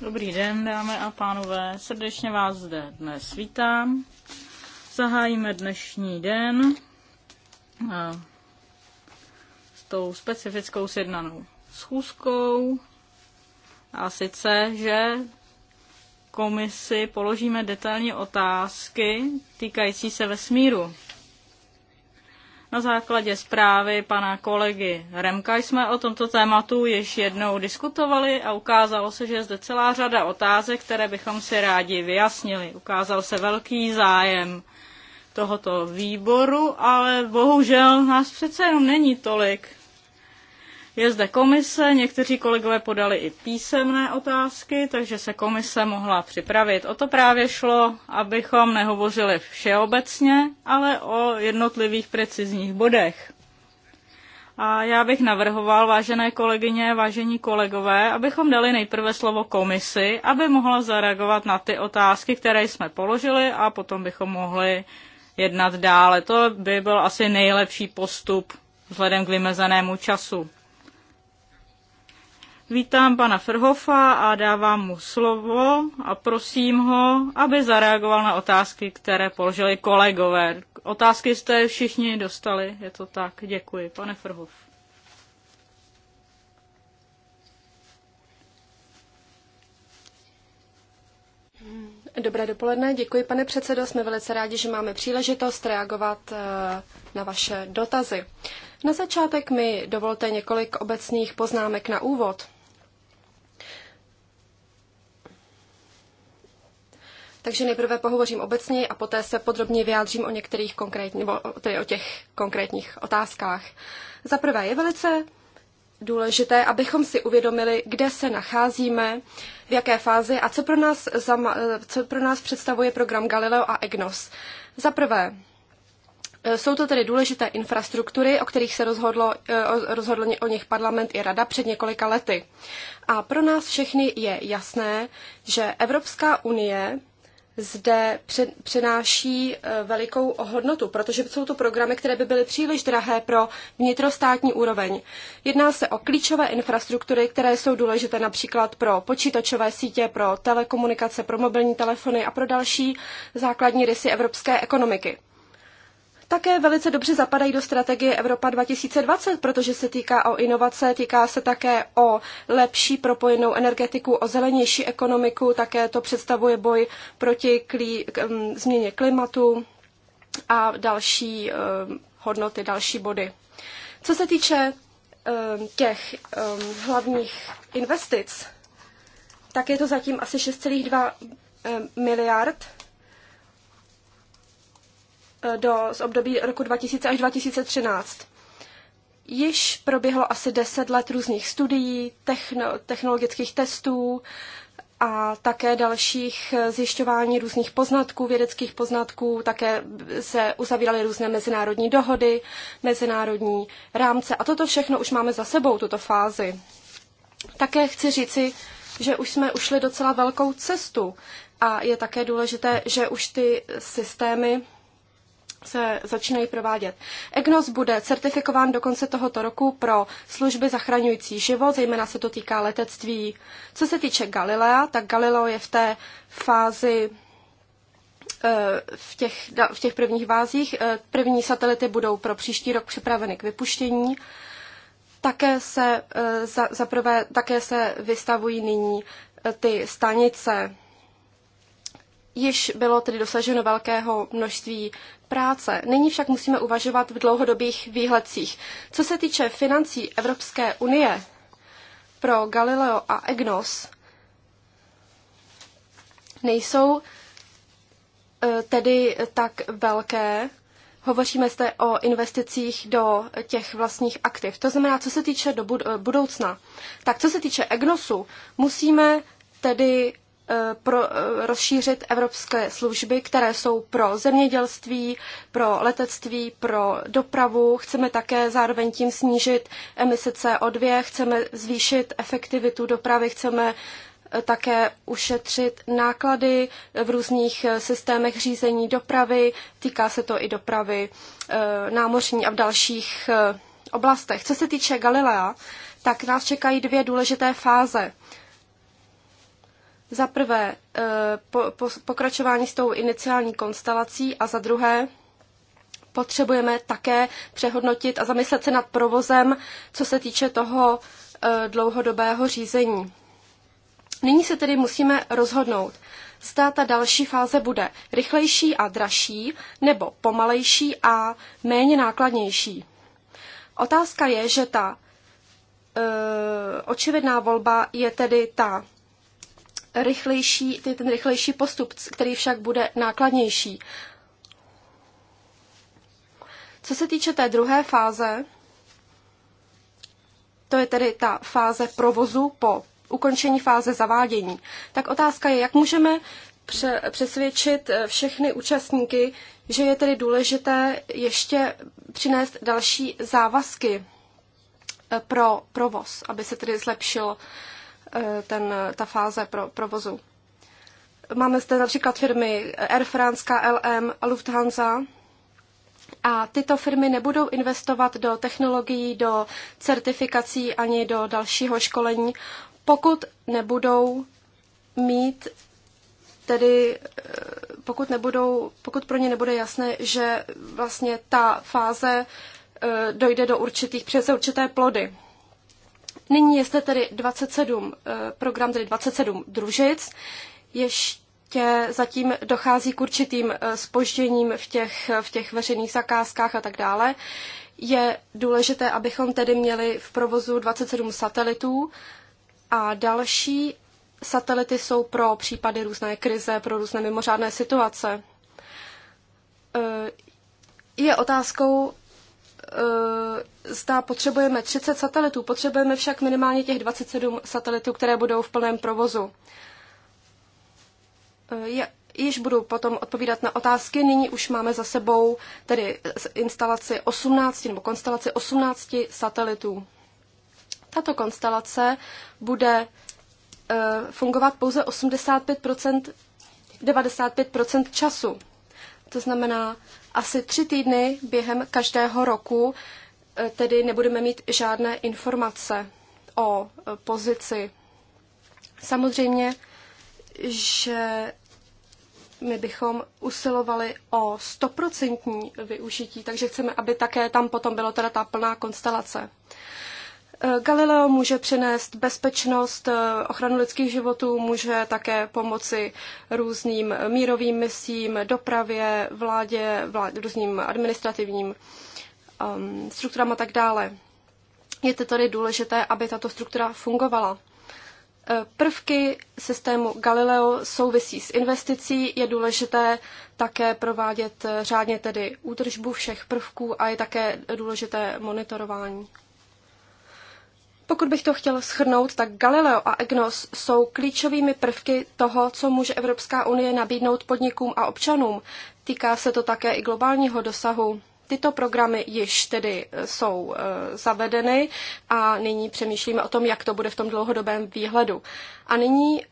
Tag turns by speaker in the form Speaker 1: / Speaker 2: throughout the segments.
Speaker 1: Dobrý den, dámy a pánové, srdečně vás zde dnes vítám. Zahájíme dnešní den s tou specifickou sjednanou schůzkou. A sice, že komisi položíme detailní otázky týkající se vesmíru. Na základě zprávy pana kolegy Remka jsme o tomto tématu již jednou diskutovali a ukázalo se, že je zde celá řada otázek, které bychom si rádi vyjasnili. Ukázal se velký zájem tohoto výboru, ale bohužel nás přece jenom není tolik, je zde komise, někteří kolegové podali i písemné otázky, takže se komise mohla připravit. O to právě šlo, abychom nehovořili všeobecně, ale o jednotlivých precizních bodech. A já bych navrhoval, vážené kolegyně, vážení kolegové, abychom dali nejprve slovo komisi, aby mohla zareagovat na ty otázky, které jsme položili a potom bychom mohli jednat dále. To by byl asi nejlepší postup vzhledem k vymezenému času. Vítám pana Frhofa a dávám mu slovo a prosím ho, aby zareagoval na otázky, které položili kolegové. Otázky jste všichni dostali, je to tak. Děkuji, pane Frhof.
Speaker 2: Dobré dopoledne, děkuji pane předsedo, jsme velice rádi, že máme příležitost reagovat eh, na vaše dotazy. Na začátek mi dovolte několik obecných poznámek na úvod. Takže nejprve pohovořím obecně a poté se podrobně vyjádřím o některých konkrétních, nebo tedy o těch konkrétních otázkách. Za prvé je velice důležité, abychom si uvědomili, kde se nacházíme, v jaké fázi a co pro nás, za, co pro nás představuje program Galileo a EGNOS. Za prvé, e, jsou to tedy důležité infrastruktury, o kterých se rozhodlo, e, rozhodlo o nich parlament i rada před několika lety. A pro nás všechny je jasné, že Evropská unie zde přenáší e, velikou hodnotu, protože jsou to programy, které by byly příliš drahé pro vnitrostátní úroveň. Jedná se o klíčové infrastruktury, které jsou důležité například pro počítačové sítě, pro telekomunikace, pro mobilní telefony a pro další základní rysy evropské ekonomiky také velice dobře zapadají do strategie Evropa 2020, protože se týká o inovace, týká se také o lepší propojenou energetiku, o zelenější ekonomiku, také to představuje boj proti klí, k, m, změně klimatu a další m, eh, hodnoty, další body. Co se týče m, eh, těch m, eh, hlavních investic, tak je to zatím asi 6,2 miliard Eh, do, z období roku 2000 až 2013. Již proběhlo asi 10 let různých studií, techno, technologických testů a také dalších eh, zjišťování různých poznatků, vědeckých poznatků. Také se uzavíraly různé mezinárodní dohody, mezinárodní rámce. A toto všechno už máme za sebou, tuto fázi. Také chci říci, že už jsme ušli docela velkou cestu a je také důležité, že už ty systémy se začínají provádět. EGNOS bude certifikován do konce tohoto roku pro služby zachraňující život, zejména se to týká letectví. Co se týče Galilea, tak Galileo je v té fázi eh, v těch, v těch prvních vázích. Eh, první satelity budou pro příští rok připraveny k vypuštění. Také se, eh, za, zaprvé, také se vystavují nyní ty stanice Již bylo tedy dosaženo velkého množství práce. Nyní však musíme uvažovat v dlouhodobých výhledcích. Co se týče financí Evropské unie pro Galileo a EGNOS, nejsou e, tedy tak velké. Hovoříme zde o investicích do těch vlastních aktiv. To znamená, co se týče do e, budoucna. Tak co se týče EGNOSu, musíme tedy pro, eh, rozšířit evropské služby, které jsou pro zemědělství, pro letectví, pro dopravu. Chceme také zároveň tím snížit emise CO2, chceme zvýšit efektivitu dopravy, chceme eh, také ušetřit náklady v různých eh, systémech řízení dopravy. Týká se to i dopravy námořní a v dalších oblastech. Co se týče Galilea, tak nás čekají dvě důležité fáze. Za prvé eh, po, po, pokračování s tou iniciální konstelací a za druhé potřebujeme také přehodnotit a zamyslet se nad provozem, co se týče toho eh, dlouhodobého řízení. Nyní se tedy musíme rozhodnout, zda ta další fáze bude rychlejší a dražší, nebo pomalejší a méně nákladnější. Otázka je, že ta e, očividná volba je tedy ta rychlejší, ten rychlejší postup, který však bude nákladnější. Co se týče té druhé fáze, to je tedy ta fáze provozu po ukončení fáze zavádění. Tak otázka je, jak můžeme přesvědčit eh, všechny účastníky, že je tedy důležité ještě přinést další závazky eh, pro provoz, aby se tedy zlepšilo. Eh, ten, ta fáze pro, provozu. Máme zde například firmy Air France, KLM, Lufthansa, a tyto firmy nebudou investovat do technologií, do certifikací ani do dalšího školení, pokud nebudou mít tedy eh, pokud, nebudou, pokud pro ně nebude jasné, že vlastně ta fáze eh, dojde do určitých, přes určité plody. Nyní je zde tedy 27, eh, program tedy 27 družic. Ještě zatím dochází k určitým spožděním eh, v těch, v těch veřejných zakázkách a tak dále. Je důležité, abychom tedy měli v provozu 27 satelitů a další satelity jsou pro případy různé krize, pro různé mimořádné situace. Eh, je otázkou, E, zda potřebujeme 30 satelitů, potřebujeme však minimálně těch 27 satelitů, které budou v plném provozu. E, je, již budu potom odpovídat na otázky. Nyní už máme za sebou tedy instalaci 18 nebo konstelaci 18 satelitů. Tato konstelace bude e, fungovat pouze 85 95 času. To znamená, asi tři týdny během každého roku eh, tedy nebudeme mít žádné informace o eh, pozici. Samozřejmě, že my bychom usilovali o stoprocentní využití, takže chceme, aby také tam potom bylo teda ta plná konstelace. Eh, Galileo může přinést bezpečnost, eh, ochranu lidských životů, může také pomoci různým mírovým misím, dopravě, vládě, vládě různým administrativním um, strukturám a tak dále. Je to tedy důležité, aby tato struktura fungovala. Eh, prvky systému Galileo souvisí s investicí, je důležité také provádět řádně tedy údržbu všech prvků a je také důležité monitorování. Pokud bych to chtěl schrnout, tak Galileo a EGNOS jsou klíčovými prvky toho, co může Evropská unie nabídnout podnikům a občanům. Týká se to také i globálního dosahu. Tyto programy již tedy eh, jsou e, zavedeny a nyní přemýšlíme o tom, jak to bude v tom dlouhodobém výhledu. A nyní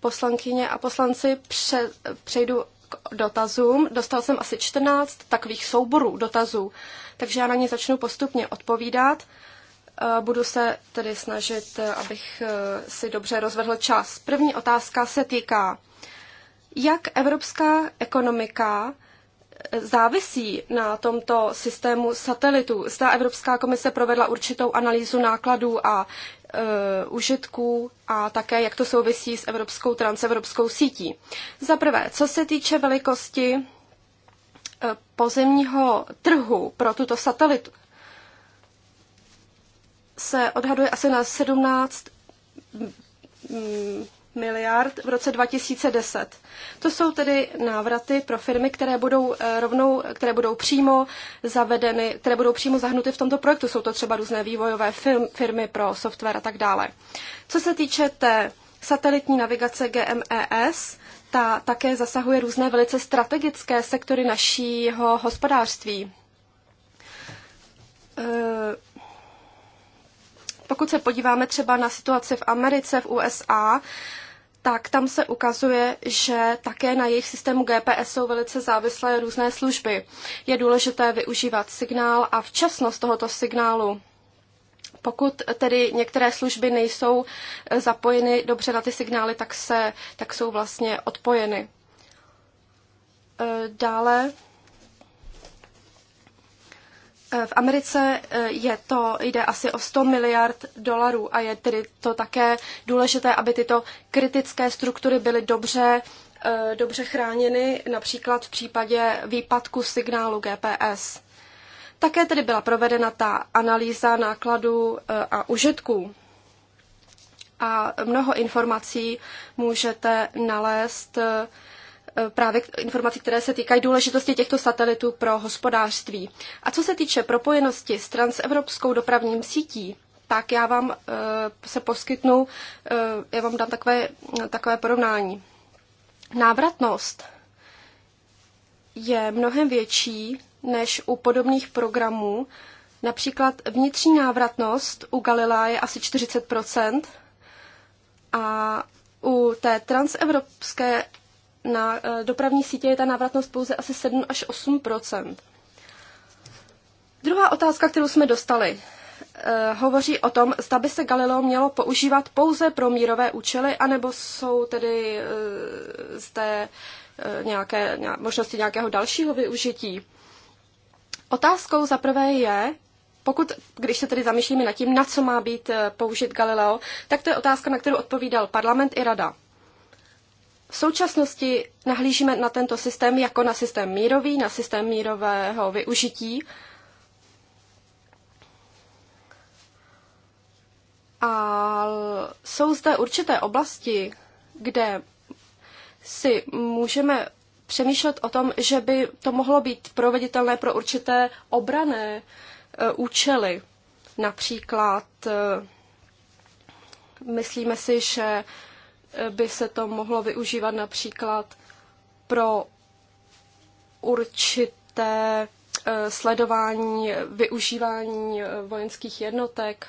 Speaker 2: poslankyně a poslanci pře, přejdu k dotazům. Dostal jsem asi 14 takových souborů dotazů, takže já na ně začnu postupně odpovídat Budu se tedy snažit, abych eh, si dobře rozvedl čas. První otázka se týká, jak evropská ekonomika eh, závisí na tomto systému satelitů. Zda Evropská komise provedla určitou analýzu nákladů a e, užitků a také jak to souvisí s evropskou transevropskou sítí. Za prvé, co se týče velikosti pozemního trhu pro tuto satelit, se odhaduje asi na 17 miliard v roce 2010. To jsou tedy návraty pro firmy, které budou eh, rovnou, které budou přímo zavedeny, které budou přímo zahnuty v tomto projektu. Jsou to třeba různé vývojové firmy pro software a tak dále. Co se týče té satelitní navigace GMES, ta také zasahuje různé velice strategické sektory našího hospodářství. Eh, pokud se podíváme třeba na situaci v Americe, v USA, tak tam se ukazuje, že také na jejich systému GPS jsou velice závislé různé služby. Je důležité využívat signál a včasnost tohoto signálu. Pokud tedy některé služby nejsou eh, zapojeny dobře na ty signály, tak, se, tak jsou vlastně odpojeny. Eh, dále v Americe eh, je to, jde asi o 100 miliard dolarů a je tedy to také důležité, aby tyto kritické struktury byly dobře, eh, dobře chráněny, například v případě výpadku signálu GPS. Také tedy byla provedena ta analýza nákladů eh, a užitků. A mnoho informací můžete nalézt Eh, právě informací, které se týkají důležitosti těchto satelitů pro hospodářství. A co se týče propojenosti s transevropskou dopravním sítí, tak já vám eh, se poskytnu, eh, já vám dám takové, takové porovnání. Návratnost je mnohem větší než u podobných programů. Například vnitřní návratnost u Galilea je asi 40 a u té transevropské na eh, dopravní sítě je ta návratnost pouze asi 7 až 8 Druhá otázka, kterou jsme dostali, eh, hovoří o tom, zda by se Galileo mělo používat pouze pro mírové účely, anebo jsou tedy eh, zde nějaké, možnosti nějakého dalšího využití. Otázkou zaprvé je, pokud, když se tedy zamýšlíme nad tím, na co má být použit Galileo, tak to je otázka, na kterou odpovídal parlament i rada. V současnosti nahlížíme na tento systém jako na systém mírový, na systém mírového využití. A jsou zde určité oblasti, kde si můžeme přemýšlet o tom, že by to mohlo být proveditelné pro určité obrané e, účely. Například e, myslíme si, že by se to mohlo využívat například pro určité eh, sledování, využívání eh, vojenských jednotek.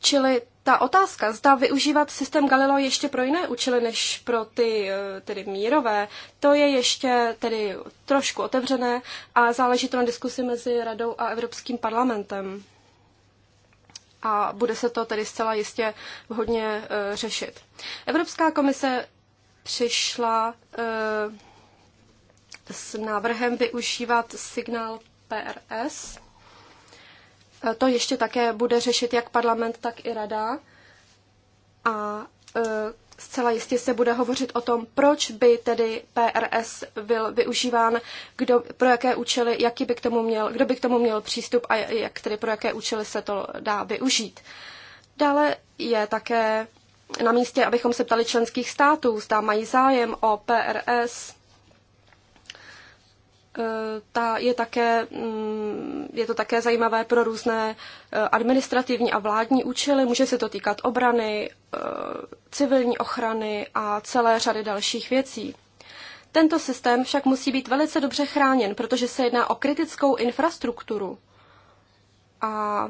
Speaker 2: Čili ta otázka, zda využívat systém Galileo ještě pro jiné účely než pro ty eh, tedy mírové, to je ještě tedy trošku otevřené a záleží to na diskusi mezi Radou a Evropským parlamentem a bude se to tedy zcela jistě vhodně e, řešit. Evropská komise přišla e, s návrhem využívat signál PRS. E, to ještě také bude řešit jak parlament, tak i rada. A Zcela jistě se bude hovořit o tom, proč by tedy PRS byl využíván, kdo, pro jaké účely, jaký by k tomu měl, kdo by k tomu měl přístup a jak tedy pro jaké účely se to dá využít. Dále je také na místě, abychom se ptali členských států, zda mají zájem o PRS. E, ta je, také, mm, je to také zajímavé pro různé e, administrativní a vládní účely. Může se to týkat obrany, Eh, civilní ochrany a celé řady dalších věcí. Tento systém však musí být velice dobře chráněn, protože se jedná o kritickou infrastrukturu. A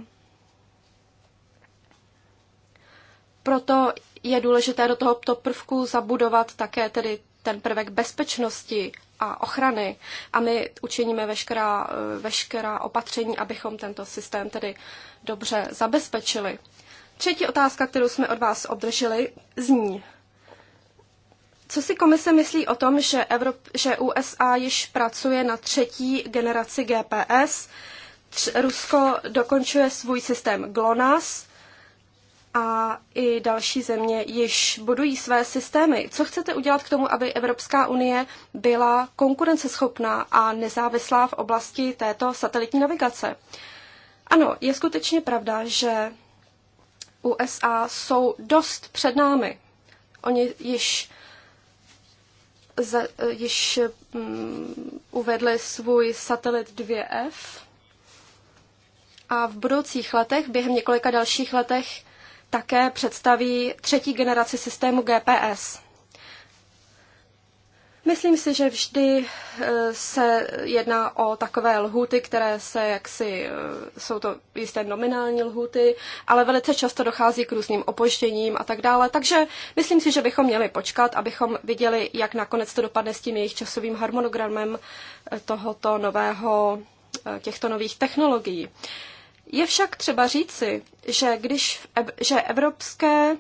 Speaker 2: proto je důležité do tohoto prvku zabudovat také tedy ten prvek bezpečnosti a ochrany a my učiníme veškerá, eh, veškerá opatření, abychom tento systém tedy dobře zabezpečili. Třetí otázka, kterou jsme od vás obdrželi, zní. Co si komise myslí o tom, že, Evrop, že USA již pracuje na třetí generaci GPS, tř, Rusko dokončuje svůj systém GLONASS a i další země již budují své systémy. Co chcete udělat k tomu, aby Evropská unie byla konkurenceschopná a nezávislá v oblasti této satelitní navigace? Ano, je skutečně pravda, že USA jsou dost před námi. Oni již, za, již um, uvedli svůj satelit 2F a v budoucích letech, během několika dalších letech, také představí třetí generaci systému GPS. Myslím si, že vždy eh, se jedná o takové lhuty, které se jaksi, eh, jsou to jisté nominální lhuty, ale velice často dochází k různým opožděním a tak dále. Takže myslím si, že bychom měli počkat, abychom viděli, jak nakonec to dopadne s tím jejich časovým harmonogramem eh, tohoto nového, těchto nových technologií. Je však třeba říci, že když že evropské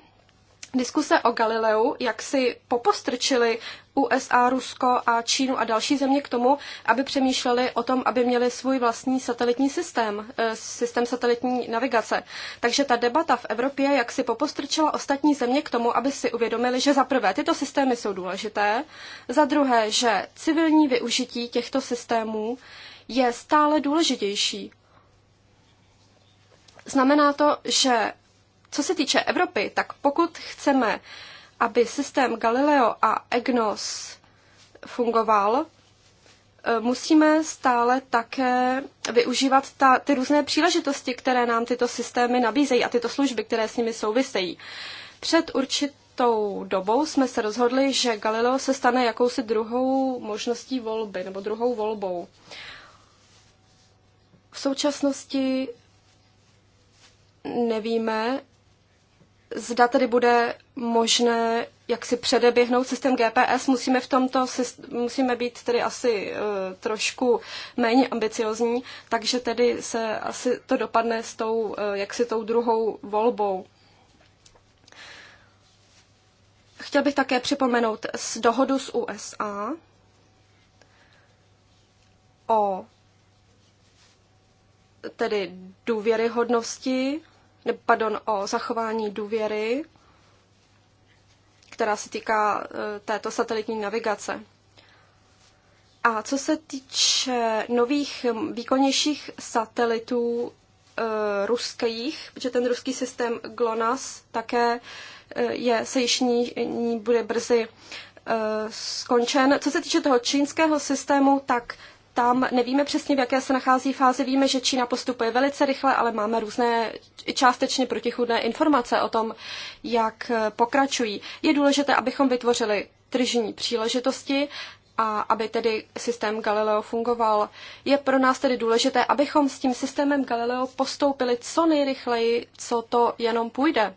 Speaker 2: Diskuse o Galileu, jak si popostrčili USA, Rusko a Čínu a další země k tomu, aby přemýšleli o tom, aby měli svůj vlastní satelitní systém, eh, systém satelitní navigace. Takže ta debata v Evropě jak si popostrčila ostatní země k tomu, aby si uvědomili, že za prvé tyto systémy jsou důležité, za druhé, že civilní využití těchto systémů je stále důležitější. Znamená to, že co se týče Evropy, tak pokud chceme, aby systém Galileo a EGNOS fungoval, e, musíme stále také využívat ta, ty různé příležitosti, které nám tyto systémy nabízejí a tyto služby, které s nimi souvisejí. Před určitou dobou jsme se rozhodli, že Galileo se stane jakousi druhou možností volby nebo druhou volbou. V současnosti nevíme, zda tedy bude možné jak si předeběhnout systém GPS, musíme v tomto musíme být tedy asi uh, trošku méně ambiciozní, takže tedy se asi to dopadne s tou, uh, jaksi tou druhou volbou. Chtěl bych také připomenout s dohodu s USA o tedy důvěryhodnosti pardon, o zachování důvěry, která se týká e, této satelitní navigace. A co se týče nových výkonnějších satelitů e, ruských, protože ten ruský systém GLONASS také e, je, se již ní, ní bude brzy e, skončen. Co se týče toho čínského systému, tak tam nevíme přesně, v jaké se nachází fázi. Víme, že Čína postupuje velice rychle, ale máme různé částečně protichudné informace o tom, jak eh, pokračují. Je důležité, abychom vytvořili tržní příležitosti a aby tedy systém Galileo fungoval. Je pro nás tedy důležité, abychom s tím systémem Galileo postoupili co nejrychleji, co to jenom půjde.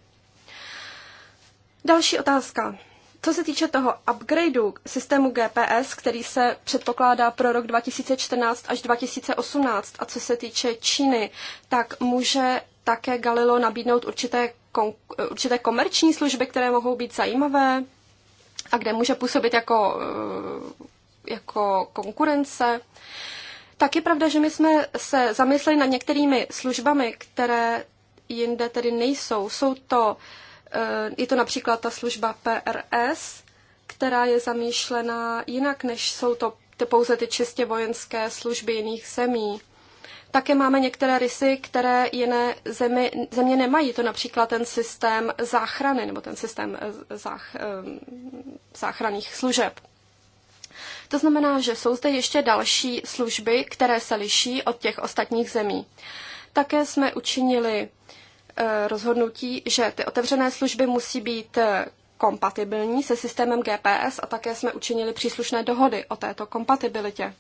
Speaker 2: Další otázka. Co se týče toho upgradeu systému GPS, který se předpokládá pro rok 2014 až 2018, a co se týče Číny, tak může také Galileo nabídnout určité, kon, určité komerční služby, které mohou být zajímavé a kde může působit jako, eh, jako konkurence. Tak je pravda, že my jsme se zamysleli nad některými službami, které jinde tedy nejsou. Jsou to uh, Eh, je to například ta služba PRS, která je zamýšlená jinak, než jsou to ty pouze ty čistě vojenské služby jiných zemí. Také máme některé rysy, které jiné zemi, země nemají. To například ten systém záchrany nebo ten systém eh, zách, eh, záchranných služeb. To znamená, že jsou zde ještě další služby, které se liší od těch ostatních zemí. Také jsme učinili Eh, rozhodnutí, že ty otevřené služby musí být eh, kompatibilní se systémem GPS a také jsme učinili příslušné dohody o této kompatibilitě.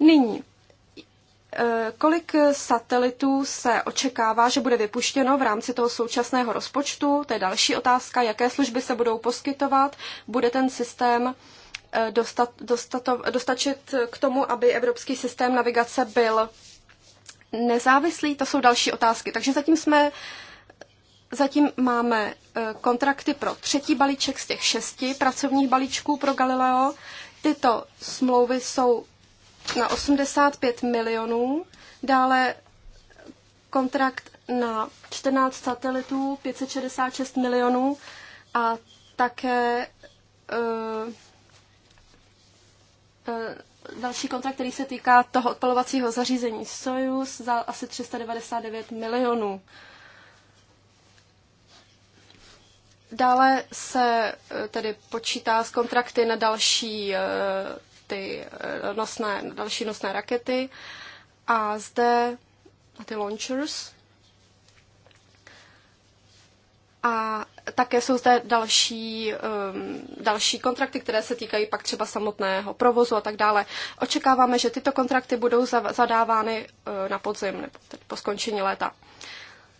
Speaker 2: Nyní, eh, kolik satelitů se očekává, že bude vypuštěno v rámci toho současného rozpočtu? To je další otázka, jaké služby se budou poskytovat, bude ten systém dostat, dostato, dostačit k tomu, aby evropský systém navigace byl nezávislí, to jsou další otázky. Takže zatím jsme Zatím máme e, kontrakty pro třetí balíček z těch šesti pracovních balíčků pro Galileo. Tyto smlouvy jsou na 85 milionů. Dále kontrakt na 14 satelitů 566 milionů a také e, e, další kontrakt, který se týká toho odpalovacího zařízení Soyuz za asi 399 milionů. Dále se eh, tedy počítá s kontrakty na další eh, ty eh, nosné, další nosné rakety a zde na ty launchers. A také jsou zde další, um, další kontrakty, které se týkají pak třeba samotného provozu a tak dále. Očekáváme, že tyto kontrakty budou zadávány uh, na podzim nebo po skončení léta.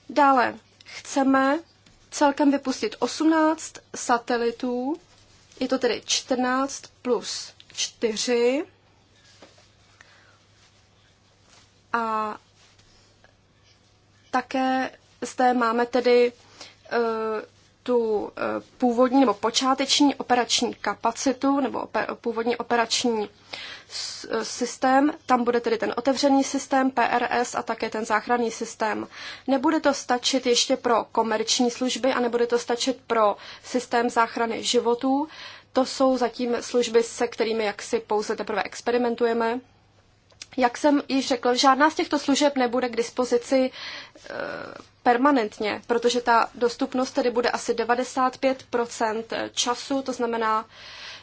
Speaker 2: Dále chceme celkem vypustit 18 satelitů, je to tedy 14 plus 4 a také zde máme tedy uh, tu eh, původní nebo počáteční operační kapacitu nebo původní operační eh, systém. Tam bude tedy ten otevřený systém PRS a také ten záchranný systém. Nebude to stačit ještě pro komerční služby a nebude to stačit pro systém záchrany životů. To jsou zatím služby, se kterými jaksi pouze teprve experimentujeme. Jak jsem již řekl, žádná z těchto služeb nebude k dispozici eh, permanentně, protože ta dostupnost tedy bude asi 95 času, to znamená,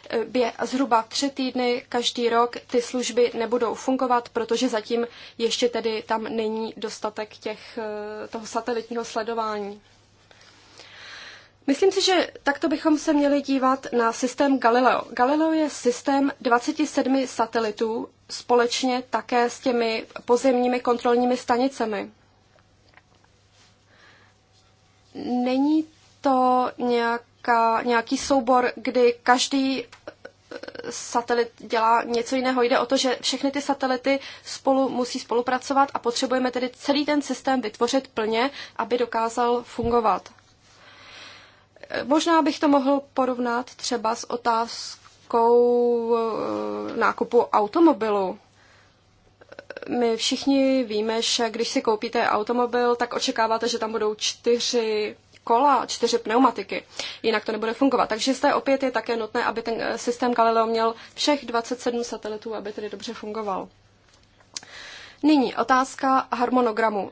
Speaker 2: eh, bě, zhruba tři týdny každý rok ty služby nebudou fungovat, protože zatím ještě tedy tam není dostatek těch, eh, toho satelitního sledování. Myslím si, že takto bychom se měli dívat na systém Galileo. Galileo je systém 27 satelitů společně také s těmi pozemními kontrolními stanicemi. Není to nějaká, nějaký soubor, kdy každý eh, satelit dělá něco jiného. Jde o to, že všechny ty satelity spolu musí spolupracovat a potřebujeme tedy celý ten systém vytvořit plně, aby dokázal fungovat. Eh, možná bych to mohl porovnat třeba s otázkou eh, nákupu automobilu my všichni víme, že když si koupíte automobil, tak očekáváte, že tam budou čtyři kola, čtyři pneumatiky, jinak to nebude fungovat. Takže zde opět je také nutné, aby ten eh, systém Galileo měl všech 27 satelitů, aby tedy dobře fungoval. Nyní otázka harmonogramu.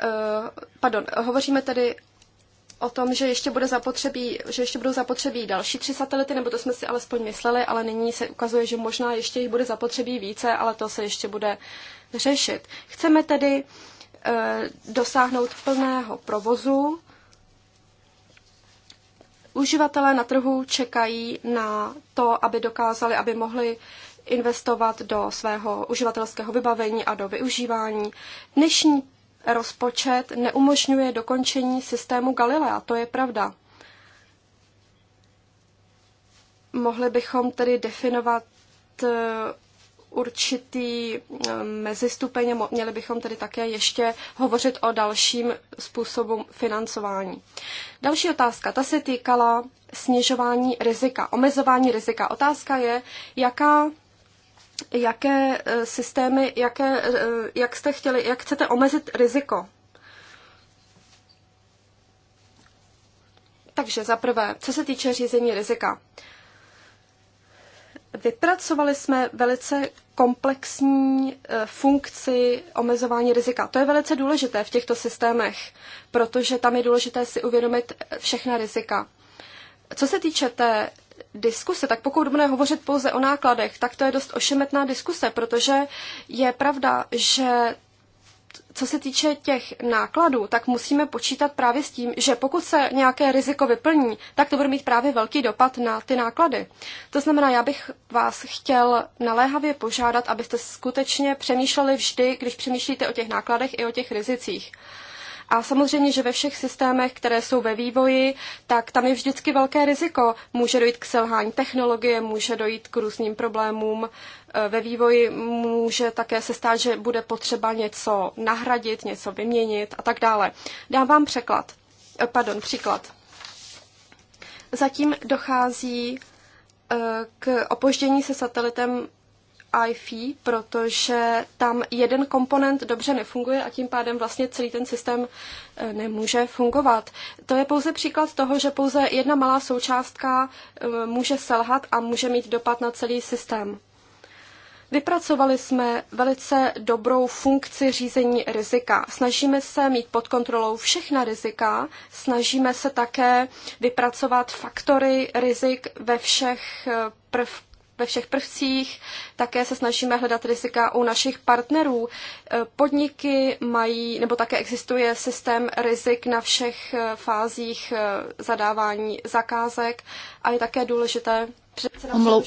Speaker 2: Eh, pardon, hovoříme tedy o tom, že ještě, bude zapotřebí, že ještě budou zapotřebí další tři satelity, nebo to jsme si alespoň mysleli, ale nyní se ukazuje, že možná ještě jich bude zapotřebí více, ale to se ještě bude řešit. Chceme tedy e, dosáhnout plného provozu. Uživatelé na trhu čekají na to, aby dokázali, aby mohli investovat do svého uživatelského vybavení a do využívání. Dnešní rozpočet neumožňuje dokončení systému Galilea, to je pravda. Mohli bychom tedy definovat eh, určitý eh, mezistupeň, měli bychom tedy také ještě hovořit o dalším způsobu financování. Další otázka, ta se týkala snižování rizika, omezování rizika. Otázka je, jaká jaké e, systémy, jaké, e, jak jste chtěli, jak chcete omezit riziko. Takže za prvé, co se týče řízení rizika. Vypracovali jsme velice komplexní e, funkci omezování rizika. To je velice důležité v těchto systémech, protože tam je důležité si uvědomit všechna rizika. Co se týče té diskuse, tak pokud budeme hovořit pouze o nákladech, tak to je dost ošemetná diskuse, protože je pravda, že co se týče těch nákladů, tak musíme počítat právě s tím, že pokud se nějaké riziko vyplní, tak to bude mít právě velký dopad na ty náklady. To znamená, já bych vás chtěl naléhavě požádat, abyste skutečně přemýšleli vždy, když přemýšlíte o těch nákladech i o těch rizicích. A samozřejmě, že ve všech systémech, které jsou ve vývoji, tak tam je vždycky velké riziko. Může dojít k selhání technologie, může dojít k různým problémům e, ve vývoji, může také se stát, že bude potřeba něco nahradit, něco vyměnit a tak dále. Dám vám překlad. E, pardon, příklad. Zatím dochází e, k opoždění se satelitem IFE, protože tam jeden komponent dobře nefunguje a tím pádem vlastně celý ten systém eh, nemůže fungovat. To je pouze příklad toho, že pouze jedna malá součástka eh, může selhat a může mít dopad na celý systém. Vypracovali jsme velice dobrou funkci řízení rizika. Snažíme se mít pod kontrolou všechna rizika, snažíme se také vypracovat faktory rizik ve všech eh, prvcích ve všech prvcích. Také se snažíme hledat rizika u našich partnerů. E, podniky mají, nebo také existuje systém rizik na všech e, fázích e, zadávání zakázek a je také důležité, že se nám Omlou...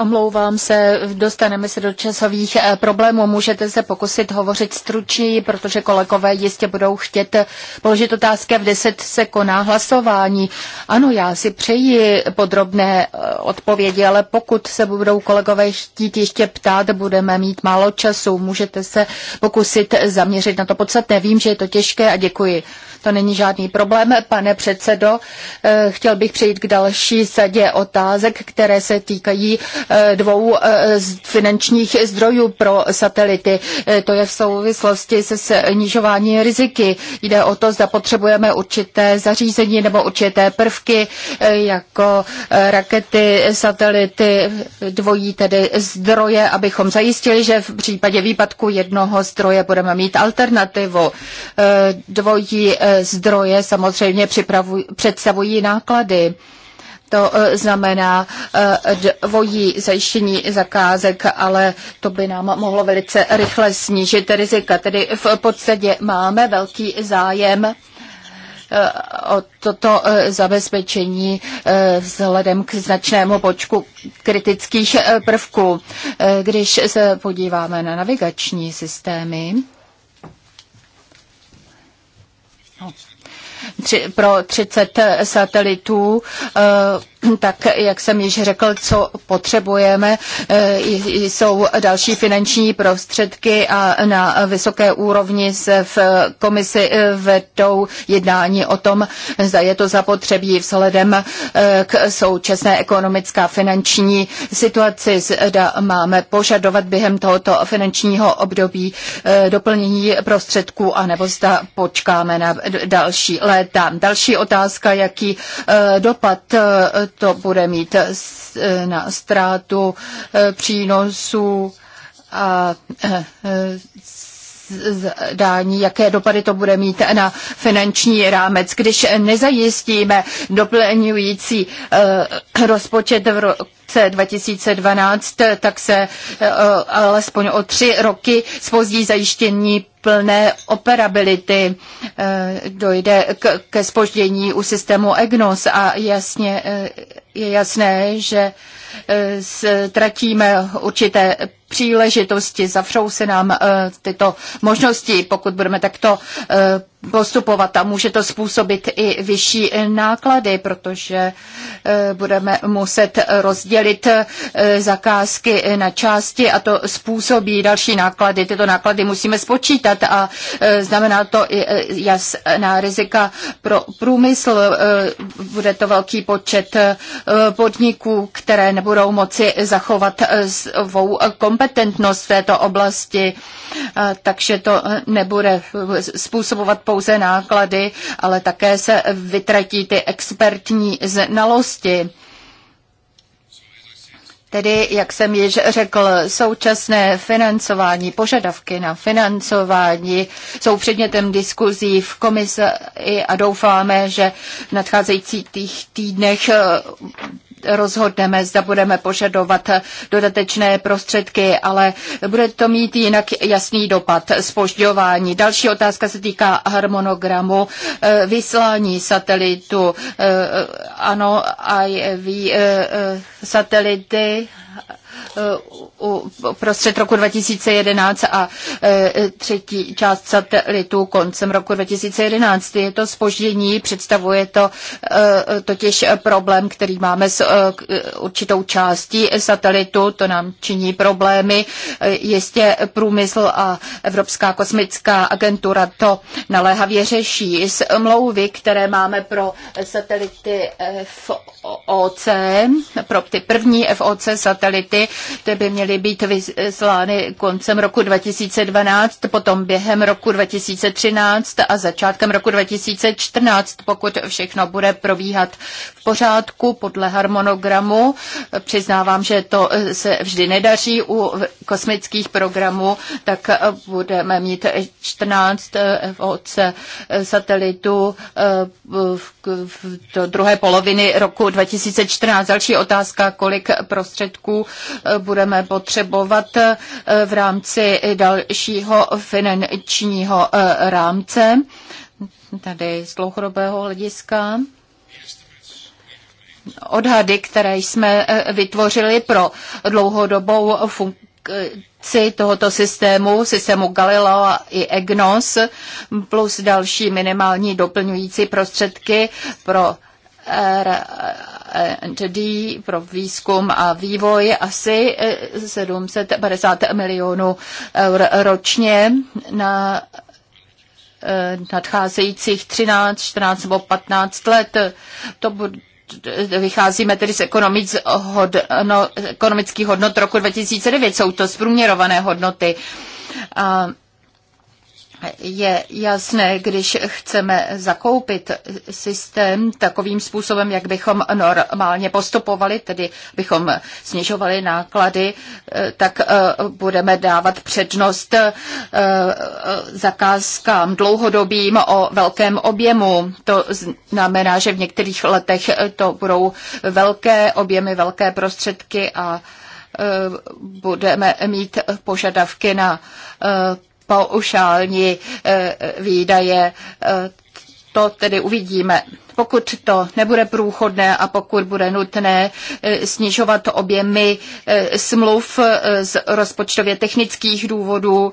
Speaker 3: Omlouvám se, dostaneme se do časových eh, problémů. Můžete se pokusit hovořit stručněji, protože kolegové jistě budou chtět položit otázky a v 10 se koná hlasování. Ano, já si přeji podrobné eh, odpovědi, ale pokud se budou kolegové chtít ještě ptát, budeme mít málo času. Můžete se pokusit zaměřit na to podstatné. Vím, že je to těžké a děkuji. To není žádný problém. Pane předsedo, eh, chtěl bych přejít k další sadě otázek, které se týkají Eh, dvou eh, finančních zdrojů pro satelity. Eh, to je v souvislosti se snižování riziky. Jde o to, zda potřebujeme určité zařízení nebo určité prvky, jako rakety, satelity, dvojí tedy zdroje, abychom zajistili, že v případě výpadku jednoho zdroje budeme mít alternativu. Dvojí zdroje samozřejmě představují náklady. To eh, znamená eh, dvojí zajištění zakázek, ale to by nám mohlo velice rychle snížit rizika. Tedy v podstatě máme velký zájem eh, o toto zabezpečení vzhledem k značnému počku kritických prvků. Když se podíváme na navigační systémy, tři, pro 30 satelitů eh, tak jak jsem již řekl, co potřebujeme, eh, jsou další finanční prostředky a na vysoké úrovni se v komisi eh, vedou jednání o tom, zda je to zapotřebí vzhledem eh, k současné ekonomické a finanční situaci, zda máme požadovat během tohoto finančního období doplnění prostředků, anebo zda počkáme na další léta. Další otázka, jaký dopad to bude mít e, na ztrátu e, přínosů a e, dání, jaké dopady to bude mít na finanční rámec, když nezajistíme doplňující rozpočet v roce 2012, tak se alespoň o tři roky spozdí zajištění plné operability. Eh, dojde k, ke spoždění u systému EGNOS a jasně, eh, je jasné, že eh, ztratíme určité příležitosti, zavřou se nám eh, tyto možnosti, pokud budeme takto eh, postupovat a může to způsobit i vyšší náklady, protože eh, budeme muset rozdělit zakázky na části a to způsobí další náklady. Tyto náklady musíme spočítat a znamená to i jasná rizika pro průmysl. Bude to velký počet podniků, které nebudou moci zachovat svou kompetenci kompetentnost v této oblasti, takže to nebude způsobovat pouze náklady, ale také se vytratí ty expertní znalosti. Tedy, jak jsem již řekl, současné financování, požadavky na financování jsou předmětem diskuzí v komisi a doufáme, že v nadcházejících týdnech rozhodneme, zda budeme požadovat dodatečné prostředky, ale bude to mít jinak jasný dopad spožďování. Další otázka se týká harmonogramu eh, vyslání satelitu. Eh, eh, ano, i satelity uprostřed roku 2011 a e, třetí část satelitu koncem roku 2011. Je to spoždění, představuje to e, totiž problém, který máme s e, určitou částí satelitu, to nám činí problémy. Jistě průmysl a Evropská kosmická agentura to naléhavě řeší. mlouvy, které máme pro satelity FOC, pro ty první FOC satelity, ty by měly být vyslány koncem roku 2012, potom během roku 2013 a začátkem roku 2014, pokud všechno bude probíhat v pořádku podle harmonogramu. Přiznávám, že to se vždy nedaří u kosmických programů, tak budeme mít 14 FOC satelitů do druhé poloviny roku 2014. Další otázka, kolik prostředků budeme potřebovat eh, v rámci dalšího finančního eh, rámce, tady z dlouhodobého hlediska odhady, které jsme eh, vytvořili pro dlouhodobou funkci tohoto systému, systému Galileo a i EGNOS, plus další minimální doplňující prostředky pro NTD pro výzkum a vývoj asi 750 eh, milionů eur ročně na eh, nadcházejících 13, 14 nebo 15 let. To bude vycházíme tedy z ekonomických hodnot, ekonomických hodnot roku 2009, jsou to zprůměrované hodnoty. A je jasné, když chceme zakoupit systém takovým způsobem, jak bychom normálně postupovali, tedy bychom snižovali náklady, eh, tak eh, budeme dávat přednost eh, zakázkám dlouhodobým o velkém objemu. To znamená, že v některých letech to budou velké objemy, velké prostředky a budeme mít požadavky na paušální eh, výdaje. Eh, to tedy uvidíme. Pokud to nebude průchodné a pokud bude nutné eh, snižovat objemy eh, smluv eh, z rozpočtově technických důvodů,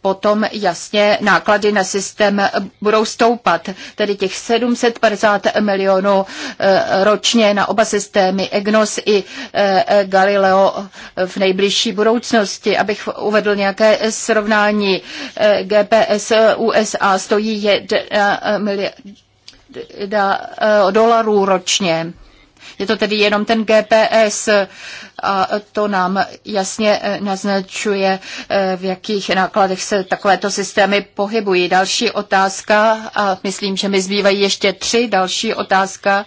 Speaker 3: potom jasně náklady na systém budou stoupat. Tedy těch 750 milionů ročně na oba systémy EGNOS i Galileo v nejbližší budoucnosti. Abych uvedl nějaké srovnání, GPS USA stojí 1 miliard Eh, dolarů ročně. Je to tedy jenom ten GPS a to nám jasně eh, naznačuje, eh, v jakých nákladech se takovéto systémy pohybují. Další otázka, a myslím, že mi zbývají ještě tři další otázka,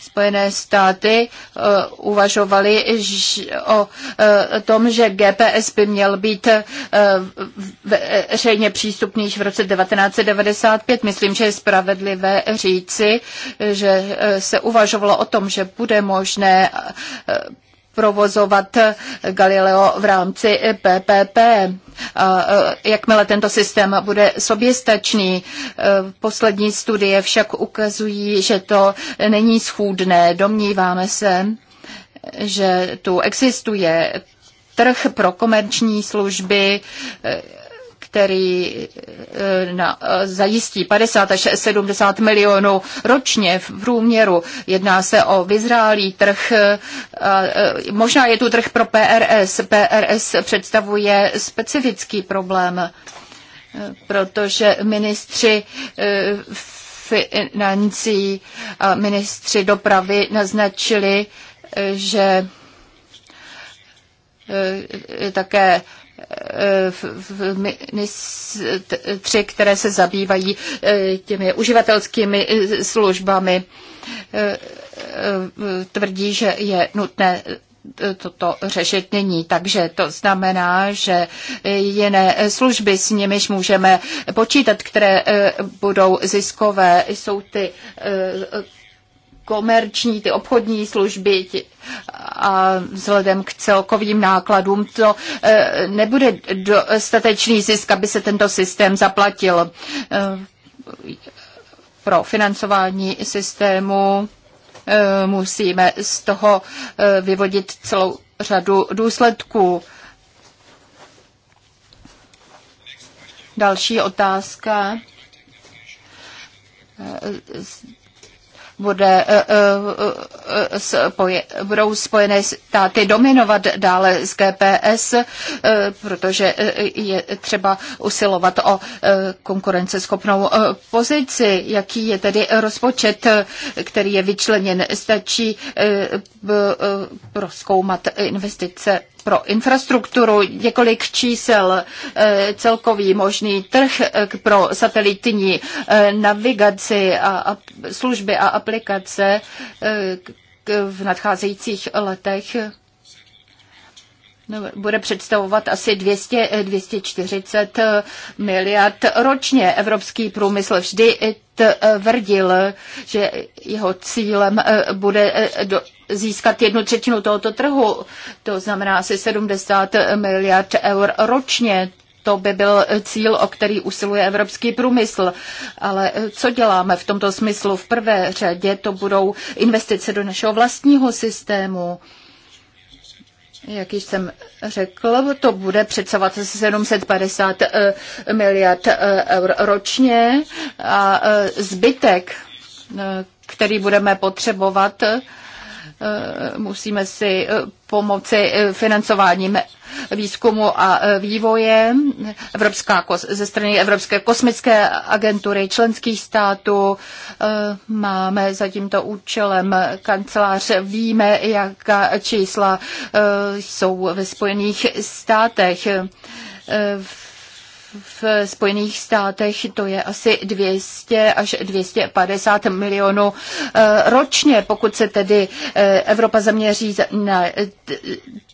Speaker 3: Spojené státy eh, uvažovaly o eh, tom, že GPS by měl být eh, veřejně přístupný v roce 1995. Myslím, že je spravedlivé říci, že se uvažovalo o tom, že bude možné provozovat Galileo v rámci PPP. E, jakmile tento systém bude soběstačný, e, poslední studie však ukazují, že to není schůdné. Domníváme se, že tu existuje trh pro komerční služby, e, který eh, na, eh, zajistí 50 až 70 milionů ročně v průměru. Jedná se o vyzrálý trh. Eh, možná je tu trh pro PRS. PRS představuje specifický problém, protože ministři financí a ministři dopravy naznačili, že také Eh, ministři, které se zabývají eh, těmi uživatelskými eh, službami, tvrdí, že je nutné toto řešit nyní. Takže to znamená, že jiné služby, s nimiž můžeme počítat, které budou ziskové, jsou ty komerční, ty obchodní služby a vzhledem k celkovým nákladům to eh, nebude dostatečný zisk, aby se tento systém zaplatil eh, pro financování systému eh, musíme z toho vyvodit celou řadu důsledků. Další otázka bude, eh, eh, eh, spoje, budou spojené státy dominovat dále z GPS, protože je třeba usilovat o konkurenceschopnou pozici. Jaký je tedy rozpočet, který je vyčleněn? Stačí proskoumat investice pro infrastrukturu, několik čísel, eh, celkový možný trh eh, pro satelitní eh, navigaci a služby a aplikace v nadcházejících letech bude představovat asi 200, 240 eh, eh, miliard ročně. Evropský průmysl vždy eh, tvrdil, že jeho cílem bude do, získat jednu třetinu tohoto trhu, to znamená asi 70 miliard eur ročně. To by byl cíl, o který usiluje evropský průmysl. Ale co děláme v tomto smyslu? V prvé řadě to budou investice do našeho vlastního systému jak již jsem řekl, to bude představovat 750 eh, miliard eh, eur ročně a eh, zbytek, který budeme potřebovat, Eh, musíme si eh, pomoci eh, financováním výzkumu a vývoje Evropská, ze strany Evropské kosmické agentury členských států. Máme za tímto účelem kancelář. Víme, jaká čísla jsou ve Spojených státech. V v Spojených státech to je asi 200 až 250 milionů eh, ročně, pokud se tedy eh, Evropa zaměří na eh,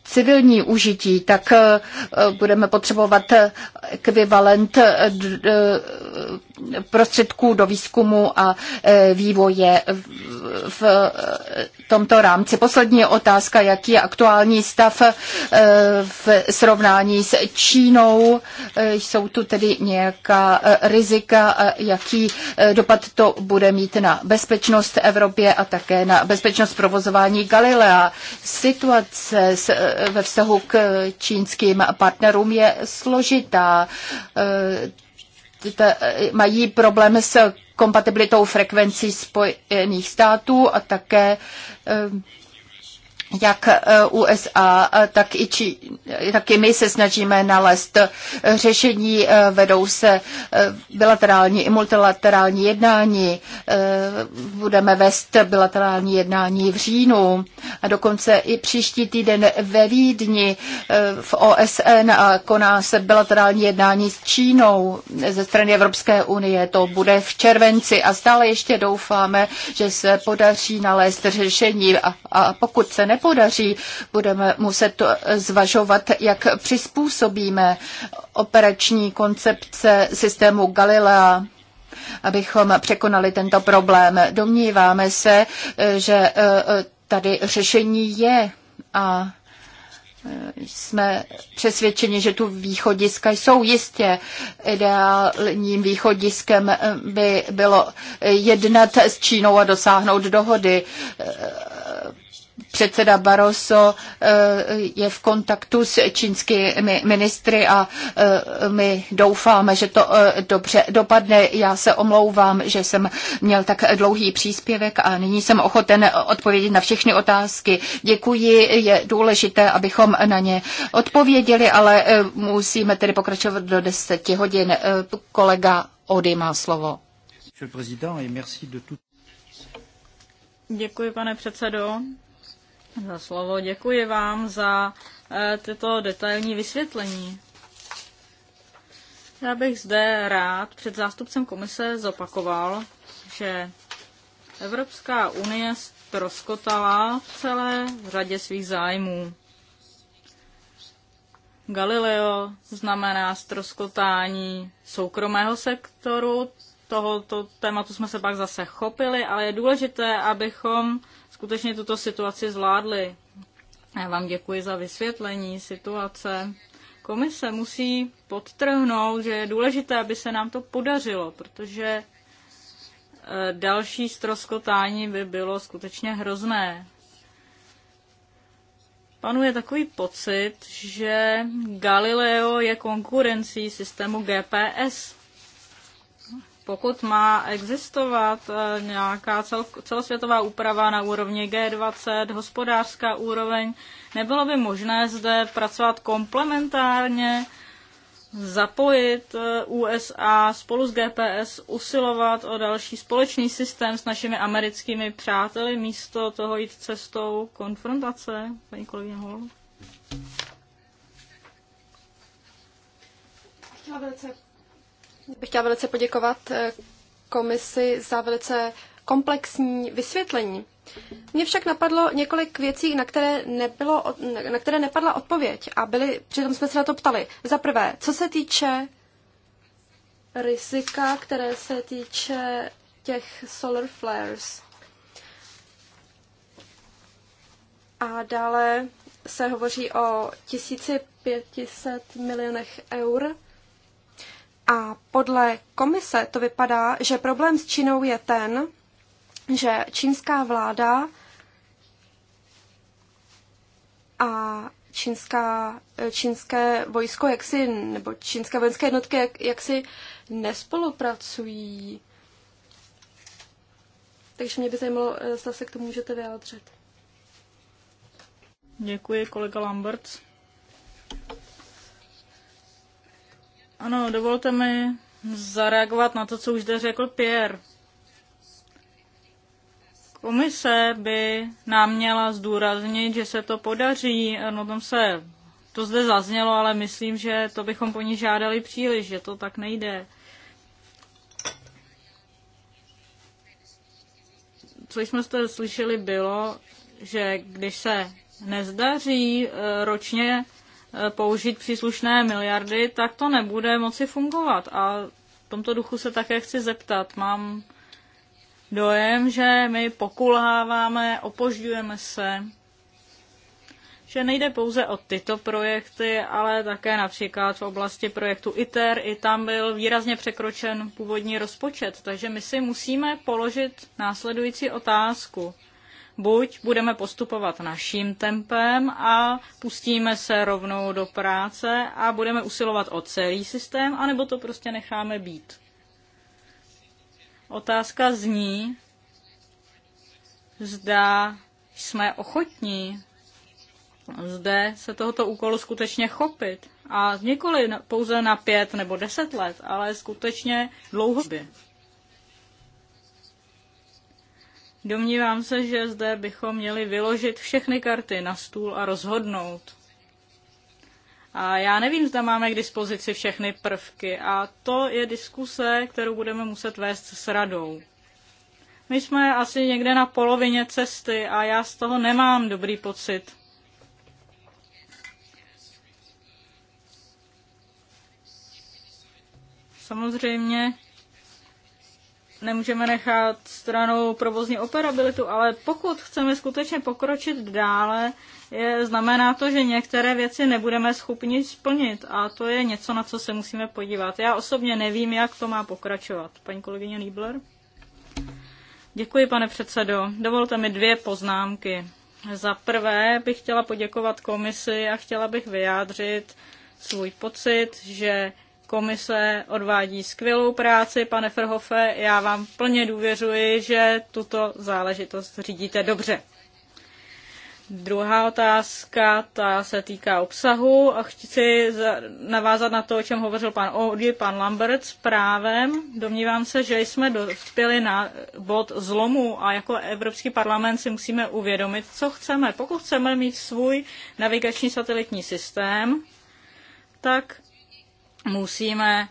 Speaker 3: civilní užití, tak budeme potřebovat ekvivalent prostředků do výzkumu a e, vývoje v e, tomto rámci. Poslední otázka, jaký je aktuální stav e, v srovnání s Čínou. Jsou tu tedy nějaká rizika, jaký dopad to bude mít na bezpečnost Evropě a také na bezpečnost provozování Galilea. Situace ve vztahu k čínským partnerům je složitá mají problémy s kompatibilitou frekvencí Spojených států a také eh, jak eh, USA, eh, eh, tak i, my se snažíme nalézt řešení, vedou se bilaterální i multilaterální jednání, budeme vést bilaterální jednání v říjnu a dokonce i příští týden ve Vídni v OSN a koná se bilaterální jednání s Čínou ze strany Evropské unie, to bude v červenci a stále ještě doufáme, že se podaří nalézt řešení a, a pokud se ne nepodaří. Budeme muset zvažovat, jak přizpůsobíme operační koncepce systému Galilea abychom překonali tento problém. Domníváme se, že e, e, tady řešení je a e, jsme přesvědčeni, že tu východiska jsou jistě. Ideálním východiskem by bylo jednat s Čínou a dosáhnout dohody předseda Barroso eh, je v kontaktu s čínskými ministry a eh, my doufáme, že to eh, dobře dopadne. Já se omlouvám, že jsem měl tak dlouhý příspěvek a nyní jsem ochoten odpovědět na všechny otázky. Děkuji, je důležité, abychom na ně odpověděli, ale musíme tedy pokračovat do deseti hodin. Kolega Ody má slovo.
Speaker 1: Děkuji, pane předsedo za slovo. Děkuji vám za eh, tyto detailní vysvětlení. Já bych zde rád před zástupcem komise zopakoval, že Evropská unie stroskotala v celé řadě svých zájmů. Galileo znamená stroskotání soukromého sektoru. Tohoto tématu jsme se pak zase chopili, ale je důležité, abychom skutečně tuto situaci zvládli. Já vám děkuji za vysvětlení situace. Komise musí podtrhnout, že je důležité, aby se nám to podařilo, protože eh, další stroskotání by bylo skutečně hrozné. Panuje takový pocit, že Galileo je konkurencí systému GPS. Pokud má existovat eh, nějaká cel, celosvětová úprava na úrovni G20, hospodářská úroveň, nebylo by možné zde pracovat komplementárně, zapojit eh, USA spolu s GPS, usilovat o další společný systém s našimi americkými přáteli, místo toho jít cestou konfrontace, paní kolegyně Hol.
Speaker 2: Chtěla velice bych chtěla velice poděkovat eh, komisi za velice komplexní vysvětlení. Mně však napadlo několik věcí, na které, nebylo, na které nepadla odpověď a byli, přitom jsme se na to ptali. Za prvé, co se týče rizika, které se týče těch solar flares. A dále se hovoří o 1500 milionech eur a podle komise to vypadá, že problém s Čínou je ten, že čínská vláda a čínská, čínské vojsko jaksi, nebo čínské vojenské jednotky jak, jaksi nespolupracují. Takže mě by zajímalo, eh, zda se k tomu můžete vyjádřit.
Speaker 1: Děkuji, kolega Lambert. Ano, dovolte mi zareagovat na to, co už zde řekl Pierre. Komise by nám měla zdůraznit, že se to podaří. No tam se, to zde zaznělo, ale myslím, že to bychom po ní žádali příliš, že to tak nejde. Co jsme zde slyšeli bylo, že když se nezdaří eh, ročně Eh, použít příslušné miliardy, tak to nebude moci fungovat. A v tomto duchu se také chci zeptat. Mám dojem, že my pokulháváme, opožďujeme se, že nejde pouze o tyto projekty, ale také například v oblasti projektu ITER. I tam byl výrazně překročen původní rozpočet. Takže my si musíme položit následující otázku. Buď budeme postupovat naším tempem a pustíme se rovnou do práce a budeme usilovat o celý systém, anebo to prostě necháme být. Otázka zní, zda jsme ochotní zde se tohoto úkolu skutečně chopit. A nikoli pouze na pět nebo deset let, ale skutečně dlouhodobě. Domnívám se, že zde bychom měli vyložit všechny karty na stůl a rozhodnout. A já nevím, zda máme k dispozici všechny prvky a to je diskuse, kterou budeme muset vést s radou. My jsme asi někde na polovině cesty a já z toho nemám dobrý pocit. Samozřejmě nemůžeme nechat stranou provozní operabilitu, ale pokud chceme skutečně pokročit dále, je, znamená to, že některé věci nebudeme schopni splnit a to je něco, na co se musíme podívat. Já osobně nevím, jak to má pokračovat. Paní kolegyně Liebler? Děkuji, pane předsedo. Dovolte mi dvě poznámky. Za prvé bych chtěla poděkovat komisi a chtěla bych vyjádřit svůj pocit, že Komise odvádí skvělou práci, pane Ferhofe, já vám plně důvěřuji, že tuto záležitost řídíte dobře. Druhá otázka, ta se týká obsahu a chci navázat na to, o čem hovořil pan Odi, pan Lambert s právem. Domnívám se, že jsme dospěli na bod zlomu a jako Evropský parlament si musíme uvědomit, co chceme. Pokud chceme mít svůj navigační satelitní systém, tak musíme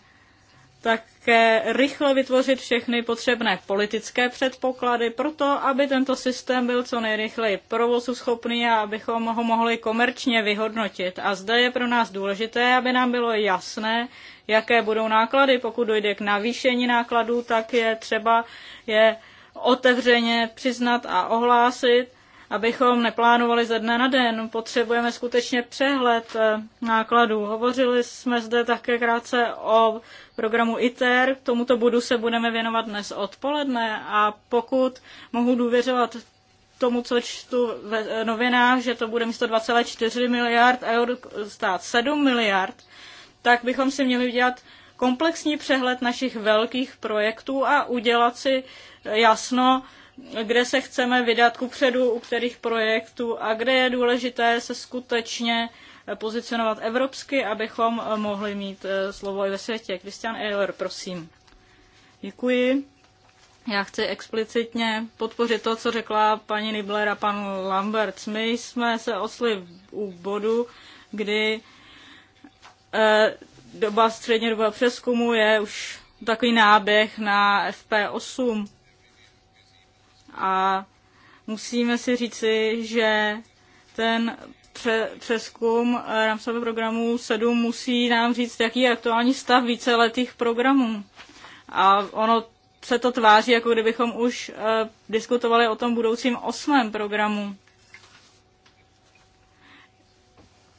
Speaker 1: také rychle vytvořit všechny potřebné politické předpoklady pro to, aby tento systém byl co nejrychleji provozu schopný a abychom ho mohli komerčně vyhodnotit. A zde je pro nás důležité, aby nám bylo jasné, jaké budou náklady. Pokud dojde k navýšení nákladů, tak je třeba je otevřeně přiznat a ohlásit abychom neplánovali ze dne na den. Potřebujeme skutečně přehled eh, nákladů. Hovořili jsme zde také krátce o programu ITER. K tomuto bodu se budeme věnovat dnes odpoledne a pokud mohu důvěřovat tomu, co čtu ve eh, novinách, že to bude místo 2,4 miliard eur stát 7 miliard, tak bychom si měli udělat komplexní přehled našich velkých projektů a udělat si eh, jasno, kde se chceme vydat kupředu, u kterých projektů a kde je důležité se skutečně pozicionovat evropsky, abychom mohli mít eh, slovo i ve světě. Christian Eiler, prosím. Děkuji. Já chci explicitně podpořit to, co řekla paní Nibler a pan Lambert. My jsme se osli u bodu, kdy eh, doba středně doba přeskumu je už takový náběh na FP8 a musíme si říci, že ten pře- přeskum eh, rámcového programu 7 musí nám říct, jaký je aktuální stav víceletých programů. A ono se to tváří, jako kdybychom už uh, diskutovali o tom budoucím osmém programu.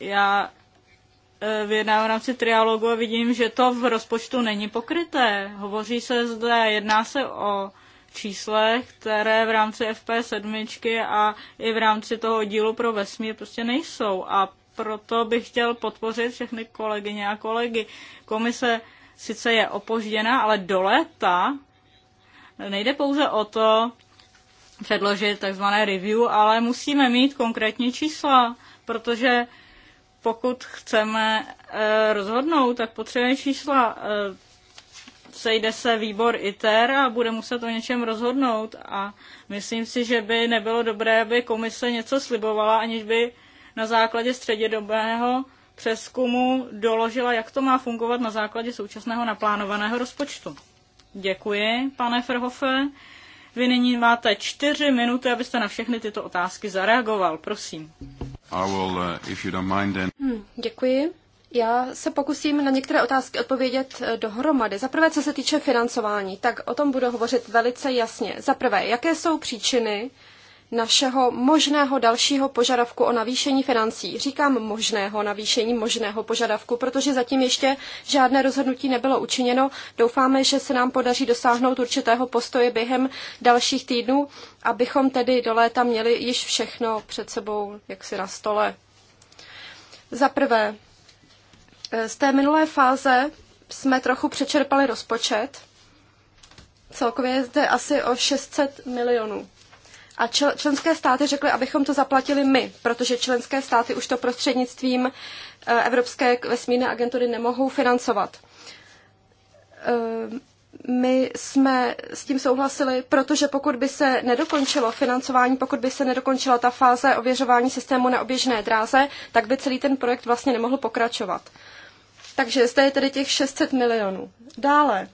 Speaker 1: Já uh, vyjednávám v rámci trialogu a vidím, že to v rozpočtu není pokryté. Hovoří se zde, jedná se o číslech, které v rámci FP7 a i v rámci toho dílu pro vesmír prostě nejsou. A proto bych chtěl podpořit všechny kolegyně a kolegy. Komise sice je opožděná, ale do léta nejde pouze o to předložit takzvané review, ale musíme mít konkrétní čísla, protože pokud chceme eh, rozhodnout, tak potřebujeme čísla eh, sejde se výbor ITER a bude muset o něčem rozhodnout a myslím si, že by nebylo dobré, aby komise něco slibovala, aniž by na základě střednědobého přeskumu doložila, jak to má fungovat na základě současného naplánovaného rozpočtu. Děkuji, pane Ferhofe. Vy nyní máte čtyři minuty, abyste na všechny tyto otázky zareagoval. Prosím.
Speaker 3: I will, uh, if you don't mind, then...
Speaker 2: hmm, děkuji. Já se pokusím na některé otázky odpovědět eh, dohromady. Za prvé, co se týče financování, tak o tom budu hovořit velice jasně. Za prvé, jaké jsou příčiny našeho možného dalšího požadavku o navýšení financí. Říkám možného navýšení, možného požadavku, protože zatím ještě žádné rozhodnutí nebylo učiněno. Doufáme, že se nám podaří dosáhnout určitého postoje během dalších týdnů, abychom tedy do léta měli již všechno před sebou jaksi na stole. Za prvé, z té minulé fáze jsme trochu přečerpali rozpočet. Celkově je zde asi o 600 milionů. A čl- členské státy řekly, abychom to zaplatili my, protože členské státy už to prostřednictvím eh, Evropské vesmírné agentury nemohou financovat. Eh, my jsme s tím souhlasili, protože pokud by se nedokončilo financování, pokud by se nedokončila ta fáze ověřování systému na oběžné dráze, tak by celý ten projekt vlastně nemohl pokračovat. Takže zde je tedy těch 600 milionů. Dále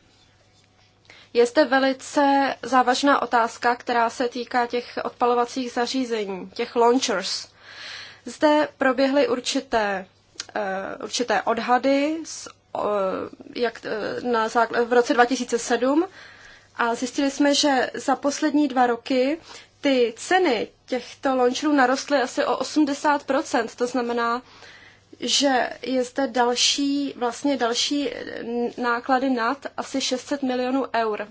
Speaker 2: je zde velice závažná otázka, která se týká těch odpalovacích zařízení, těch launchers. Zde proběhly určité, eh, určité odhady z, jak, eh, na zákl- v roce 2007 a zjistili jsme, že za poslední dva roky ty ceny těchto launcherů narostly asi o 80%, to znamená, že je zde další, vlastně další náklady nad asi 600 milionů eur.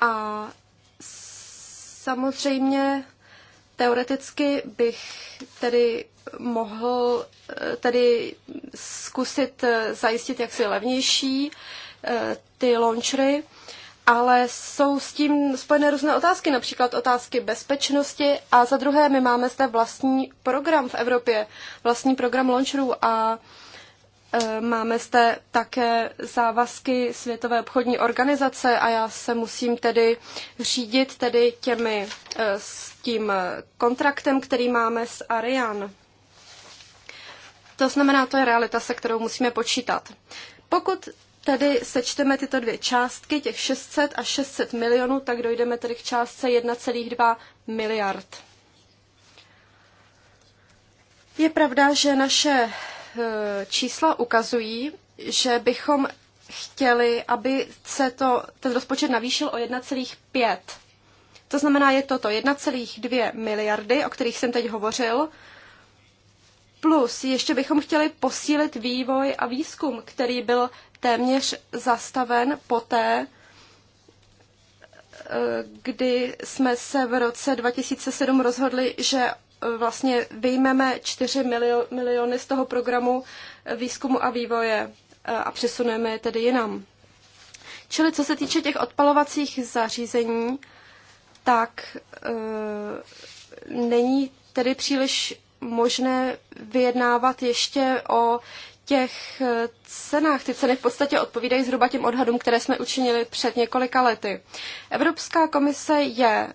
Speaker 2: A samozřejmě teoreticky bych tedy mohl eh, tedy zkusit eh, zajistit jaksi levnější eh, ty launchery, ale jsou s tím spojené různé otázky, například otázky bezpečnosti a za druhé my máme zde vlastní program v Evropě, vlastní program launcherů a e, Máme zde také závazky Světové obchodní organizace a já se musím tedy řídit tedy těmi, e, s tím kontraktem, který máme s Arian. To znamená, to je realita, se kterou musíme počítat. Pokud tedy sečteme tyto dvě částky, těch 600 a 600 milionů, tak dojdeme tedy k částce 1,2 miliard. Je pravda, že naše e, čísla ukazují, že bychom chtěli, aby se to, ten rozpočet navýšil o 1,5. To znamená, je toto 1,2 miliardy, o kterých jsem teď hovořil, plus ještě bychom chtěli posílit vývoj a výzkum, který byl téměř zastaven poté, eh, kdy jsme se v roce 2007 rozhodli, že eh, vlastně vyjmeme 4 miliony z toho programu eh, výzkumu a vývoje a přesuneme je tedy jinam. Čili co se týče těch odpalovacích zařízení, tak e, není tedy příliš možné vyjednávat ještě o těch eh, cenách, ty ceny v podstatě odpovídají zhruba těm odhadům, které jsme učinili před několika lety. Evropská komise je eh,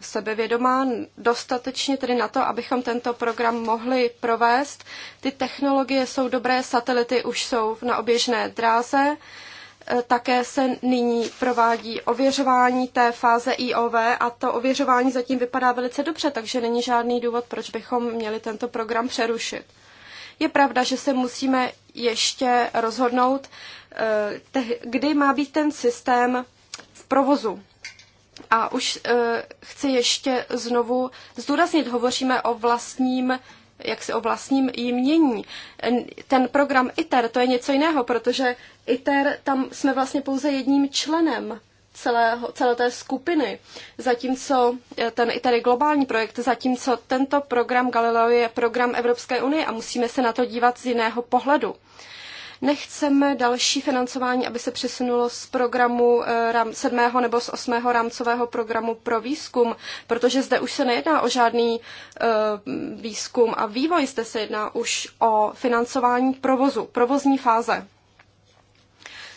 Speaker 2: sebevědomá dostatečně tedy na to, abychom tento program mohli provést. Ty technologie jsou dobré, satelity už jsou na oběžné dráze. Eh, také se nyní provádí ověřování té fáze IOV a to ověřování zatím vypadá velice dobře, takže není žádný důvod, proč bychom měli tento program přerušit. Je pravda, že se musíme ještě rozhodnout, eh, kdy má být ten systém v provozu. A už eh, chci ještě znovu zdůraznit, hovoříme o vlastním jak si o vlastním jmění. Ten program ITER, to je něco jiného, protože ITER, tam jsme vlastně pouze jedním členem celého, celé té skupiny. Zatímco eh, ten i tady globální projekt, zatímco tento program Galileo je program Evropské unie a musíme se na to dívat z jiného pohledu. Nechceme další financování, aby se přesunulo z programu eh, sedmého nebo z osmého rámcového programu pro výzkum, protože zde už se nejedná o žádný eh, výzkum a vývoj, zde se jedná už o financování provozu, provozní fáze.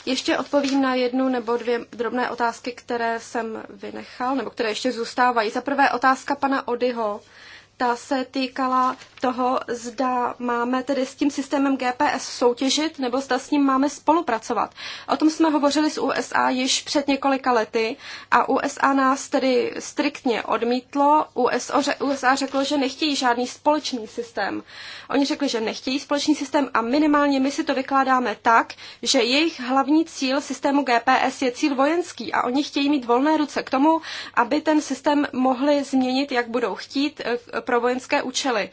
Speaker 2: Ještě odpovím na jednu nebo dvě drobné otázky, které jsem vynechal, nebo které ještě zůstávají. Za prvé otázka pana Odyho ta se týkala toho, zda máme tedy s tím systémem GPS soutěžit, nebo zda s ním máme spolupracovat. O tom jsme hovořili s USA již před několika lety a USA nás tedy striktně odmítlo. USA řeklo, že nechtějí žádný společný systém. Oni řekli, že nechtějí společný systém a minimálně my si to vykládáme tak, že jejich hlavní cíl systému GPS je cíl vojenský a oni chtějí mít volné ruce k tomu, aby ten systém mohli změnit, jak budou chtít, eh, pro vojenské účely.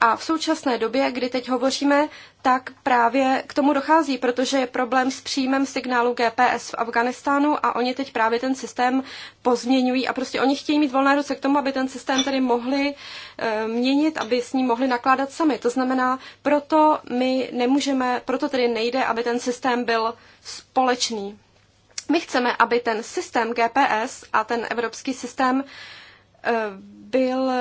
Speaker 2: A v současné době, kdy teď hovoříme, tak právě k tomu dochází, protože je problém s příjmem signálu GPS v Afganistánu a oni teď právě ten systém pozměňují a prostě oni chtějí mít volné ruce k tomu, aby ten systém tedy mohli e, měnit, aby s ním mohli nakládat sami. To znamená, proto my nemůžeme, proto tedy nejde, aby ten systém byl společný. My chceme, aby ten systém GPS a ten evropský systém eh, byl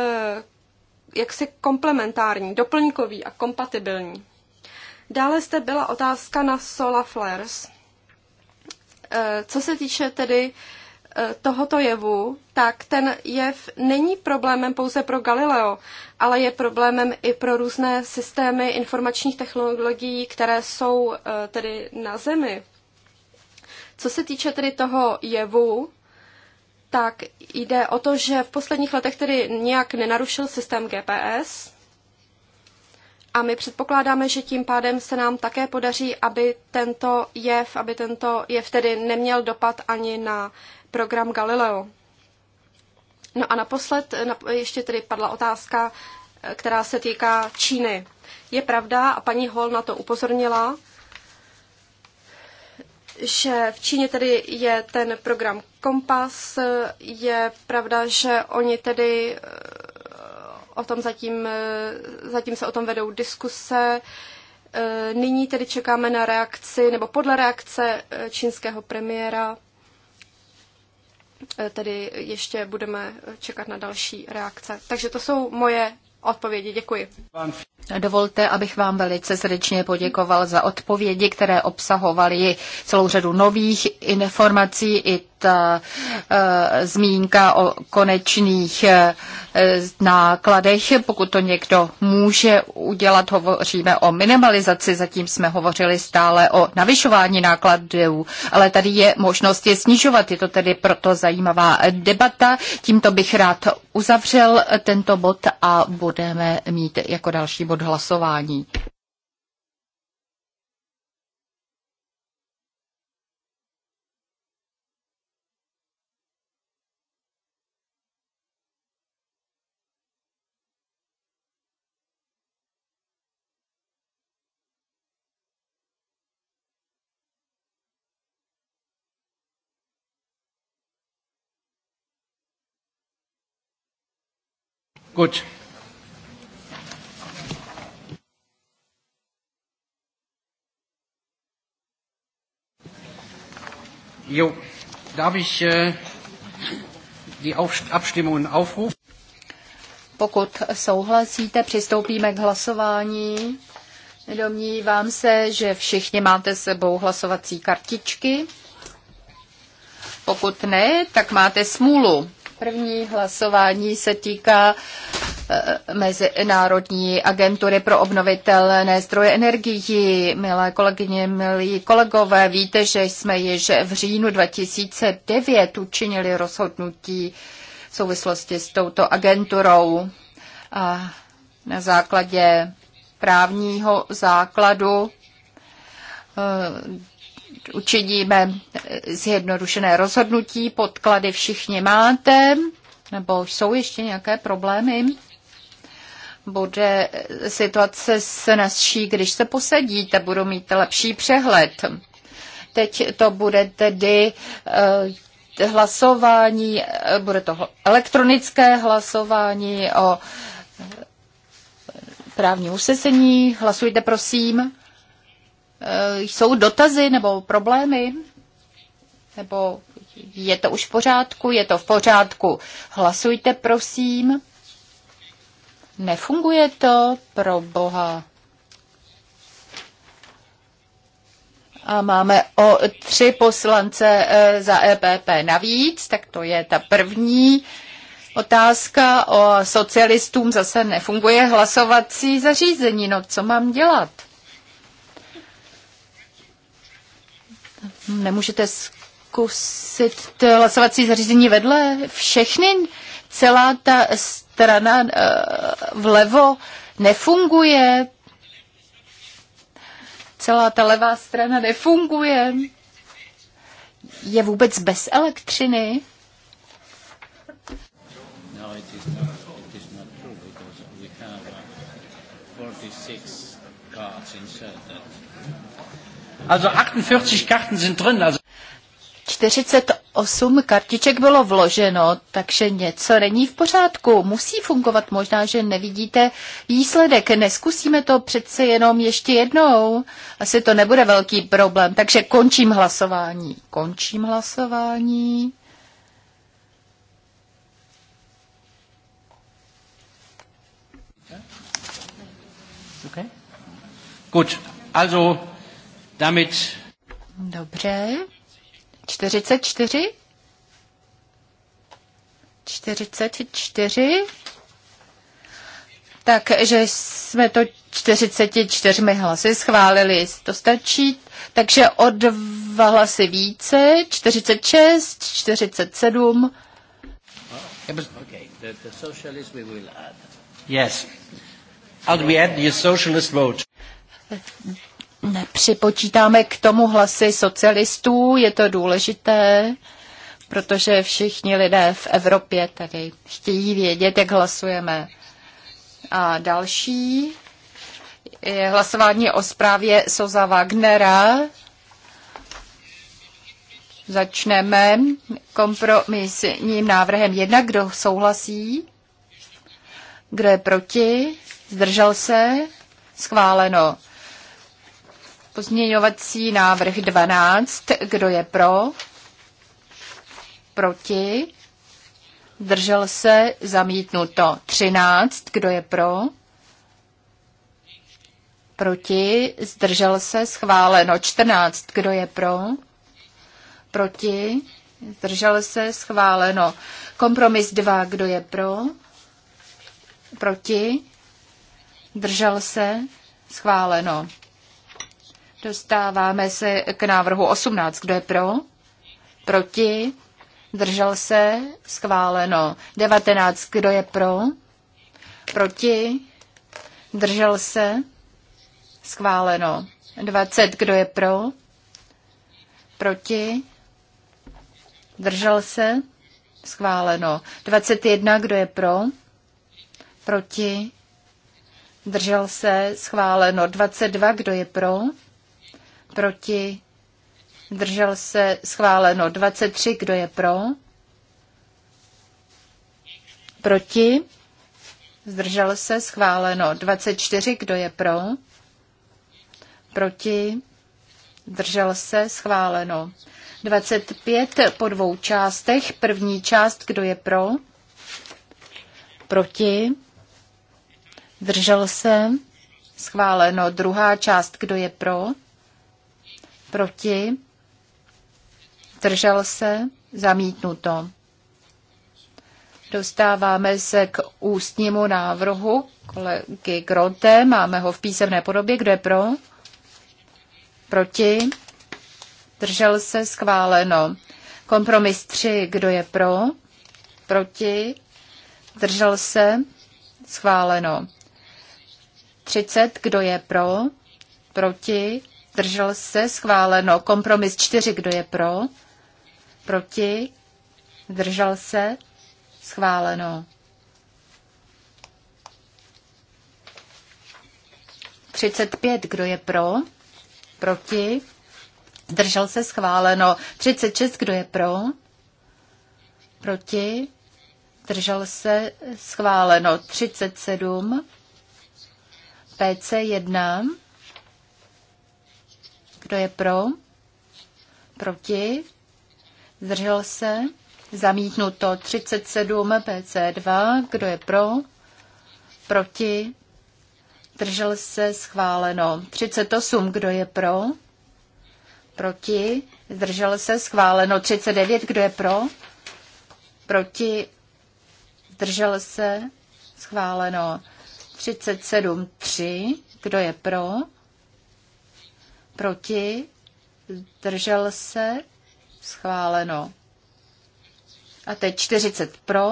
Speaker 2: jaksi komplementární, doplňkový a kompatibilní. Dále zde byla otázka na solar flares. Eh, co se týče tedy eh, tohoto jevu, tak ten jev není problémem pouze pro Galileo, ale je problémem i pro různé systémy informačních technologií, které jsou eh, tedy na Zemi. Co se týče tedy toho jevu, tak jde o to, že v posledních letech tedy nějak nenarušil systém GPS a my předpokládáme, že tím pádem se nám také podaří, aby tento jev, aby tento jev tedy neměl dopad ani na program Galileo. No a naposled ještě tedy padla otázka, která se týká Číny. Je pravda, a paní Hol na to upozornila, že v Číně tedy je ten program Kompas je pravda, že oni tedy eh, o tom zatím, eh, zatím se o tom vedou diskuse. Eh, nyní tedy čekáme na reakci, nebo podle reakce čínského premiéra, tedy ještě budeme čekat na další reakce. Takže to jsou moje odpovědi. Děkuji.
Speaker 3: Dovolte, abych vám velice srdečně poděkoval za odpovědi, které obsahovaly celou řadu nových informací i Eh, eh, zmínka o konečných eh, nákladech. Pokud to někdo může udělat, hovoříme o minimalizaci, zatím jsme hovořili stále o navyšování nákladů, ale tady je možnost je snižovat. Je to tedy proto zajímavá debata. Tímto bych rád uzavřel tento bod a budeme mít jako další bod hlasování.
Speaker 1: Gut. Jo, darf ich äh, die Auf Abstimmungen aufrufen?
Speaker 3: Pokud souhlasíte, přistoupíme k hlasování. Domnívám se, že všichni máte s sebou hlasovací kartičky. Pokud ne, tak máte smůlu. První hlasování se týká e, Mezinárodní agentury pro obnovitelné zdroje energií. Milé kolegyně, milí kolegové, víte, že jsme již v říjnu 2009 učinili rozhodnutí v souvislosti s touto agenturou. A na základě právního základu e, učiníme zjednodušené rozhodnutí, podklady všichni máte, nebo jsou ještě nějaké problémy? Bude situace snazší, když se posadíte, budou mít lepší přehled. Teď to bude tedy eh, hlasování, eh, bude to elektronické hlasování o eh, právní usesení. Hlasujte, prosím. Eh, jsou dotazy nebo problémy? Nebo je to už v pořádku? Je to v pořádku. Hlasujte, prosím. Nefunguje to pro Boha. A máme o tři poslance eh, za EPP navíc, tak to je ta první otázka. O socialistům zase nefunguje hlasovací zařízení. No co mám dělat? Nemůžete zkusit hlasovací zařízení vedle všechny? Celá ta strana eh, vlevo nefunguje. Celá ta levá strana nefunguje. Je vůbec bez elektřiny?
Speaker 1: No, it is not. Also 48 Karten sind drin, also
Speaker 3: 48 kartiček bylo vloženo, takže něco není v pořádku. Musí fungovat, možná, že nevidíte výsledek. Neskusíme to přece jenom ještě jednou. Asi to nebude velký problém. Takže končím hlasování. Končím hlasování. Okay. Gut, also Damit. Dobře. 44? 44? Takže jsme to 44 hlasy schválili. To stačí. Takže o dva hlasy více. 46, 47. Yes.
Speaker 1: How do we add the
Speaker 3: socialist
Speaker 2: vote? Eh,
Speaker 3: Připočítáme k tomu hlasy socialistů, je to důležité, protože všichni lidé v Evropě tady chtějí vědět, jak hlasujeme. A další je hlasování o zprávě Soza Wagnera. Začneme kompromisním návrhem Jednak Kdo souhlasí? Kdo je proti? Zdržel se? Schváleno. Pozměňovací návrh 12. Kdo je pro? Proti? Držel se? Zamítnuto. 13. Kdo je pro? Proti? Zdržel se? Schváleno. 14. Kdo je pro? Proti? Zdržel se? Schváleno. Kompromis 2. Kdo je pro? Proti? Držel se? Schváleno. Dostáváme se k návrhu 18. Kdo je pro? Proti? Držel se? Schváleno. 19. Kdo je pro? Proti? Držel se? Schváleno. 20. Kdo je pro? Proti? Držel se? Schváleno. 21. Kdo je pro? Proti? Držel se? Schváleno. 22. Kdo je pro? proti, zdržel se, schváleno 23, kdo je pro, proti, zdržel se, schváleno 24, kdo je pro, proti, zdržel se, schváleno 25 po dvou částech, první část, kdo je pro, proti, zdržel se, schváleno druhá část, kdo je pro, Proti? Držel se? Zamítnuto. Dostáváme se k ústnímu návrhu kolegy Grote. Máme ho v písemné podobě. Kdo je pro? Proti? Držel se? Schváleno. Kompromis 3. Kdo je pro? Proti? Držel se? Schváleno. 30. Kdo je pro? Proti? zdržel se, schváleno. Kompromis 4, kdo je pro, proti, zdržel se, schváleno. třicet pět kdo je pro, proti, zdržel se, schváleno. třicet šest kdo je pro, proti, zdržel se, schváleno. třicet sedm. PC1, kdo je pro? Proti? Zdržel se? Zamítnuto 37 PC2. Kdo je pro? Proti? Držel se schváleno. 38. Kdo je pro? Proti? Zdržel se schváleno. 39. Kdo je pro? Proti? Zdržel se schváleno. 37. 3. Kdo je pro? proti, zdržel se, schváleno. A teď 40 pro,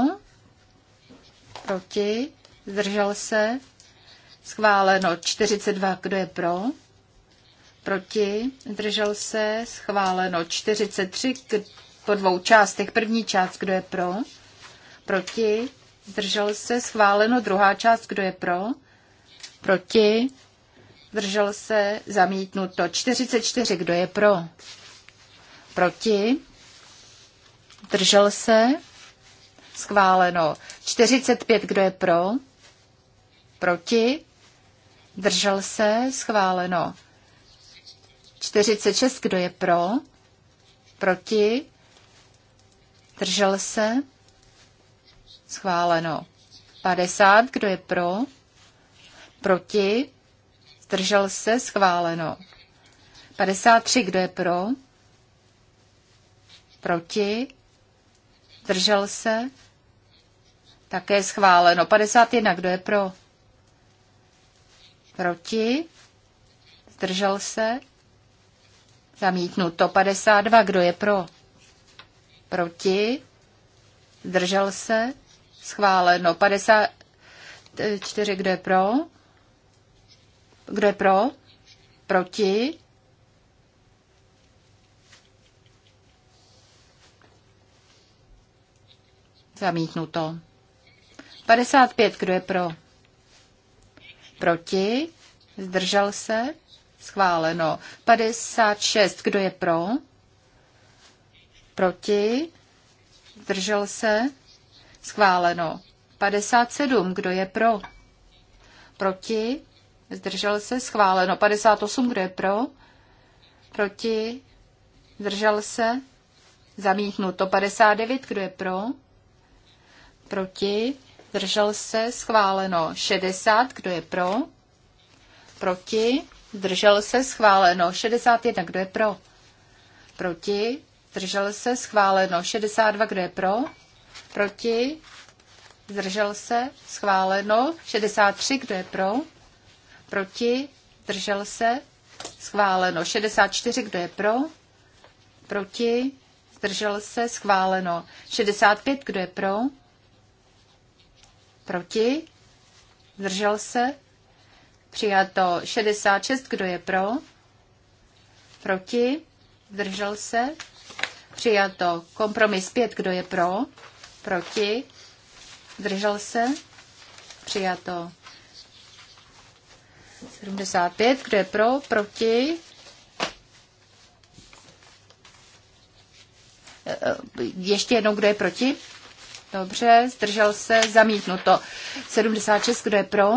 Speaker 3: proti, zdržel se, schváleno. 42, kdo je pro, proti, zdržel se, schváleno. 43 k, po dvou částech. První část, kdo je pro, proti, zdržel se, schváleno. Druhá část, kdo je pro, proti, zdržel se, zamítnuto. 44, kdo je pro? Proti, držel se, schváleno. 45, kdo je pro? Proti, držel se, schváleno. 46, kdo je pro? Proti, držel se, schváleno. 50, kdo je pro? Proti, zdržel se, schváleno. 53, kdo je pro, proti, zdržel se, také schváleno. 51, kdo je pro, proti, zdržel se, zamítnuto. 52, kdo je pro, proti, zdržel se, schváleno. 54, kdo je pro, kdo je pro? Proti? Zamítnuto. 55. Kdo je pro? Proti? Zdržel se? Schváleno. 56. Kdo je pro? Proti? Zdržel se? Schváleno. 57. Kdo je pro? Proti? zdržel se, schváleno. 58, kdo je pro, proti, zdržel se, zamítnuto. 59, kdo je pro, proti, zdržel se, schváleno. 60, kdo je pro, proti, zdržel se, schváleno. 61, kdo je pro, proti, zdržel se, schváleno. 62, kdo je pro, proti, zdržel se, schváleno. 63, kdo je pro, Proti? Držel se? Schváleno. 64, kdo je pro? Proti? Zdržel se? Schváleno. 65, kdo je pro? Proti? Zdržel se? Přijato. 66, kdo je pro? Proti? Zdržel se? Přijato. Kompromis 5, kdo je pro? Proti? Zdržel se? Přijato. 75, kdo je pro, proti, eh, ještě jednou, kdo je proti, dobře, zdržel se, zamítnuto, 76, kdo je pro,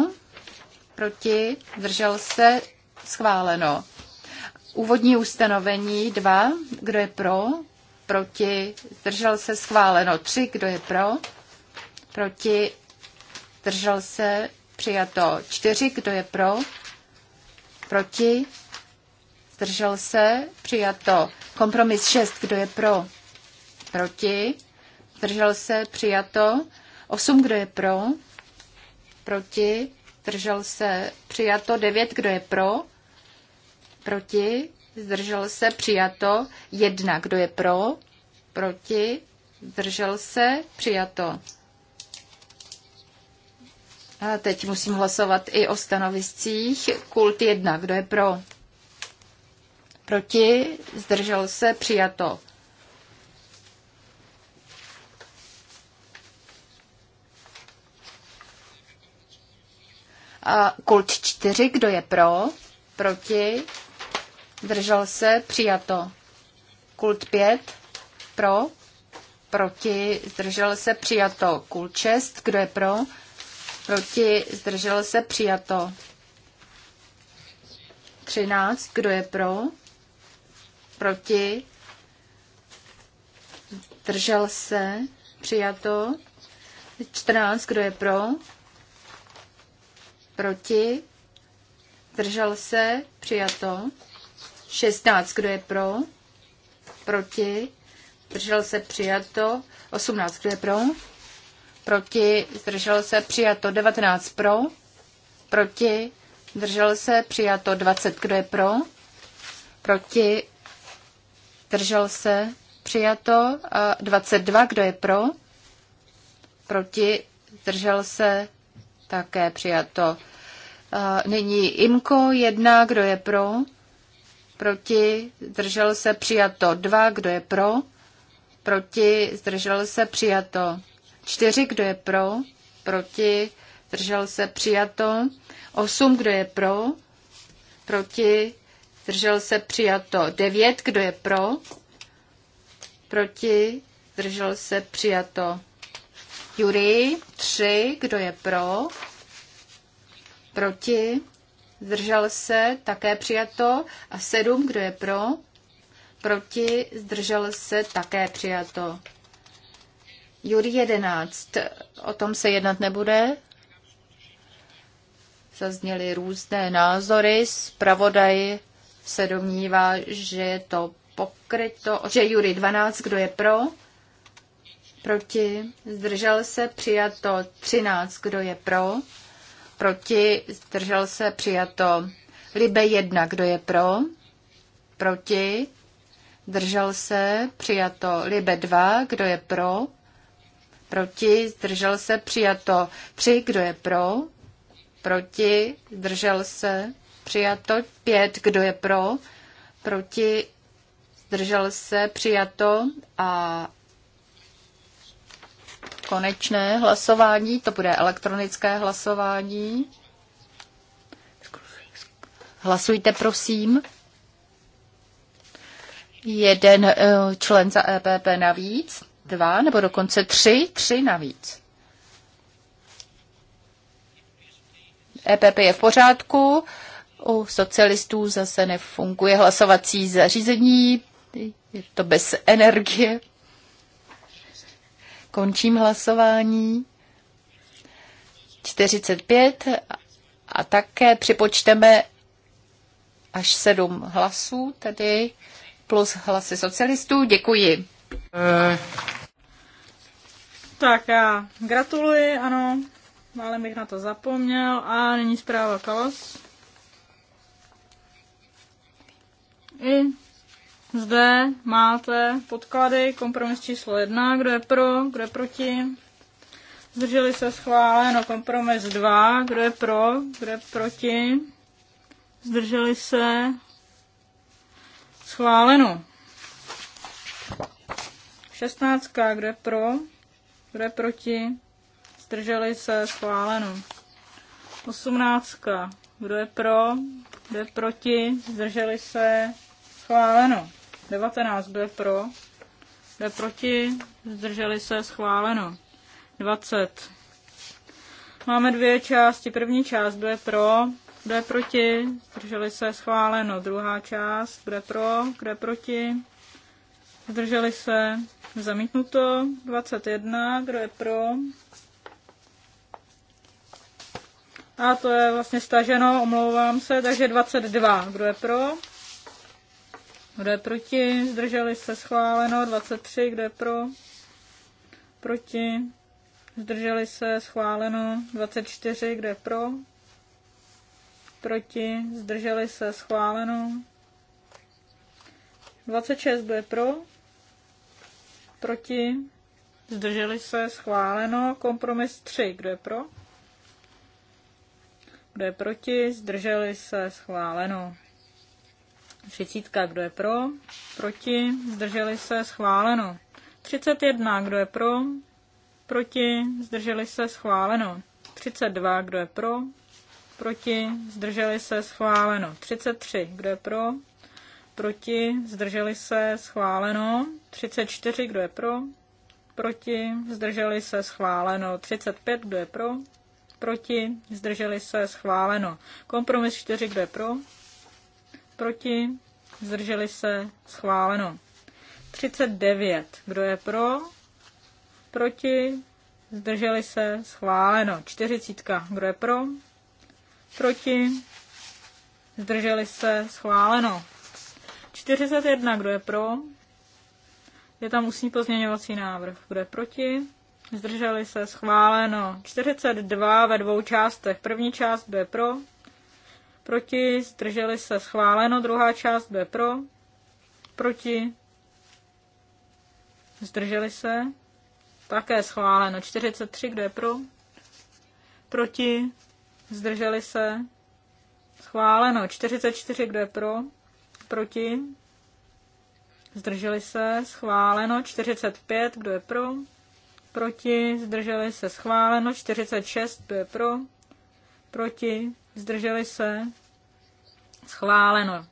Speaker 3: proti, zdržel se, schváleno. Úvodní ustanovení 2, kdo je pro, proti, zdržel se, schváleno. 3, kdo je pro, proti, zdržel se, přijato. 4, kdo je pro, Proti? Zdržel se? Přijato. Kompromis 6. Kdo je pro? Proti? Zdržel se? Přijato. 8. Kdo je pro? Proti? Zdržel se? Přijato. 9. Kdo je pro? Proti? Zdržel se? Přijato. 1. Kdo je pro? Proti? Zdržel se? Přijato. A teď musím hlasovat i o stanoviscích. Kult 1, kdo je pro? Proti? Zdržel se? Přijato. A kult 4, kdo je pro? Proti? Zdržel se? Přijato. Kult 5, pro? Proti? Zdržel se? Přijato. Kult 6, kdo je pro? proti, zdrželo se, přijato. 13, kdo je pro, proti, zdržel se, přijato. 14, kdo je pro, proti, zdržel se, přijato. 16, kdo je pro, proti, zdržel se, přijato. 18, kdo je pro, proti, zdrželo se, přijato 19 pro, proti, zdrželo se, přijato 20, kdo je pro, proti, držel se, přijato 22, kdo je pro, proti, zdržel se, také přijato. Nyní IMKO 1, kdo je pro, proti, zdržel se, přijato 2, kdo je pro, proti, zdržel se, přijato 4, kdo je pro, proti, držel se přijato. 8, kdo je pro, proti, držel se přijato. 9, kdo je pro, proti, držel se přijato. Jury 3, kdo je pro, proti, zdržel se, také přijato. A 7, kdo je pro, proti, zdržel se, také přijato. Jury 11. O tom se jednat nebude. Zazněly různé názory. Spravodaj se domnívá, že je to pokryto, že Jury 12, kdo je pro, proti, zdržel se, přijato 13, kdo je pro, proti, zdržel se, přijato Libe 1, kdo je pro, proti, zdržel se, přijato Libe 2, kdo je pro, Proti? Zdržel se? Přijato. Tři, Kdo je pro? Proti? Zdržel se? Přijato. pět Kdo je pro? Proti? Zdržel se? Přijato. A konečné hlasování, to bude elektronické hlasování. Hlasujte, prosím. Jeden eh, člen za EPP navíc dva nebo dokonce tři, tři navíc. EPP je v pořádku, u socialistů zase nefunguje hlasovací zařízení, je to bez energie. Končím hlasování. 45 a také připočteme až 7 hlasů, tedy plus hlasy socialistů. Děkuji. Eh. Tak já gratuluji,
Speaker 1: ano, ale bych na to zapomněl. A nyní zpráva Kalos. I zde máte podklady, kompromis číslo jedna, kdo je pro, kdo je proti. Zdrželi se schváleno kompromis 2, kdo je pro, kdo je proti. Zdrželi se schváleno. 16. Kdo je pro? Kdo je proti? Zdrželi se? Schváleno. 18. Kdo je pro? Kdo je proti? Zdrželi se? Schváleno. 19. Kdo je pro? Kdo je proti? Zdrželi se? Schváleno. 20. Máme dvě části. První část, kdo je pro, kdo je proti, zdrželi se schváleno. Druhá část, kdo je pro, kdo je proti, Zdrželi se? Zamítnuto. 21. Kdo je pro? A to je vlastně staženo, omlouvám se, takže 22. Kdo je pro? Kdo je proti? Zdrželi se schváleno. 23. Kdo je pro? Proti? Zdrželi se schváleno. 24. Kdo je pro? Proti? Zdrželi se schváleno. 26. Kdo je pro? proti, zdrželi se, schváleno. Kompromis 3, kdo je pro? Kdo je proti, zdrželi se, schváleno. 30, kdo je pro? Proti, zdrželi se, schváleno. 31, kdo je pro? Proti, zdrželi se, schváleno. 32, kdo je pro? Proti, zdrželi se, schváleno. 33, kdo je pro? Proti, zdrželi se, schváleno. 34, kdo je pro? Proti, zdrželi se, schváleno. 35, kdo je pro? Proti, zdrželi se, schváleno. Kompromis 4, kdo je pro? Proti, zdrželi se, schváleno. 39, kdo je pro? Proti, zdrželi se, schváleno. 40, kdo je pro? Proti, zdrželi se, schváleno. 41, kdo je pro? Je tam ústní pozměňovací návrh. bude proti? Zdrželi se schváleno 42 ve dvou částech. První část B pro, proti, zdrželi se schváleno, druhá část B pro, proti, zdrželi se, také schváleno 43, kdo je pro, proti, zdrželi se, schváleno 44, kdo je pro, proti, zdrželi se, schváleno 45, kdo je pro, proti, zdrželi se, schváleno 46, kdo je pro, proti, zdrželi se, schváleno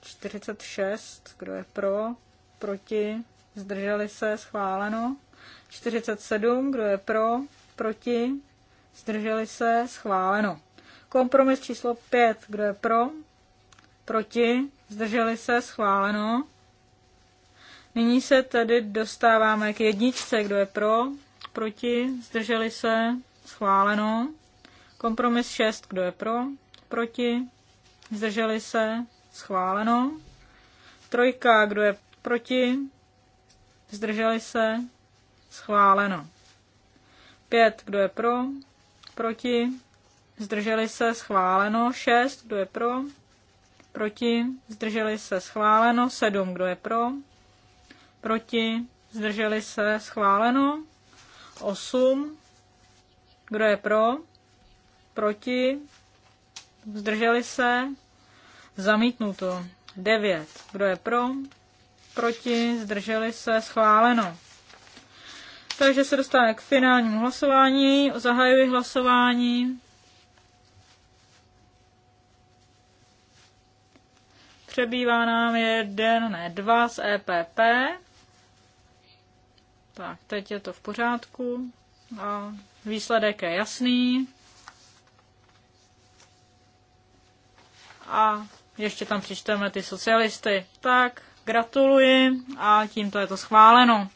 Speaker 1: 46, kdo je pro, proti, zdrželi se, schváleno 47, kdo je pro, proti, zdrželi se, schváleno. Kompromis číslo 5, kdo je pro, proti, zdrželi se, schváleno. Nyní se tedy dostáváme k jedničce, kdo je pro, proti, zdrželi se, schváleno. Kompromis 6, kdo je pro, proti, zdrželi se, schváleno. Trojka, kdo je proti, zdrželi se, schváleno. Pět, kdo je pro, proti, zdrželi se, schváleno. Šest, kdo je pro, proti, zdrželi se, schváleno. Sedm, kdo je pro, proti, zdrželi se, schváleno. 8, kdo je pro, proti, zdrželi se, zamítnuto. 9, kdo je pro, proti, zdrželi se, schváleno. Takže se dostáváme k finálnímu hlasování. Zahajuji hlasování. Přebývá nám jeden, ne dva z EPP. Tak, teď je to v pořádku a výsledek je jasný. A ještě tam přičteme ty socialisty. Tak, gratuluji a tímto je to schváleno.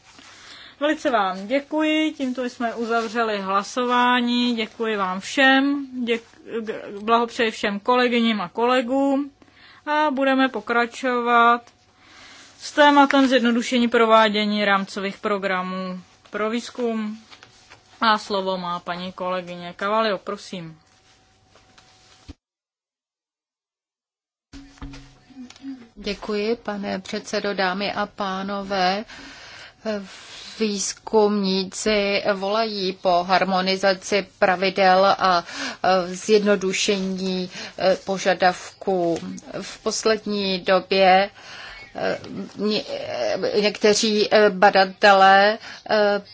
Speaker 1: Velice vám děkuji, tímto jsme uzavřeli hlasování, děkuji vám všem, děk, blahopřeji všem kolegyním a kolegům a budeme pokračovat s tématem zjednodušení provádění rámcových programů pro výzkum. A slovo má paní kolegyně Kavalio, prosím.
Speaker 3: Děkuji, pane předsedo, dámy a pánové. Výzkumníci volají po harmonizaci pravidel a zjednodušení požadavků. V poslední době Eh, eh, někteří eh, badatelé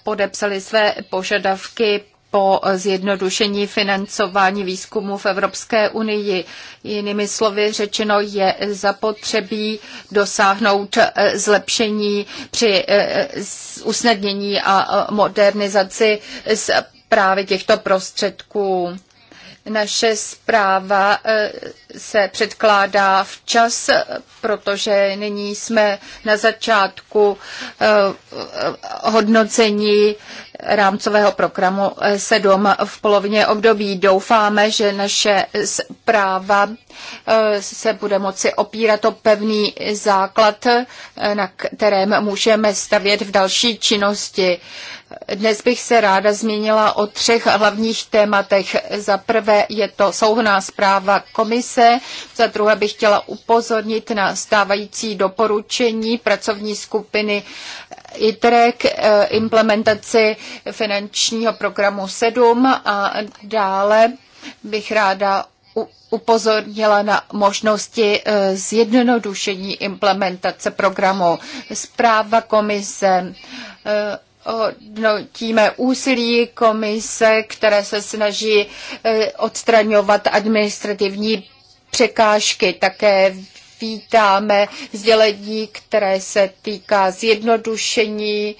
Speaker 3: podepsali své požadavky po zjednodušení financování výzkumu v Evropské unii. Jinými slovy řečeno je zapotřebí dosáhnout zlepšení při usnadnění a modernizaci právě těchto prostředků. Naše zpráva eh, se předkládá včas, protože nyní jsme na začátku eh, hodnocení rámcového programu eh, sedm v polovině období. Doufáme, že naše práva eh, se bude moci opírat o pevný základ, eh, na kterém můžeme stavět v další činnosti. Dnes bych se ráda zmínila o třech hlavních tématech. Za prvé je to souhná zpráva komise, za druhé bych chtěla upozornit na stávající doporučení pracovní skupiny ITREK, eh, implementaci finančního programu 7 a dále bych ráda upozornila na možnosti eh, zjednodušení implementace programu. Zpráva komise eh, hodnotíme úsilí komise, které se snaží odstraňovat administrativní překážky. Také vítáme sdělení, které se týká zjednodušení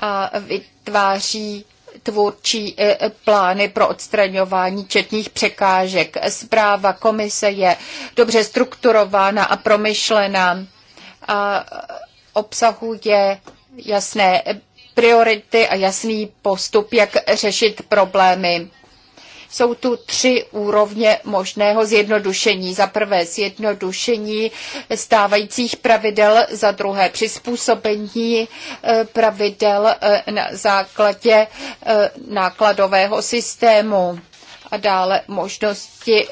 Speaker 3: a vytváří tvůrčí e, e, plány pro odstraňování četních překážek. Zpráva komise je dobře strukturována a promyšlená a obsahuje jasné priority a jasný postup, jak řešit problémy. Jsou tu tři úrovně možného zjednodušení. Za prvé zjednodušení stávajících pravidel, za druhé přizpůsobení eh, pravidel eh, na základě eh, nákladového systému a dále možnosti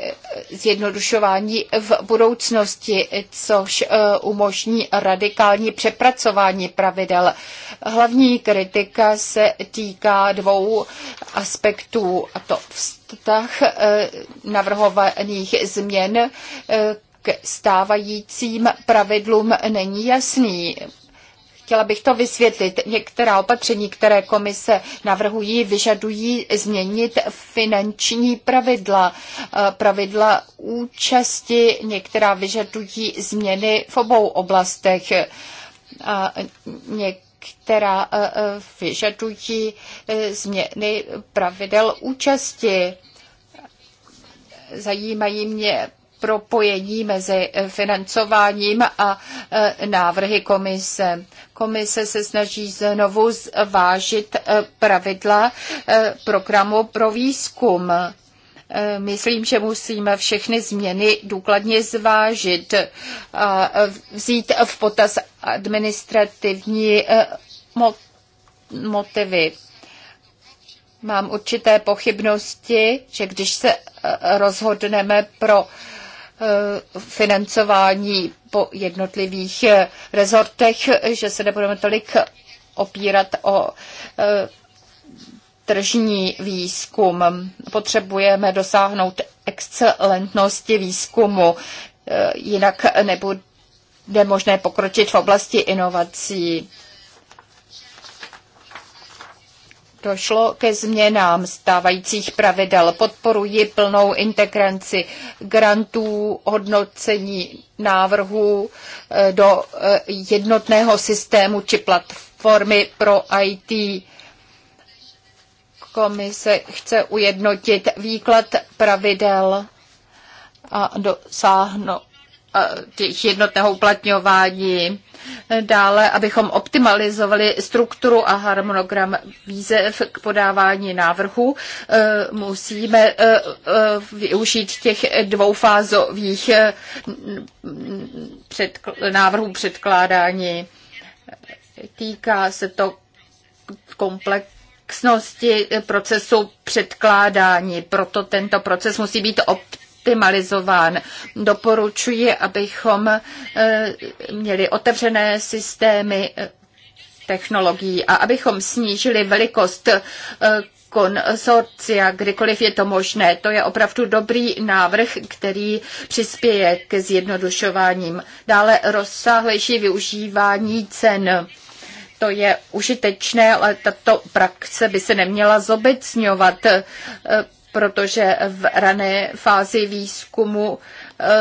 Speaker 3: zjednodušování v budoucnosti, což eh, umožní radikální přepracování pravidel. Hlavní kritika se týká dvou aspektů, a to vztah eh, navrhovaných změn eh, k stávajícím pravidlům není jasný. Chtěla bych to vysvětlit. Některá opatření, které komise navrhují, vyžadují změnit finanční pravidla, eh, pravidla účasti, některá vyžadují změny v obou oblastech. A něk- eh, eh, vyžadují změny pravidel účasti. Zajímají mě propojení mezi financováním a e, návrhy komise. Komise se snaží znovu zvážit e, pravidla e, programu pro výzkum. Myslím, že musíme všechny změny důkladně zvážit a vzít v potaz administrativní motivy. Mám určité pochybnosti, že když se rozhodneme pro Eh, financování po jednotlivých eh, rezortech, že se nebudeme tolik opírat o eh, tržní výzkum. Potřebujeme dosáhnout excelentnosti výzkumu, jinak nebude možné pokročit v oblasti inovací. došlo ke změnám stávajících pravidel. Podporuji plnou integraci grantů, hodnocení návrhů eh, do eh, jednotného systému či platformy pro IT. Komise chce ujednotit výklad pravidel a dosáhnout těch jednotného uplatňování. Dále, abychom optimalizovali strukturu a harmonogram výzev k podávání návrhu, e, musíme e, e, využít těch dvoufázových návrhů předkládání. Týká se to komplex komplexnosti procesu předkládání. Proto tento proces musí být optimální optimalizován. Doporučuji, abychom eh, měli otevřené systémy eh, technologií a abychom snížili velikost eh, konsorcia, kdykoliv je to možné. To je opravdu dobrý návrh, který přispěje k zjednodušováním. Dále rozsáhlejší využívání cen. To je užitečné, ale tato praxe by se neměla zobecňovat protože v rané fázi výzkumu eh,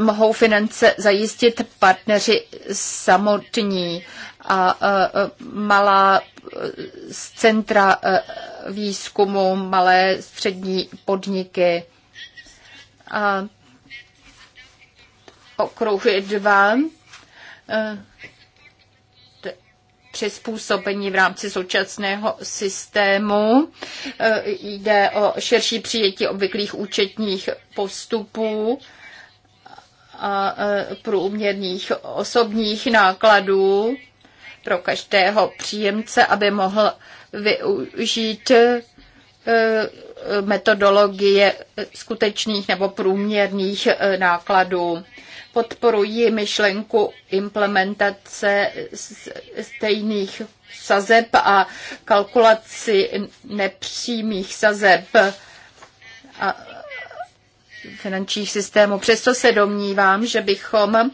Speaker 3: mohou finance zajistit partneři samotní a eh, malá eh, centra výzkumu, malé střední podniky. A okruh dva přizpůsobení v rámci současného systému. E, jde o širší přijetí obvyklých účetních postupů a e, průměrných osobních nákladů pro každého příjemce, aby mohl využít e, metodologie skutečných nebo průměrných nákladů podporuji myšlenku implementace stejných sazeb a kalkulaci nepřímých sazeb a finančních systémů. Přesto se domnívám, že bychom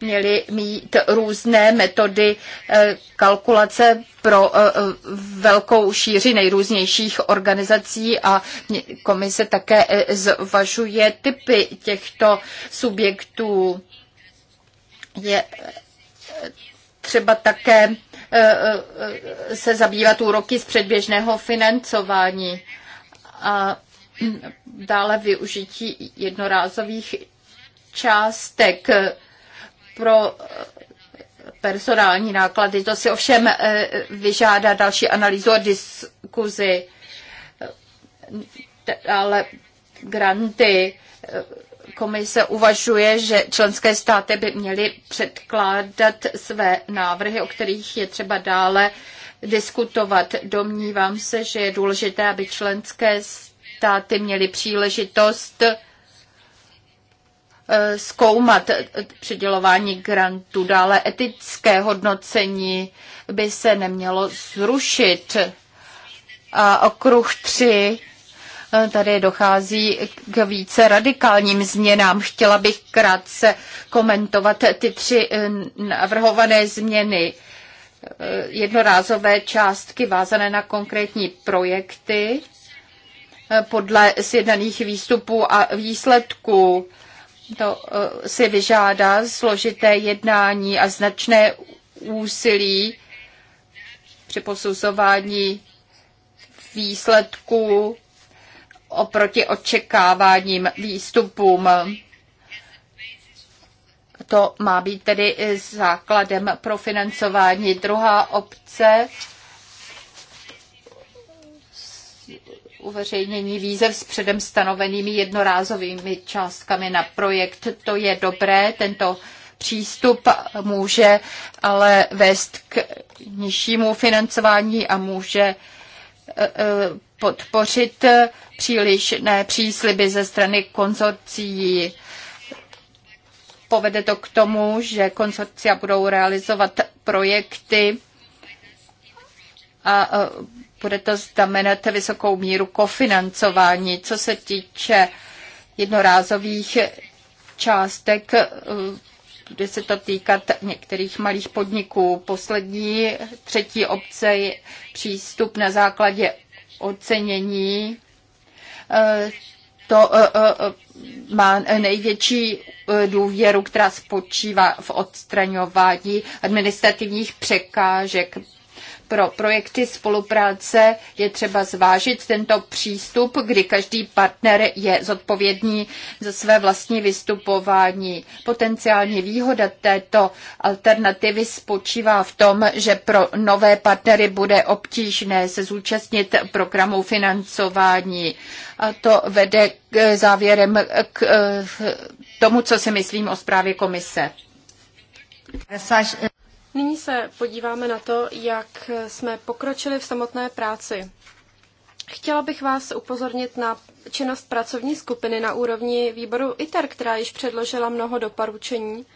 Speaker 3: měli mít různé metody eh, kalkulace pro eh, eh, velkou šíři nejrůznějších organizací a komise také zvažuje typy těchto subjektů. Je třeba také se zabývat úroky z předběžného financování a dále využití jednorázových částek pro eh, personální náklady. To si ovšem eh, vyžádá další analýzu a diskuzi. Ale granty eh, komise uvažuje, že členské státy by měly předkládat své návrhy, o kterých je třeba dále diskutovat. Domnívám se, že je důležité, aby členské státy měly příležitost Eh, zkoumat přidělování grantů. Dále etické hodnocení by se nemělo zrušit. A okruh 3 eh, tady dochází k více radikálním změnám. Chtěla bych krátce komentovat ty tři eh, navrhované změny. Jednorázové částky vázané na konkrétní projekty podle sjednaných výstupů a výsledků to eh, si vyžádá složité jednání a značné úsilí při posuzování výsledků oproti očekáváním výstupům. To má být tedy základem pro financování. Druhá obce uveřejnění výzev s předem stanovenými jednorázovými částkami na projekt. To je dobré, tento přístup může ale vést k nižšímu financování a může eh, eh, podpořit přílišné přísliby ze strany konzorcií. Povede to k tomu, že konzorcia budou realizovat projekty, a bude to znamenat vysokou míru kofinancování. Co se týče jednorázových částek, eh, bude se to týkat některých malých podniků. Poslední třetí obce je přístup na základě ocenění. Eh, to eh, má největší důvěru, která spočívá v odstraňování administrativních překážek pro projekty spolupráce je třeba zvážit tento přístup, kdy každý partner je zodpovědný za své vlastní vystupování. Potenciální výhoda této alternativy spočívá v tom, že pro nové partnery bude obtížné se zúčastnit programů financování. A to vede k závěrem k eh, tomu, co si myslím o zprávě komise.
Speaker 2: Nyní se podíváme na to, jak jsme pokročili v samotné práci. Chtěla bych vás upozornit na činnost pracovní skupiny na úrovni výboru ITER, která již předložila mnoho doporučení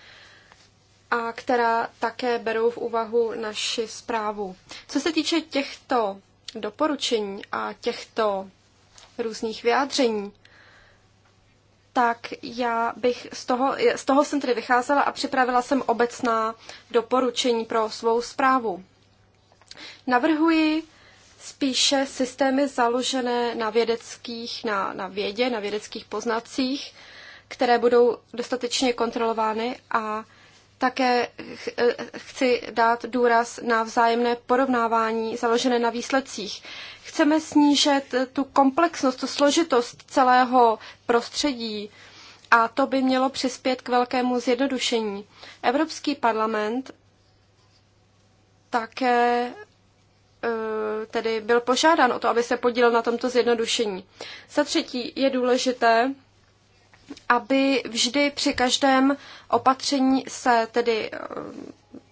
Speaker 2: a která také berou v úvahu naši zprávu. Co se týče těchto doporučení a těchto různých vyjádření, tak já bych z toho, z toho jsem tedy vycházela a připravila jsem obecná doporučení pro svou zprávu. Navrhuji spíše systémy založené na vědeckých, na, na vědě, na vědeckých poznacích, které budou dostatečně kontrolovány a také eh, chci dát důraz na vzájemné porovnávání založené na výsledcích. Chceme snížit tu komplexnost, tu složitost celého prostředí a to by mělo přispět k velkému zjednodušení. Evropský parlament také eh, tedy byl požádán o to, aby se podílel na tomto zjednodušení. Za třetí je důležité aby vždy při každém opatření se tedy eh,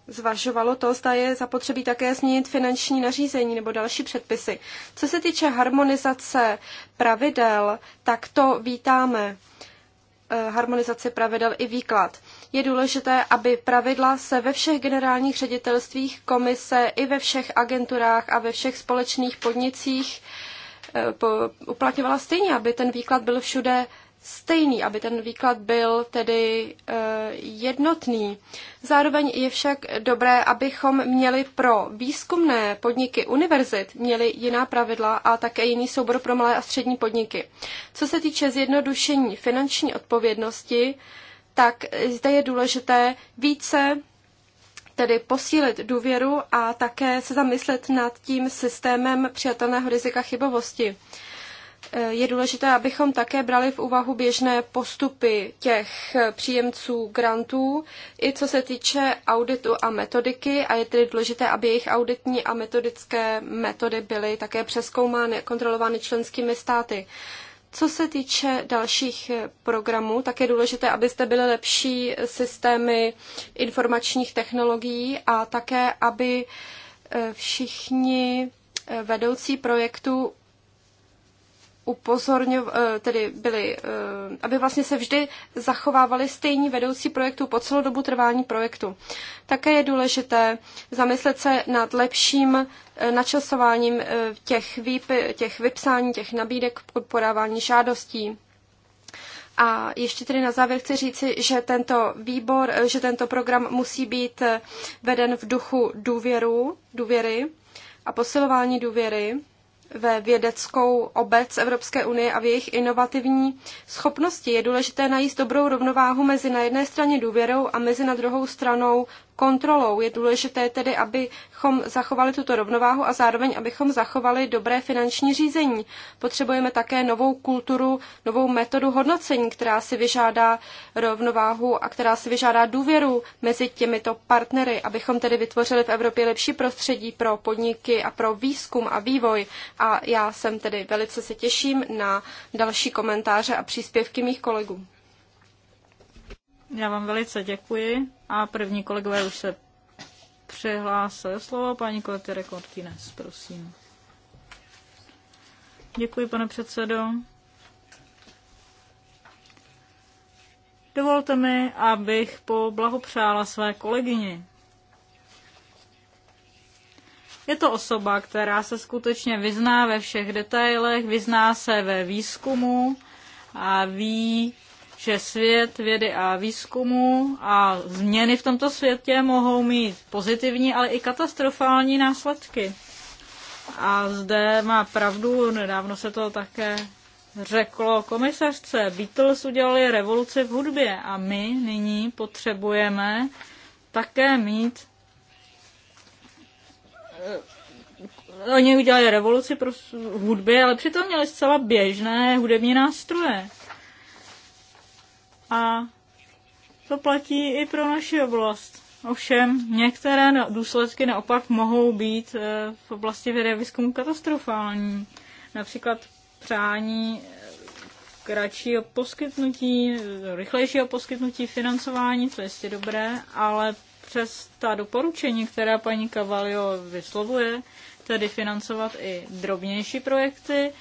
Speaker 2: zvažovalo to, zda je zapotřebí také změnit finanční nařízení nebo další předpisy. Co se týče harmonizace pravidel, tak to vítáme. Eh, Harmonizaci pravidel i výklad. Je důležité, aby pravidla se ve všech generálních ředitelstvích komise i ve všech agenturách a ve všech společných podnicích eh, uplatňovala stejně, aby ten výklad byl všude stejný, aby ten výklad byl tedy eh, jednotný. Zároveň je však dobré, abychom měli pro výzkumné podniky univerzit měli jiná pravidla a také jiný soubor pro malé a střední podniky. Co se týče zjednodušení finanční odpovědnosti, tak zde je důležité více tedy posílit důvěru a také se zamyslet nad tím systémem přijatelného rizika chybovosti. Eh, je důležité, abychom také brali v úvahu běžné postupy těch eh, příjemců grantů, i co se týče auditu a metodiky, a je tedy důležité, aby jejich auditní a metodické metody byly také přeskoumány a kontrolovány členskými státy. Co se týče dalších eh, programů, tak je důležité, abyste byly lepší systémy informačních technologií a také, aby všichni vedoucí projektu upozorňov, eh, tedy byly, eh, aby vlastně se vždy zachovávali stejní vedoucí projektu po celou dobu trvání projektu. Také je důležité zamyslet se nad lepším eh, načasováním těch, výp, těch vypsání, těch nabídek, podporávání žádostí. A ještě tedy na závěr chci říci, že tento výbor, že tento program musí být veden v duchu důvěru, důvěry a posilování důvěry ve vědeckou obec Evropské unie a v jejich inovativní schopnosti. Je důležité najít dobrou rovnováhu mezi na jedné straně důvěrou a mezi na druhou stranou kontrolou. Je důležité tedy, abychom zachovali tuto rovnováhu a zároveň, abychom zachovali dobré finanční řízení. Potřebujeme také novou kulturu, novou metodu hodnocení, která si vyžádá rovnováhu a která si vyžádá důvěru mezi těmito partnery, abychom tedy vytvořili v Evropě lepší prostředí pro podniky a pro výzkum a vývoj. A já jsem tedy velice se těším na další komentáře a příspěvky mých kolegů.
Speaker 1: Já vám velice děkuji a první kolegové už se přihlásil slovo. Paní Kolety Kortines, prosím. Děkuji, pane předsedo. Dovolte mi, abych poblahopřála své kolegyni. Je to osoba, která se skutečně vyzná ve všech detailech, vyzná se ve výzkumu a ví, že svět vědy a výzkumu a změny v tomto světě mohou mít pozitivní, ale i katastrofální následky. A zde má pravdu, nedávno se to také řeklo komisařce, Beatles udělali revoluci v hudbě a my nyní potřebujeme také mít eh, Oni udělali revoluci pro prostě hudbě, ale přitom měli zcela běžné hudební nástroje. A to platí i pro naši oblast. Ovšem, některé důsledky naopak mohou být eh, v oblasti vědy výzkumu katastrofální. Například přání eh, kratšího poskytnutí, eh, rychlejšího poskytnutí financování, co je jistě dobré, ale přes ta doporučení, která paní Cavalio vyslovuje, tedy financovat i drobnější projekty,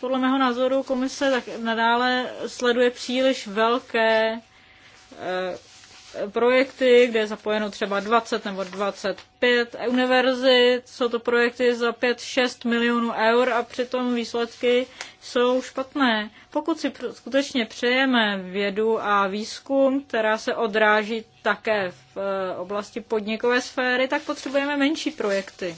Speaker 1: podle mého názoru komise tak nadále sleduje příliš velké eh, projekty, kde je zapojeno třeba 20 nebo 25 univerzit. Jsou to projekty za 5-6 milionů eur a přitom výsledky jsou špatné. Pokud si skutečně přejeme vědu a výzkum, která se odráží také v eh, oblasti podnikové sféry, tak potřebujeme menší projekty.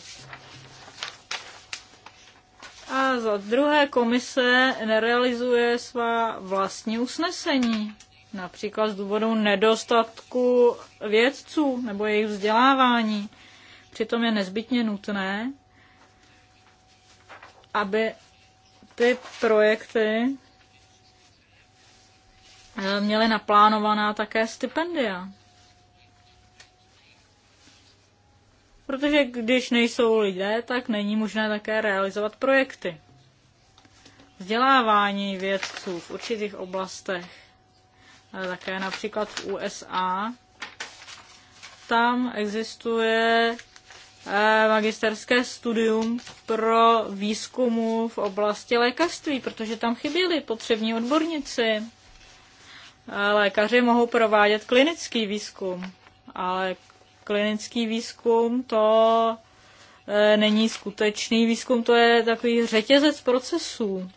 Speaker 1: A za druhé komise nerealizuje svá vlastní usnesení, například z důvodu nedostatku vědců nebo jejich vzdělávání. Přitom je nezbytně nutné, aby ty projekty eh, měly naplánovaná také stipendia. protože když nejsou lidé, tak není možné také realizovat projekty. Vzdělávání vědců v určitých oblastech, také například v USA, tam existuje eh, magisterské studium pro výzkumu v oblasti lékařství, protože tam chyběli potřební odborníci. Eh, lékaři mohou provádět klinický výzkum, ale klinický výzkum, to e, není skutečný výzkum, to je takový řetězec procesů.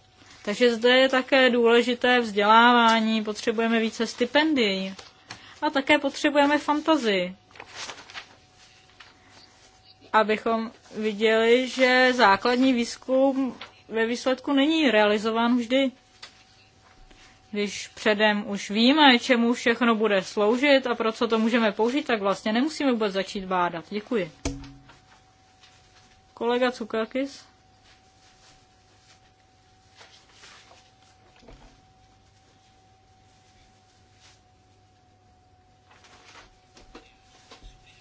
Speaker 1: Takže zde je také důležité vzdělávání, potřebujeme více stipendií a také potřebujeme fantazii. Abychom viděli, že základní výzkum ve výsledku není realizován vždy když předem už víme, čemu všechno bude sloužit a pro co to můžeme použít, tak vlastně nemusíme vůbec začít bádat. Děkuji. Kolega Cukakis?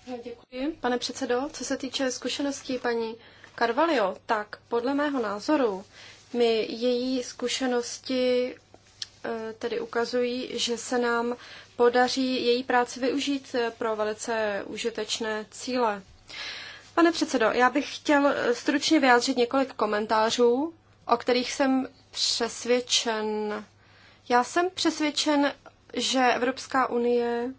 Speaker 2: No, děkuji, pane předsedo. Co se týče zkušeností paní Carvalho, tak podle mého názoru my její zkušenosti E, tedy ukazují, že se nám podaří její práci využít e, pro velice užitečné cíle. Pane předsedo, já bych chtěl e, stručně vyjádřit několik komentářů, o kterých jsem přesvědčen. Já jsem přesvědčen, že Evropská unie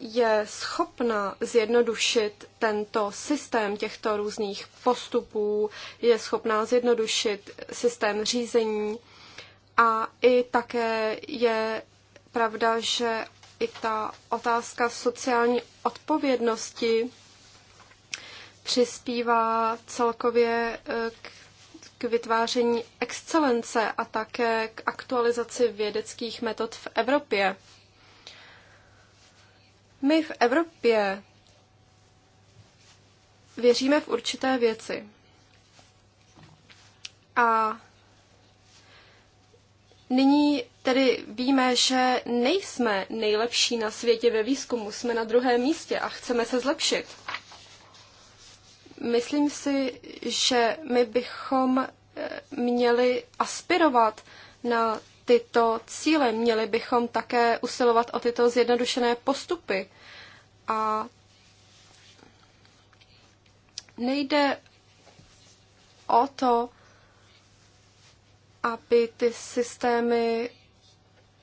Speaker 2: je schopna zjednodušit tento systém těchto různých postupů, je schopná zjednodušit systém řízení a i také je pravda, že i ta otázka sociální odpovědnosti přispívá celkově eh, k, k vytváření excelence a také k aktualizaci vědeckých metod v Evropě. My v Evropě věříme v určité věci. A Nyní tedy víme, že nejsme nejlepší na světě ve výzkumu, jsme na druhém místě a chceme se zlepšit. Myslím si, že my bychom eh, měli aspirovat na tyto cíle, měli bychom také usilovat o tyto zjednodušené postupy. A nejde o to, aby ty systémy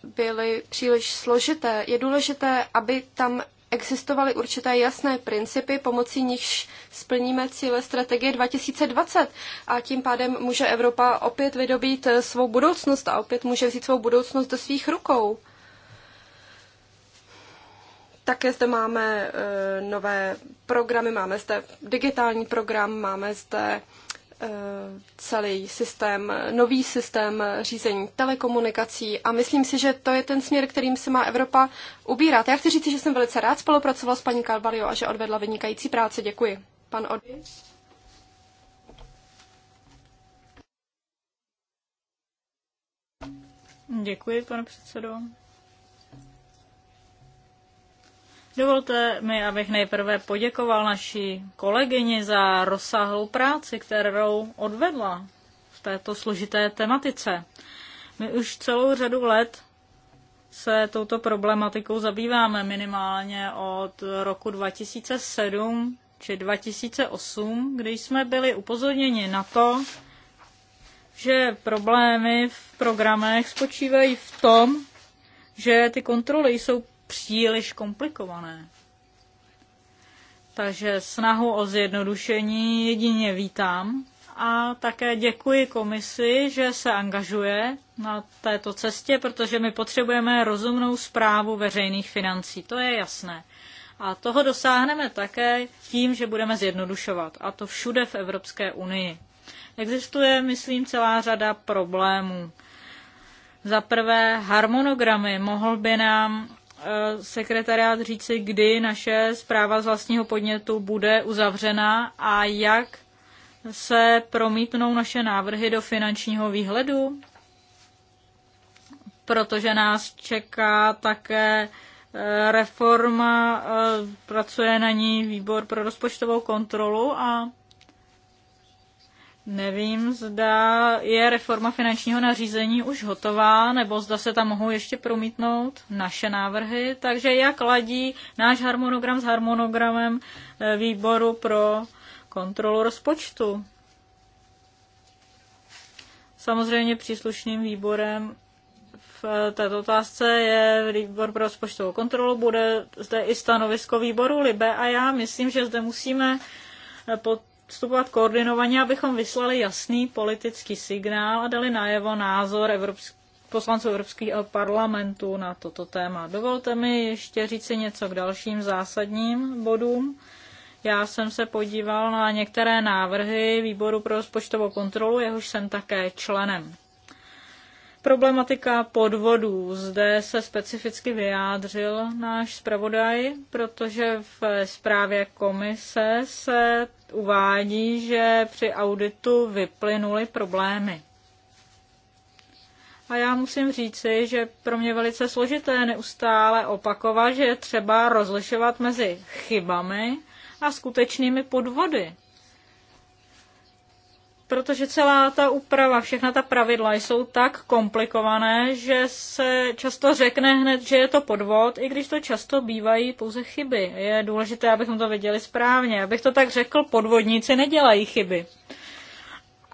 Speaker 2: byly příliš složité. Je důležité, aby tam existovaly určité jasné principy, pomocí nichž splníme cíle strategie 2020 a tím pádem může Evropa opět vydobít eh, svou budoucnost a opět může vzít svou budoucnost do svých rukou. Také zde máme eh, nové programy, máme zde digitální program, máme zde Eh, celý systém, nový systém řízení telekomunikací a myslím si, že to je ten směr, kterým se má Evropa ubírat. Já chci říct, že jsem velice rád spolupracoval s paní Calvario a že odvedla vynikající práci. Děkuji. Pan Ody.
Speaker 1: Děkuji, pane předsedo. Dovolte mi, abych nejprve poděkoval naší kolegyni za rozsáhlou práci, kterou odvedla v této složité tematice. My už celou řadu let se touto problematikou zabýváme minimálně od roku 2007 či 2008, kdy jsme byli upozorněni na to, že problémy v programech spočívají v tom, že ty kontroly jsou příliš komplikované. Takže snahu o zjednodušení jedině vítám a také děkuji komisi, že se angažuje na této cestě, protože my potřebujeme rozumnou zprávu veřejných financí, to je jasné. A toho dosáhneme také tím, že budeme zjednodušovat, a to všude v Evropské unii. Existuje, myslím, celá řada problémů. Za prvé, harmonogramy. Mohl by nám Eh, sekretariát říci, kdy naše zpráva z vlastního podnětu bude uzavřena a jak se promítnou naše návrhy do finančního výhledu, protože nás čeká také eh, reforma, eh, pracuje na ní výbor pro rozpočtovou kontrolu a Nevím, zda je reforma finančního nařízení už hotová, nebo zda se tam mohou ještě promítnout naše návrhy. Takže jak ladí náš harmonogram s harmonogramem eh, výboru pro kontrolu rozpočtu? Samozřejmě příslušným výborem v eh, této otázce je výbor pro rozpočtovou kontrolu, bude zde i stanovisko výboru Libe a já myslím, že zde musíme eh, pod postupovat koordinovaně, abychom vyslali jasný politický signál a dali najevo názor Evropský poslanců Evropského parlamentu na toto téma. Dovolte mi ještě říci něco k dalším zásadním bodům. Já jsem se podíval na některé návrhy výboru pro rozpočtovou kontrolu, jehož jsem také členem. Problematika podvodů. Zde se specificky vyjádřil náš zpravodaj, protože v zprávě komise se uvádí, že při auditu vyplynuly problémy. A já musím říci, že pro mě velice složité neustále opakovat, že je třeba rozlišovat mezi chybami a skutečnými podvody protože celá ta úprava, všechna ta pravidla jsou tak komplikované, že se často řekne hned, že je to podvod, i když to často bývají pouze chyby. Je důležité, abychom to věděli správně. Abych to tak řekl, podvodníci nedělají chyby.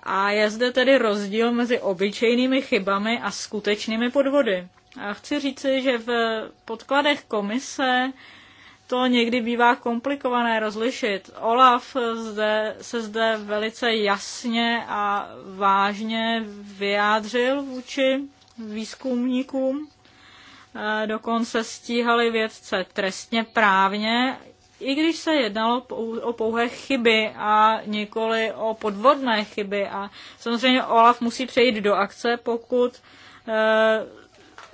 Speaker 1: A je zde tedy rozdíl mezi obyčejnými chybami a skutečnými podvody. A chci říci, že v podkladech komise to někdy bývá komplikované rozlišit. Olaf zde, se zde velice jasně a vážně vyjádřil vůči výzkumníkům. Eh, dokonce stíhali vědce trestně právně, i když se jednalo o pouhé chyby a nikoli o podvodné chyby. A samozřejmě Olaf musí přejít do akce, pokud eh,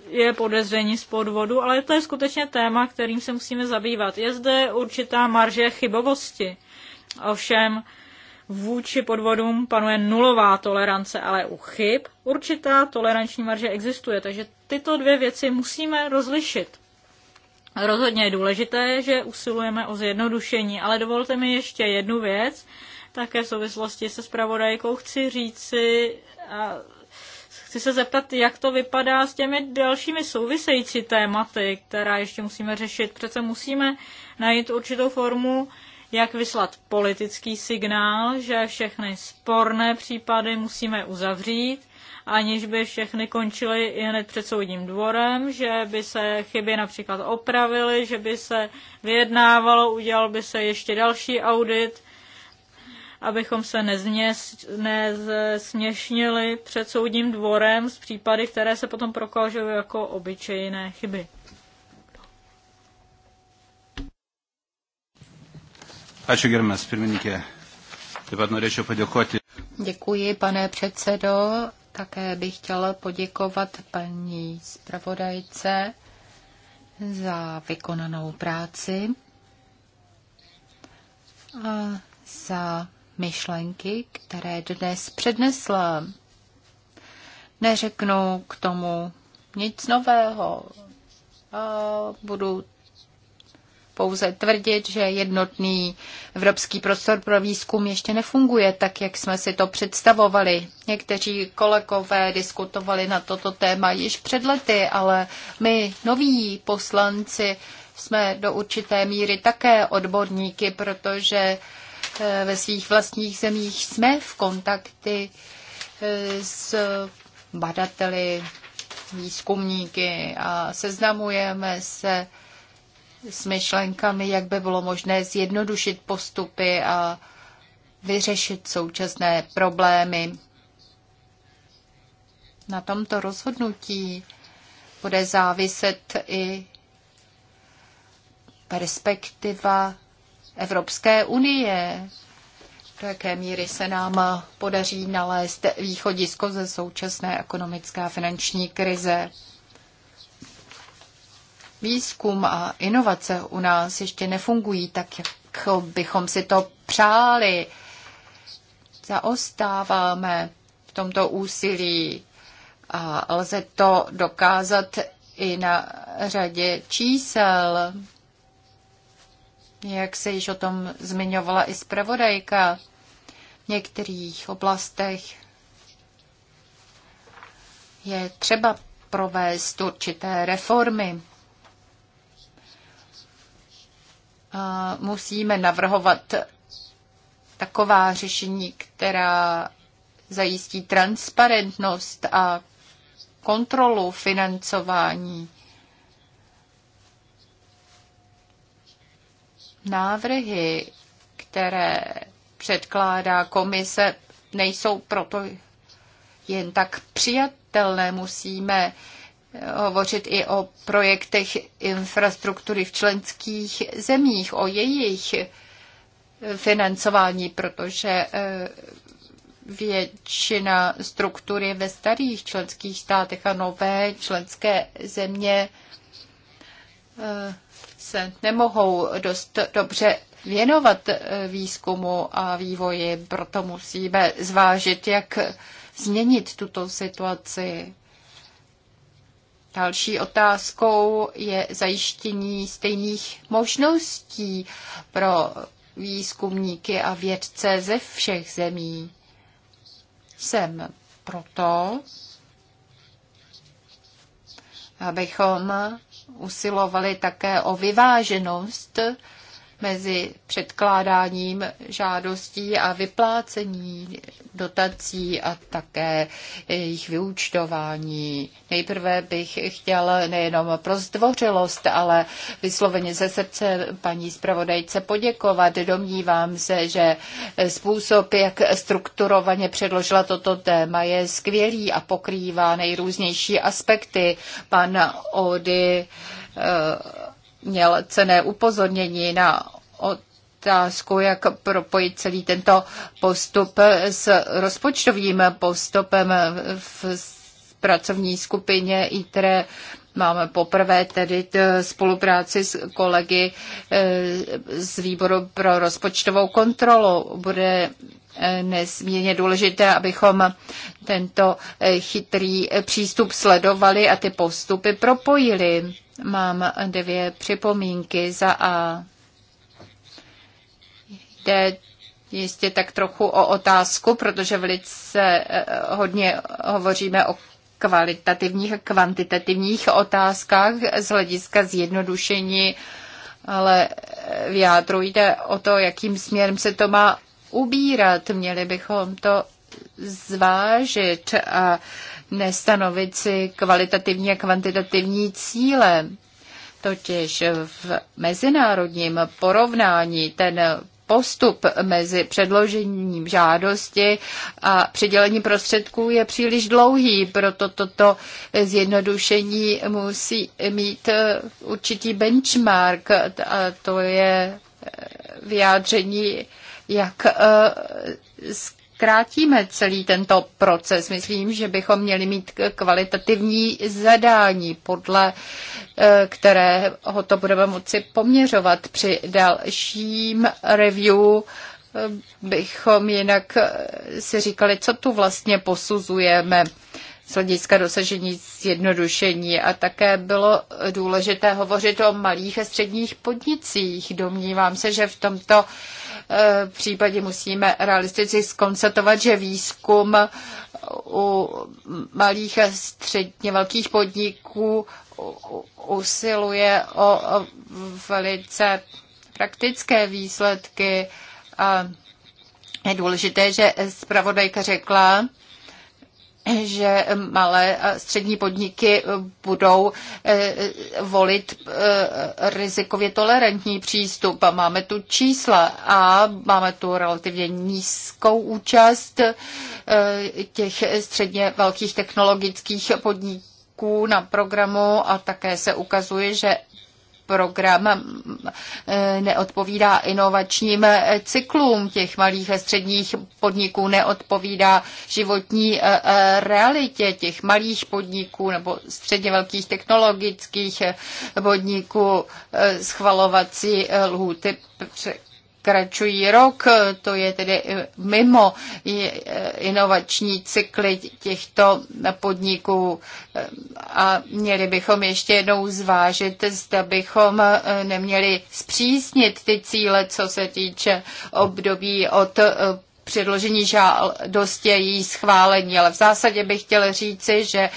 Speaker 1: je podezření z podvodu, ale to je skutečně téma, kterým se musíme zabývat. Je zde určitá marže chybovosti. Ovšem, vůči podvodům panuje nulová tolerance, ale u chyb určitá toleranční marže existuje. Takže tyto dvě věci musíme rozlišit. Rozhodně je důležité, že usilujeme o zjednodušení, ale dovolte mi ještě jednu věc. Také v souvislosti se spravodajkou chci říci, a Chci se zeptat, jak to vypadá s těmi dalšími související tématy, která ještě musíme řešit. Přece musíme najít určitou formu, jak vyslat politický signál, že všechny sporné případy musíme uzavřít, aniž by všechny končily i hned před soudním dvorem, že by se chyby například opravily, že by se vyjednávalo, udělal by se ještě další audit abychom se nezměs, před soudním dvorem z případy, které se potom prokážou jako obyčejné chyby.
Speaker 3: Ačiū gerbiamas pirmininkė. Taip pat norėčiau padėkoti. Děkuji, pane předsedo. Také bych chtěla poděkovat paní zpravodajce za vykonanou práci a za myšlenky, které dnes přednesla. Neřeknu k tomu nic nového. A budu pouze tvrdit, že jednotný evropský prostor pro výzkum ještě nefunguje tak, jak jsme si to představovali. Někteří kolegové diskutovali na toto téma již před lety, ale my, noví poslanci, jsme do určité míry také odborníky, protože uh, ve svých vlastních zemích jsme v kontakty eh, s badateli, výzkumníky a seznamujeme se s myšlenkami, jak by bylo možné zjednodušit postupy a vyřešit současné problémy. Na tomto rozhodnutí bude záviset i perspektiva Evropské unie. Do jaké míry se nám podaří nalézt východisko ze současné ekonomické a finanční krize. Výzkum a inovace u nás ještě nefungují tak, jak bychom si to přáli. Zaostáváme v tomto úsilí a lze to dokázat i na řadě čísel. Jak se již o tom zmiňovala i zpravodajka, v některých oblastech je třeba provést určité reformy. A musíme navrhovat taková řešení, která zajistí transparentnost a kontrolu financování. návrhy, které předkládá komise, nejsou proto jen tak přijatelné. Musíme eh, hovořit i o projektech infrastruktury v členských zemích, o jejich eh, financování, protože eh, většina struktury ve starých členských státech a nové členské země se nemohou dost dobře věnovat eh, výzkumu a vývoji, proto musíme zvážit, jak změnit tuto situaci. Další otázkou je zajištění stejných možností pro výzkumníky a vědce ze všech zemí. Jsem proto, abychom usilovali také o vyváženost mezi předkládáním žádostí a vyplácení dotací a také jejich vyúčtování. Nejprve bych chtěl nejenom pro zdvořilost, ale vysloveně ze srdce paní zpravodajce poděkovat. Domnívám se, že způsob, jak strukturovaně předložila toto téma, je skvělý a pokrývá nejrůznější aspekty. Pan Ody eh, měl cené upozornění na otázku, jak propojit celý tento postup s rozpočtovým postupem v pracovní skupině ITRE. Máme poprvé tedy spolupráci s kolegy eh, z výboru pro rozpočtovou kontrolu. Bude eh, nesmírně důležité, abychom tento eh, chytrý přístup sledovali a ty postupy propojili. Mám dvě připomínky za A jde jistě tak trochu o otázku, protože velice eh, hodně hovoříme o kvalitativních a kvantitativních otázkách z hlediska zjednodušení, ale eh, v jádru jde o to, jakým směrem se to má ubírat. Měli bychom to zvážit a nestanovit si kvalitativní a kvantitativní cíle. Totiž v mezinárodním porovnání ten postup mezi předložením žádosti a přidělením prostředků je příliš dlouhý, proto toto zjednodušení musí mít eh, určitý benchmark a to je eh, vyjádření, jak s eh, krátíme celý tento proces. Myslím, že bychom měli mít kvalitativní zadání, podle eh, kterého to budeme moci poměřovat při dalším review eh, bychom jinak eh, si říkali, co tu vlastně posuzujeme z hlediska dosažení zjednodušení. A také bylo důležité hovořit o malých a středních podnicích. Domnívám se, že v tomto uh, případě musíme realisticky skonstatovat, že výzkum u malých a středně velkých podniků usiluje o velice praktické výsledky. A je důležité, že zpravodajka řekla, že malé a střední podniky budou eh, volit eh, rizikově tolerantní přístup. A máme tu čísla a máme tu relativně nízkou účast eh, těch středně velkých technologických podniků na programu a také se ukazuje, že program e, neodpovídá inovačním e, cyklům těch malých a středních podniků, neodpovídá životní e, realitě těch malých podniků nebo středně velkých technologických podniků. Schvalovací lhůty překračují rok, to je tedy mimo e, inovační cykly těchto podniků. E, a měli bychom ještě jednou zvážit, zda bychom e, neměli zpřísnit ty cíle, co se týče období od předložení žádosti a její schválení. Ale v zásadě bych chtěl říci, že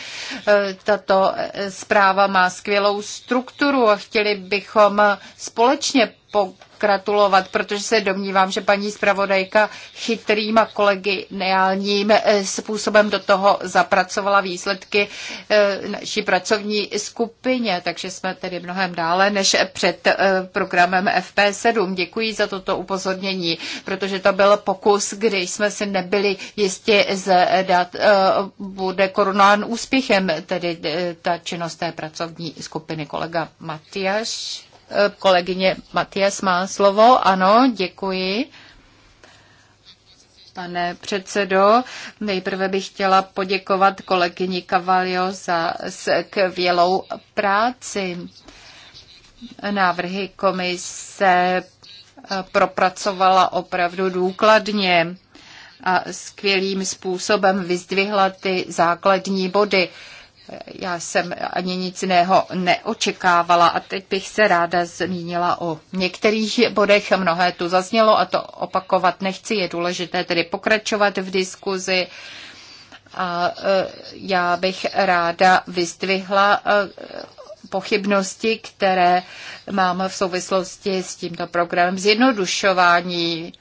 Speaker 3: tato zpráva má skvělou strukturu a chtěli bychom společně po gratulovat, protože se domnívám, že paní zpravodajka chytrým a kolegiálním eh, způsobem do toho zapracovala výsledky eh, naší pracovní skupině, takže jsme tedy mnohem dále než před eh, programem FP7. Děkuji za toto upozornění, protože to byl pokus, kdy jsme si nebyli jistě zdat, bude koronán úspěchem, tedy ta činnost té pracovní skupiny kolega Matiáš. Kolegyně Matias má slovo. Ano, děkuji. Pane předsedo, nejprve bych chtěla poděkovat kolegyni Cavalio za skvělou práci. Návrhy komise propracovala opravdu důkladně a skvělým způsobem vyzdvihla ty základní body. Já jsem ani nic jiného neočekávala a teď bych se ráda zmínila o některých bodech. Mnohé tu zaznělo a to opakovat nechci. Je důležité tedy pokračovat v diskuzi. A e, já bych ráda vystvihla e, pochybnosti, které mám v souvislosti s tímto programem zjednodušování.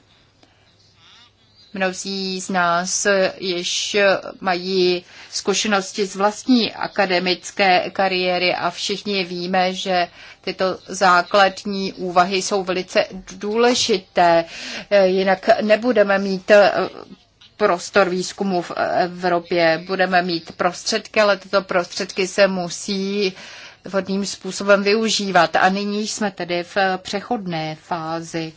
Speaker 3: Mnozí z nás již mají zkušenosti z vlastní akademické kariéry a všichni víme, že tyto základní úvahy jsou velice důležité. Jinak nebudeme mít prostor výzkumu v Evropě, budeme mít prostředky, ale tyto prostředky se musí vhodným způsobem využívat. A nyní jsme tedy v přechodné fázi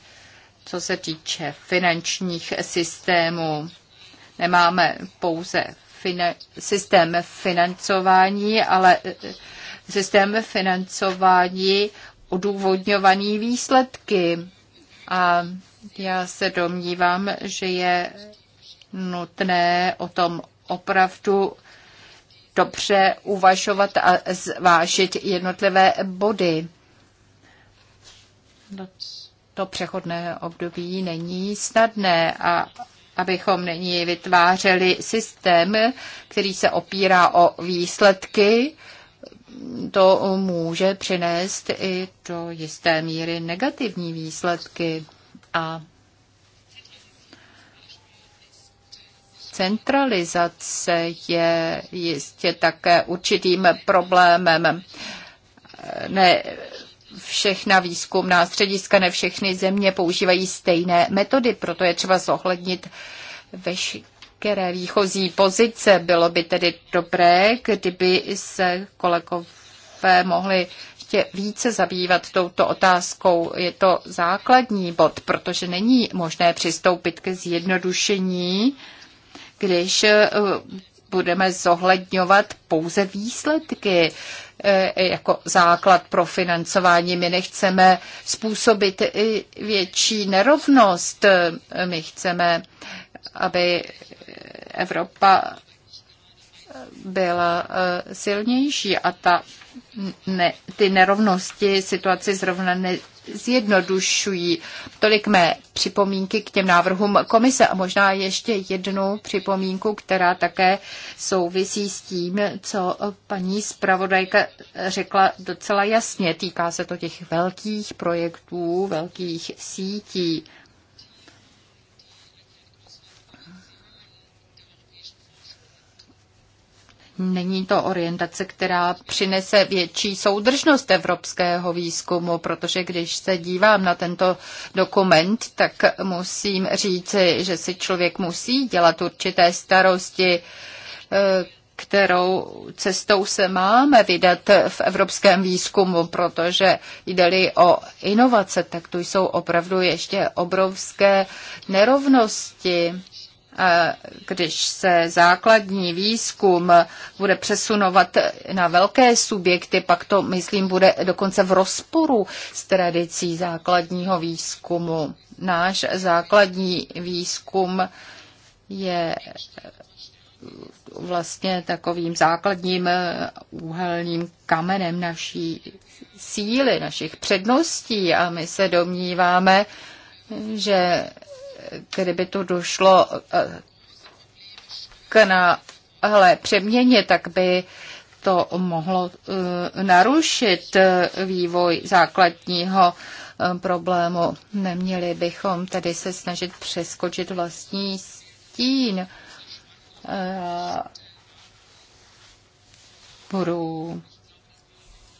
Speaker 3: co se týče finančních systémů. Nemáme pouze fina- systém financování, ale eh, systém financování odůvodňovaný výsledky. A já se domnívám, že je nutné o tom opravdu dobře uvažovat a zvážit jednotlivé body to přechodné období není snadné a abychom není vytvářeli systém, který se opírá o výsledky, to může přinést i do jisté míry negativní výsledky. A centralizace je jistě také určitým problémem. Ne všechna výzkumná střediska, ne všechny země používají stejné metody, proto je třeba zohlednit veškeré výchozí pozice. Bylo by tedy dobré, kdyby se kolegové mohli ještě více zabývat touto otázkou. Je to základní bod, protože není možné přistoupit ke zjednodušení, když eh, budeme zohledňovat pouze výsledky E, jako základ pro financování. My nechceme způsobit i větší nerovnost. E, my chceme, aby Evropa byla eh, silnější a ta, ne, ty nerovnosti situaci zrovna nezjednodušují. Tolik mé připomínky k těm návrhům komise a možná ještě jednu připomínku, která také souvisí s tím, co paní zpravodajka řekla docela jasně. Týká se to těch velkých projektů, velkých sítí. Není to orientace, která přinese větší soudržnost evropského výzkumu, protože když se dívám na tento dokument, tak musím říci, že si člověk musí dělat určité starosti, eh, kterou cestou se máme vydat v evropském výzkumu, protože jde-li o inovace, tak tu jsou opravdu ještě obrovské nerovnosti když se základní výzkum bude přesunovat na velké subjekty, pak to, myslím, bude dokonce v rozporu s tradicí základního výzkumu. Náš základní výzkum je vlastně takovým základním úhelným kamenem naší síly, našich předností a my se domníváme, že kdyby to došlo eh, k náhle přeměně, tak by to mohlo eh, narušit eh, vývoj základního problému. Neměli bychom tedy se snažit přeskočit vlastní stín. Budu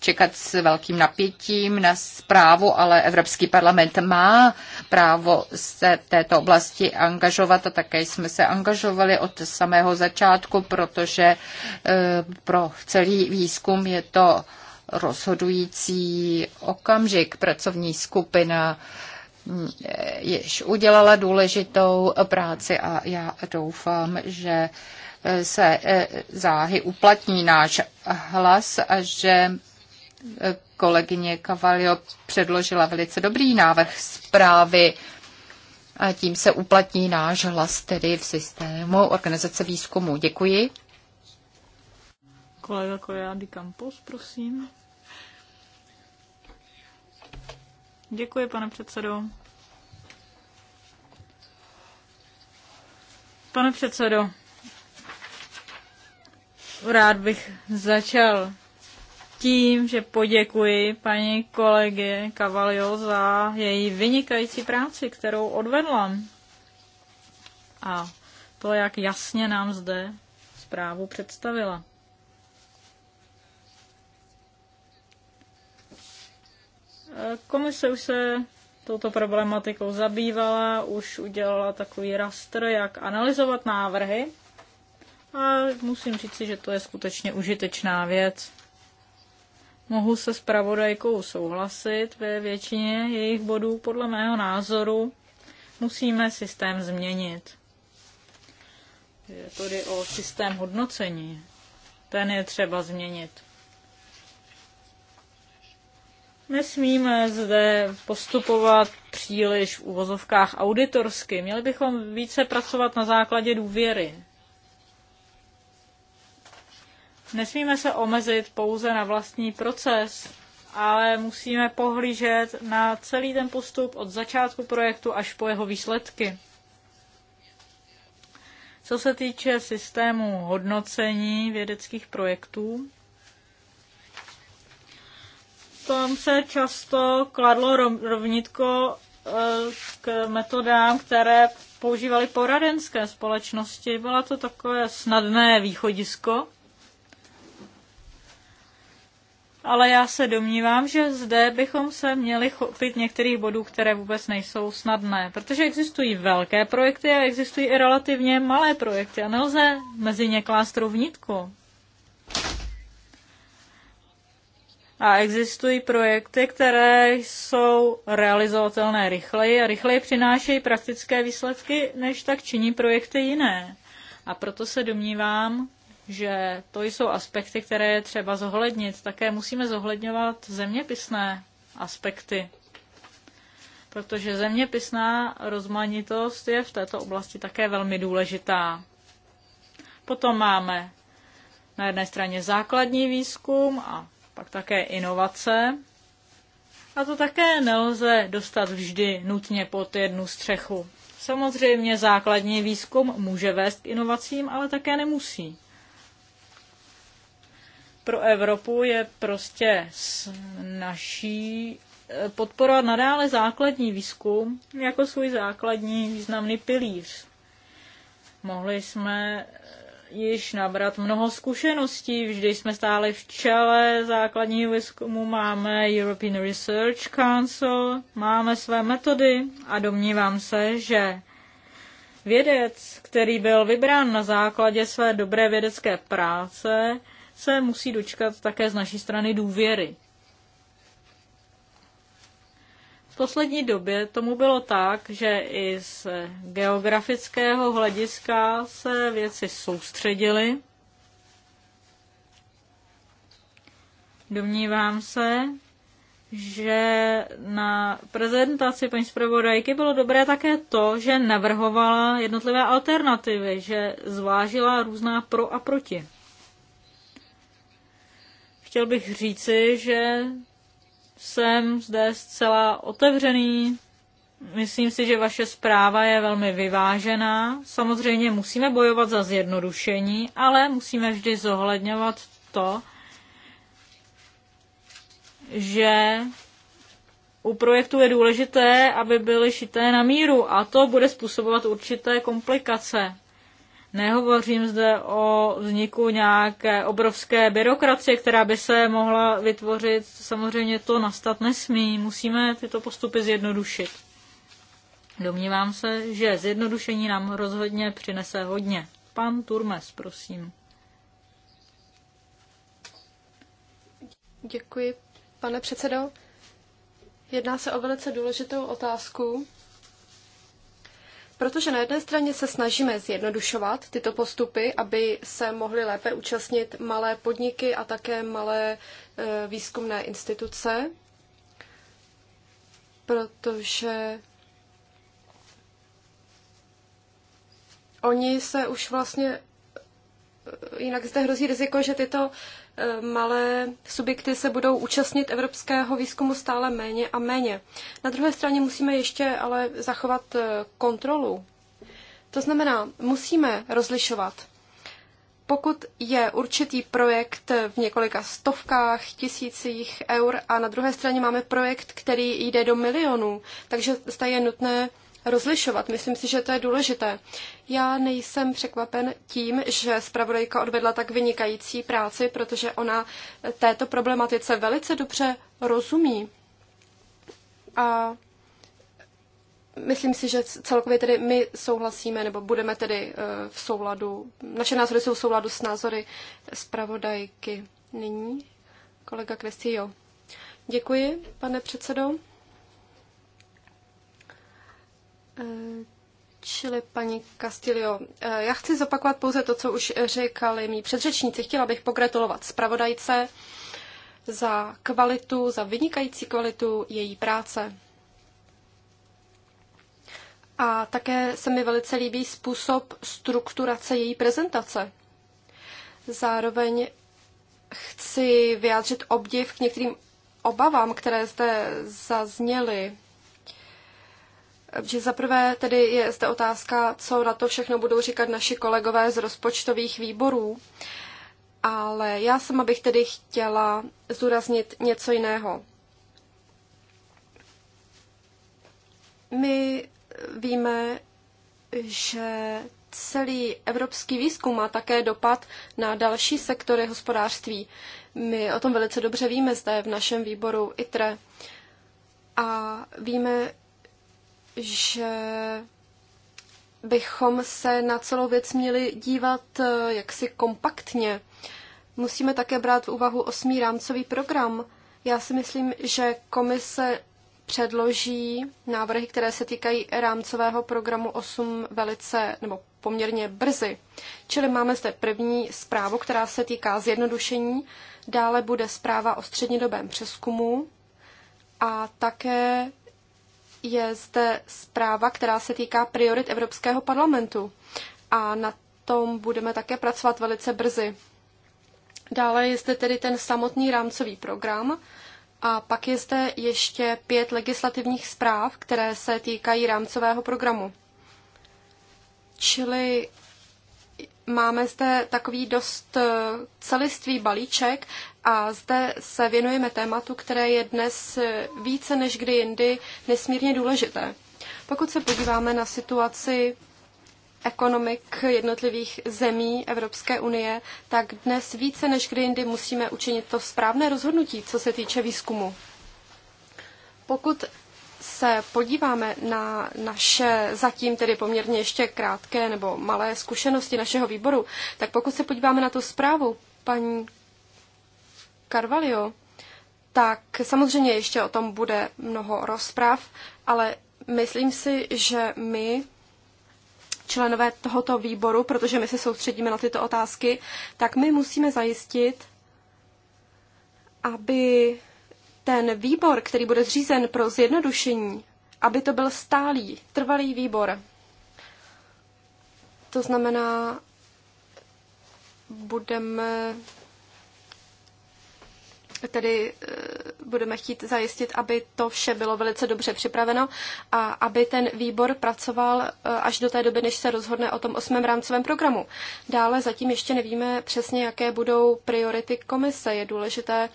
Speaker 3: čekat s velkým napětím na zprávu, ale Evropský parlament má právo se v této oblasti angažovat a také jsme se angažovali od samého začátku, protože eh, pro celý výzkum je to rozhodující okamžik. Pracovní skupina mm, eh, již udělala důležitou práci a já doufám, že eh, se záhy uplatní náš hlas a že Kolegyně Cavalio předložila velice dobrý návrh zprávy a tím se uplatní náš hlas tedy v systému organizace výzkumu. Děkuji.
Speaker 1: Kolega Kojády Campos, prosím. Děkuji, pane předsedo. Pane předsedo, rád bych začal tím, že poděkuji paní kolegy Cavalio za její vynikající práci, kterou odvedla. A to, jak jasně nám zde zprávu představila. Komise už se touto problematikou zabývala, už udělala takový rastr, jak analyzovat návrhy. A musím říci, že to je skutečně užitečná věc. Mohu se s pravodajkou souhlasit ve většině jejich bodů. Podle mého názoru musíme systém změnit. Je to o systém hodnocení. Ten je třeba změnit. Nesmíme zde postupovat příliš v uvozovkách auditorsky. Měli bychom více pracovat na základě důvěry. Nesmíme se omezit pouze na vlastní proces, ale musíme pohlížet na celý ten postup od začátku projektu až po jeho výsledky. Co se týče systému hodnocení vědeckých projektů, tam se často kladlo rovnitko eh, k metodám, které používaly poradenské společnosti. Byla to takové snadné východisko, ale já se domnívám, že zde bychom se měli chopit některých bodů, které vůbec nejsou snadné, protože existují velké projekty a existují i relativně malé projekty a nelze mezi ně klást rovnitku. A existují projekty, které jsou realizovatelné rychleji a rychleji přinášejí praktické výsledky, než tak činí projekty jiné. A proto se domnívám, že to jsou aspekty, které je třeba zohlednit. Také musíme zohledňovat zeměpisné aspekty, protože zeměpisná rozmanitost je v této oblasti také velmi důležitá. Potom máme na jedné straně základní výzkum a pak také inovace. A to také nelze dostat vždy nutně pod jednu střechu. Samozřejmě základní výzkum může vést k inovacím, ale také nemusí pro Evropu je prostě s naší eh, podporovat nadále základní výzkum jako svůj základní významný pilíř. Mohli jsme eh, již nabrat mnoho zkušeností, vždy jsme stále v čele základního výzkumu, máme European Research Council, máme své metody a domnívám se, že vědec, který byl vybrán na základě své dobré vědecké práce, se musí dočkat také z naší strany důvěry. V poslední době tomu bylo tak, že i z geografického hlediska se věci soustředily. Domnívám se, že na prezentaci paní zpravodajky bylo dobré také to, že navrhovala jednotlivé alternativy, že zvážila různá pro a proti. Chtěl bych říci, že jsem zde zcela otevřený. Myslím si, že vaše zpráva je velmi vyvážená. Samozřejmě musíme bojovat za zjednodušení, ale musíme vždy zohledňovat to, že u projektu je důležité, aby byly šité na míru a to bude způsobovat určité komplikace. Nehovořím zde o vzniku nějaké obrovské byrokracie, která by se mohla vytvořit. Samozřejmě to nastat nesmí. Musíme tyto postupy zjednodušit. Domnívám se, že zjednodušení nám rozhodně přinese hodně. Pan Turmes, prosím.
Speaker 2: Děkuji, pane předsedo. Jedná se o velice důležitou otázku, Protože na jedné straně se snažíme zjednodušovat tyto postupy, aby se mohly lépe účastnit malé podniky a také malé eh, výzkumné instituce, protože oni se už vlastně, eh, jinak zde hrozí riziko, že tyto Eh, malé subjekty se budou účastnit evropského výzkumu stále méně a méně. Na druhé straně musíme ještě ale zachovat eh, kontrolu. To znamená, musíme rozlišovat. Pokud je určitý projekt eh, v několika stovkách, tisících eur a na druhé straně máme projekt, který jde do milionů, takže zde je nutné rozlišovat. Myslím si, že to je důležité. Já nejsem překvapen tím, že zpravodajka odvedla tak vynikající práci, protože ona této problematice velice dobře rozumí. A myslím si, že celkově tedy my souhlasíme, nebo budeme tedy eh, v souladu, naše názory jsou v souladu s názory zpravodajky. Nyní kolega jo. Děkuji, pane předsedo. Eh, čili paní Castillo, eh, já chci zopakovat pouze to, co už říkali mý předřečníci. Chtěla bych pogratulovat zpravodajce za kvalitu, za vynikající kvalitu její práce. A také se mi velice líbí způsob strukturace její prezentace. Zároveň chci vyjádřit obdiv k některým obavám, které zde zazněly že zaprvé tedy je zde otázka, co na to všechno budou říkat naši kolegové z rozpočtových výborů, ale já sama bych tedy chtěla zdůraznit něco jiného. My víme, že celý evropský výzkum má také dopad na další sektory hospodářství. My o tom velice dobře víme zde v našem výboru ITRE. A víme, že bychom se na celou věc měli dívat eh, jaksi kompaktně. Musíme také brát v úvahu osmý rámcový program. Já si myslím, že komise předloží návrhy, které se týkají rámcového programu 8 velice nebo poměrně brzy. Čili máme zde první zprávu, která se týká zjednodušení, dále bude zpráva o střednědobém přeskumu a také je zde zpráva, která se týká priorit Evropského parlamentu a na tom budeme také pracovat velice brzy. Dále je zde tedy ten samotný rámcový program a pak je zde ještě pět legislativních zpráv, které se týkají rámcového programu. Čili máme zde takový dost eh, celistvý balíček a zde se věnujeme tématu, které je dnes eh, více než kdy jindy nesmírně důležité. Pokud se podíváme na situaci ekonomik jednotlivých zemí Evropské unie, tak dnes více než kdy jindy musíme učinit to správné rozhodnutí, co se týče výzkumu. Pokud se podíváme na naše zatím tedy poměrně ještě krátké nebo malé zkušenosti našeho výboru, tak pokud se podíváme na tu zprávu paní Carvalho, tak samozřejmě ještě o tom bude mnoho rozprav, ale myslím si, že my členové tohoto výboru, protože my se soustředíme na tyto otázky, tak my musíme zajistit, aby ten výbor, který bude zřízen pro zjednodušení, aby to byl stálý, trvalý výbor. To znamená, budeme tedy eh, budeme chtít zajistit, aby to vše bylo velice dobře připraveno a aby ten výbor pracoval eh, až do té doby, než se rozhodne o tom osmém rámcovém programu. Dále zatím ještě nevíme přesně, jaké budou priority komise. Je důležité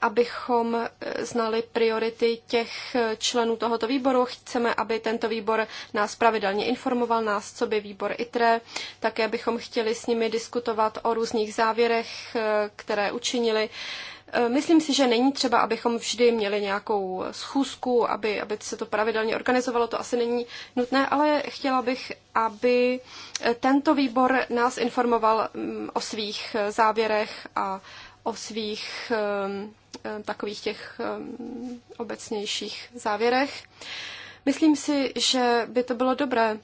Speaker 2: abychom eh, znali priority těch eh, členů tohoto výboru. Chceme, aby tento výbor nás pravidelně informoval, nás, co by výbor ITRE. Také bychom chtěli s nimi diskutovat o různých závěrech, eh, které učinili. Myslím si, že není třeba, abychom vždy měli nějakou schůzku, aby, aby se to pravidelně organizovalo, to asi není nutné, ale chtěla bych, aby tento výbor nás informoval mm, o svých závěrech a o svých ehm, ehm, takových těch ehm, obecnějších závěrech. Myslím si, že by to bylo dobré,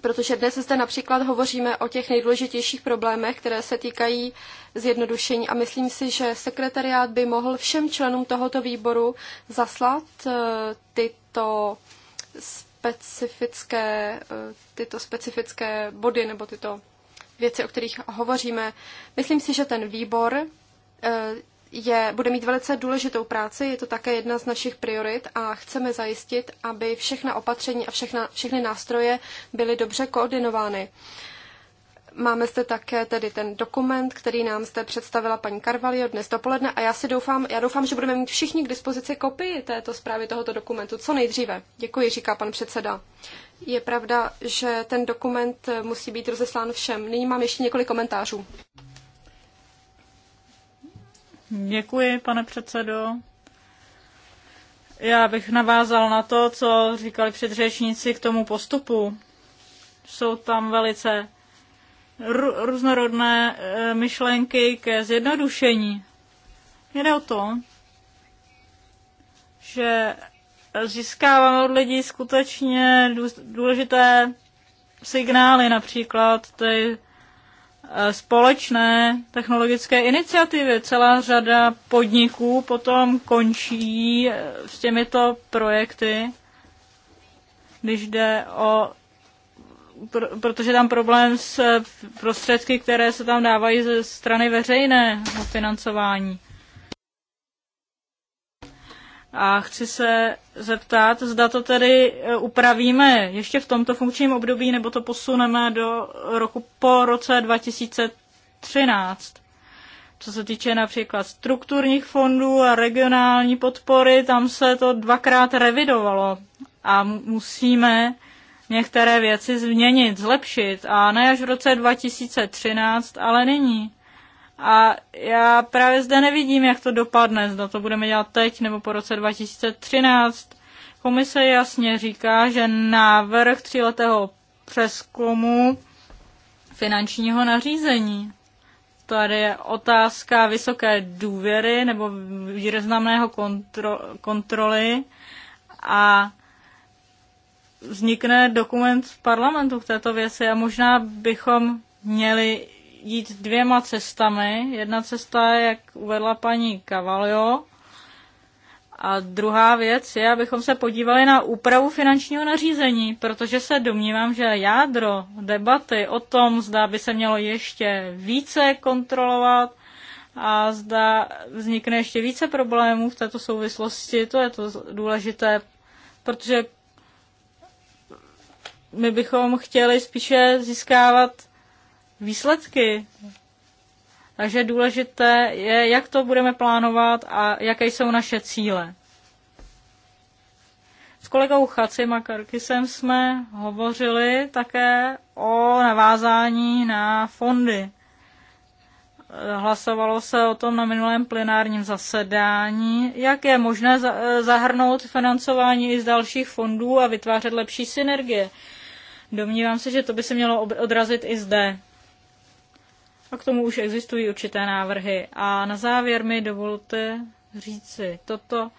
Speaker 2: protože dnes zde například hovoříme o těch nejdůležitějších problémech, které se týkají zjednodušení a myslím si, že sekretariát by mohl všem členům tohoto výboru zaslat eh, tyto specifické, eh, tyto specifické body nebo tyto věci, o kterých hovoříme. Myslím si, že ten výbor Eh, je, bude mít velice důležitou práci, je to také jedna z našich priorit a chceme zajistit, aby všechna opatření a všechna, všechny nástroje byly dobře koordinovány. Máme zde také tedy ten dokument, který nám zde představila paní Karvalio dnes dopoledne a já si doufám, já doufám, že budeme mít všichni k dispozici kopii této zprávy tohoto dokumentu co nejdříve. Děkuji, říká pan předseda. Je pravda, že ten dokument musí být rozeslán všem. Nyní mám ještě několik komentářů.
Speaker 1: Děkuji, pane předsedo. Já bych navázal na to, co říkali předřečníci k tomu postupu. Jsou tam velice různorodné eh, myšlenky ke zjednodušení. Jde o to, že získáváme od lidí skutečně důležité signály, například ty Eh, společné technologické iniciativy. Celá řada podniků potom končí eh, s těmito projekty, když jde o protože tam problém s eh, prostředky, které se tam dávají ze strany veřejného financování. A chci se zeptat, zda to tedy e, upravíme ještě v tomto funkčním období, nebo to posuneme do roku po roce 2013. Co se týče například strukturních fondů a regionální podpory, tam se to dvakrát revidovalo a musíme některé věci změnit, zlepšit. A ne až v roce 2013, ale nyní. A já právě zde nevidím, jak to dopadne, zda to budeme dělat teď nebo po roce 2013. Komise jasně říká, že návrh tříletého přeskumu finančního nařízení. Tady je otázka vysoké důvěry nebo významného kontro, kontroly a vznikne dokument v parlamentu v této věci a možná bychom měli jít dvěma cestami. Jedna cesta je, jak uvedla paní Cavalio, a druhá věc je, abychom se podívali na úpravu finančního nařízení, protože se domnívám, že jádro debaty o tom, zda by se mělo ještě více kontrolovat a zda vznikne ještě více problémů v této souvislosti, to je to důležité, protože my bychom chtěli spíše získávat výsledky. Takže důležité je, jak to budeme plánovat a jaké jsou naše cíle. S kolegou Chaci Makarkisem jsme hovořili také o navázání na fondy. Hlasovalo se o tom na minulém plenárním zasedání, jak je možné zahrnout financování i z dalších fondů a vytvářet lepší synergie. Domnívám se, že to by se mělo odrazit i zde a k tomu už existují určité návrhy. A na závěr mi dovolte říci toto.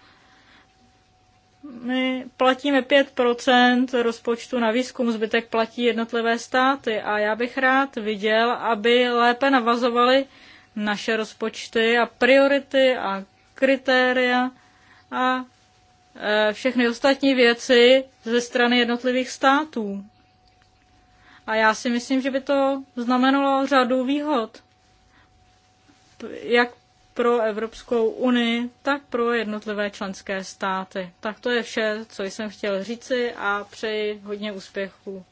Speaker 1: My platíme 5% rozpočtu na výzkum, zbytek platí jednotlivé státy a já bych rád viděl, aby lépe navazovaly naše rozpočty a priority a kritéria a e, všechny ostatní věci ze strany jednotlivých států. A já si myslím, že by to znamenalo řadu výhod. Jak pro Evropskou unii, tak pro jednotlivé členské státy. Tak to je vše, co jsem chtěl říci a přeji hodně úspěchů.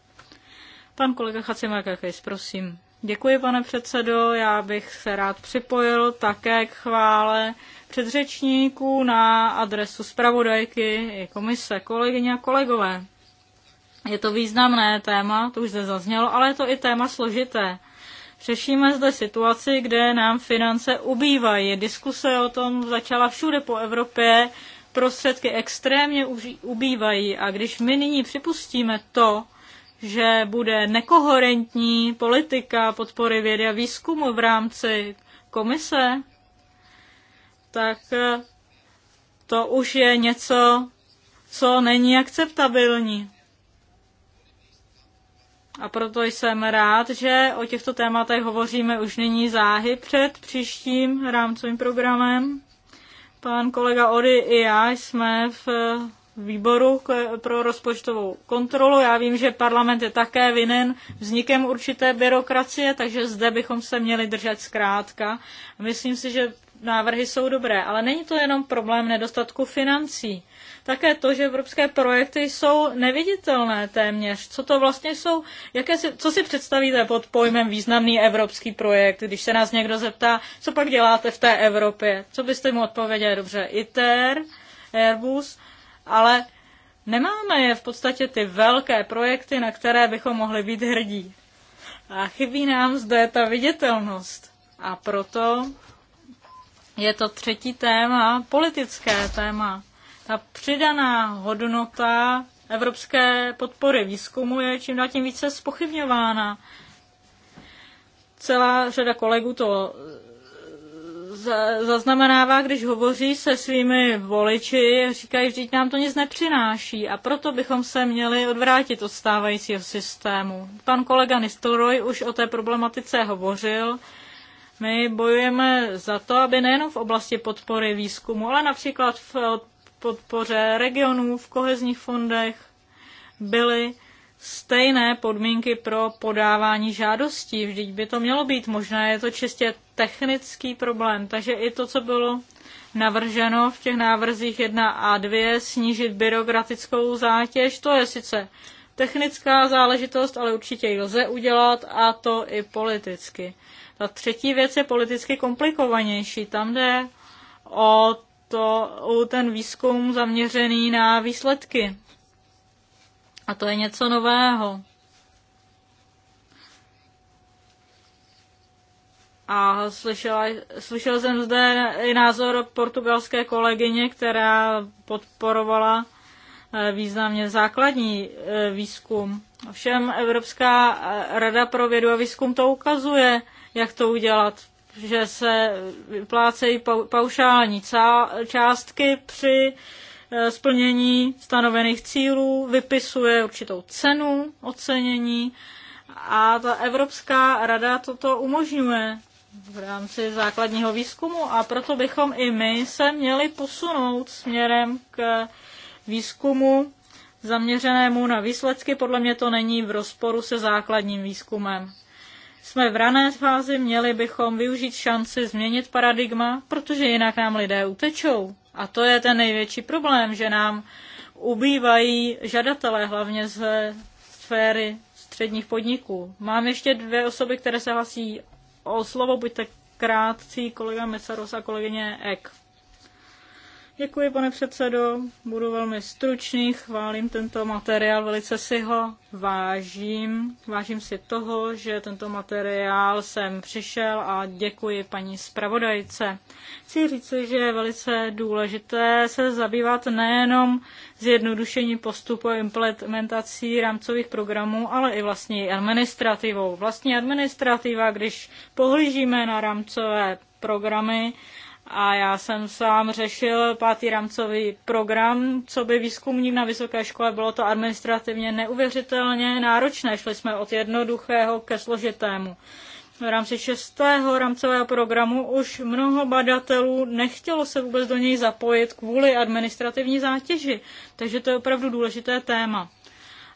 Speaker 1: Pan kolega Chacimakakis, prosím. Děkuji, pane předsedo. Já bych se rád připojil také k chvále předřečníků na adresu zpravodajky i komise, kolegyně a kolegové. Je to významné téma, to už zde zaznělo, ale je to i téma složité. Řešíme zde situaci, kde nám finance ubývají. Diskuse o tom začala všude po Evropě, prostředky extrémně ubývají a když my nyní připustíme to, že bude nekoherentní politika podpory vědy a výzkumu v rámci komise, tak eh, to už je něco, co není akceptabilní. A proto jsem rád, že o těchto tématech hovoříme už nyní záhy před příštím rámcovým programem. Pan kolega Ody i já jsme v výboru pro rozpočtovou kontrolu. Já vím, že parlament je také vinen vznikem určité byrokracie, takže zde bychom se měli držet zkrátka. Myslím si, že návrhy jsou dobré, ale není to jenom problém nedostatku financí také to, že evropské projekty jsou neviditelné téměř. Co to vlastně jsou? Jaké si, co si představíte pod pojmem významný evropský projekt, když se nás někdo zeptá, co pak děláte v té Evropě? Co byste mu odpověděli? Dobře, ITER, Airbus, ale nemáme je v podstatě ty velké projekty, na které bychom mohli být hrdí. A chybí nám zde ta viditelnost. A proto je to třetí téma, politické téma. Ta přidaná hodnota evropské podpory výzkumu je čím dál tím více spochybňována. Celá řada kolegů to eh, zaznamenává, když hovoří se svými voliči, říkají, že nám to nic nepřináší a proto bychom se měli odvrátit od stávajícího systému. Pan kolega Nistelrooy už o té problematice hovořil. My bojujeme za to, aby nejen v oblasti podpory výzkumu, ale například v podpoře regionů v kohezních fondech byly stejné podmínky pro podávání žádostí. Vždyť by to mělo být možné, je to čistě technický problém. Takže i to, co bylo navrženo v těch návrzích 1 a 2, snížit byrokratickou zátěž, to je sice technická záležitost, ale určitě ji lze udělat a to i politicky. Ta třetí věc je politicky komplikovanější. Tam jde o to ten výzkum zaměřený na výsledky. A to je něco nového. A slyšela, slyšel jsem zde i názor portugalské kolegyně, která podporovala eh, významně základní eh, výzkum. Ovšem Evropská eh, rada pro vědu a výzkum to ukazuje, jak to udělat že se vyplácejí paušální částky při eh, splnění stanovených cílů, vypisuje určitou cenu ocenění a ta Evropská rada toto umožňuje v rámci základního výzkumu a proto bychom i my se měli posunout směrem k výzkumu zaměřenému na výsledky. Podle mě to není v rozporu se základním výzkumem. Jsme v rané fázi, měli bychom využít šanci změnit paradigma, protože jinak nám lidé utečou. A to je ten největší problém, že nám ubývají žadatelé, hlavně ze sféry středních podniků. Mám ještě dvě osoby, které se hlasí o slovo, buďte krátcí, kolega Mesaros a kolegyně Ek. Děkuji, pane předsedo, budu velmi stručný, chválím tento materiál, velice si ho vážím. Vážím si toho, že tento materiál jsem přišel a děkuji paní zpravodajce. Chci říci, že je velice důležité se zabývat nejenom zjednodušení postupu a implementací rámcových programů, ale i vlastní administrativou. Vlastní administrativa, když pohlížíme na rámcové programy, a já jsem sám řešil pátý rámcový program, co by výzkumník na vysoké škole. Bylo to administrativně neuvěřitelně náročné. Šli jsme od jednoduchého ke složitému. V rámci šestého rámcového programu už mnoho badatelů nechtělo se vůbec do něj zapojit kvůli administrativní zátěži. Takže to je opravdu důležité téma.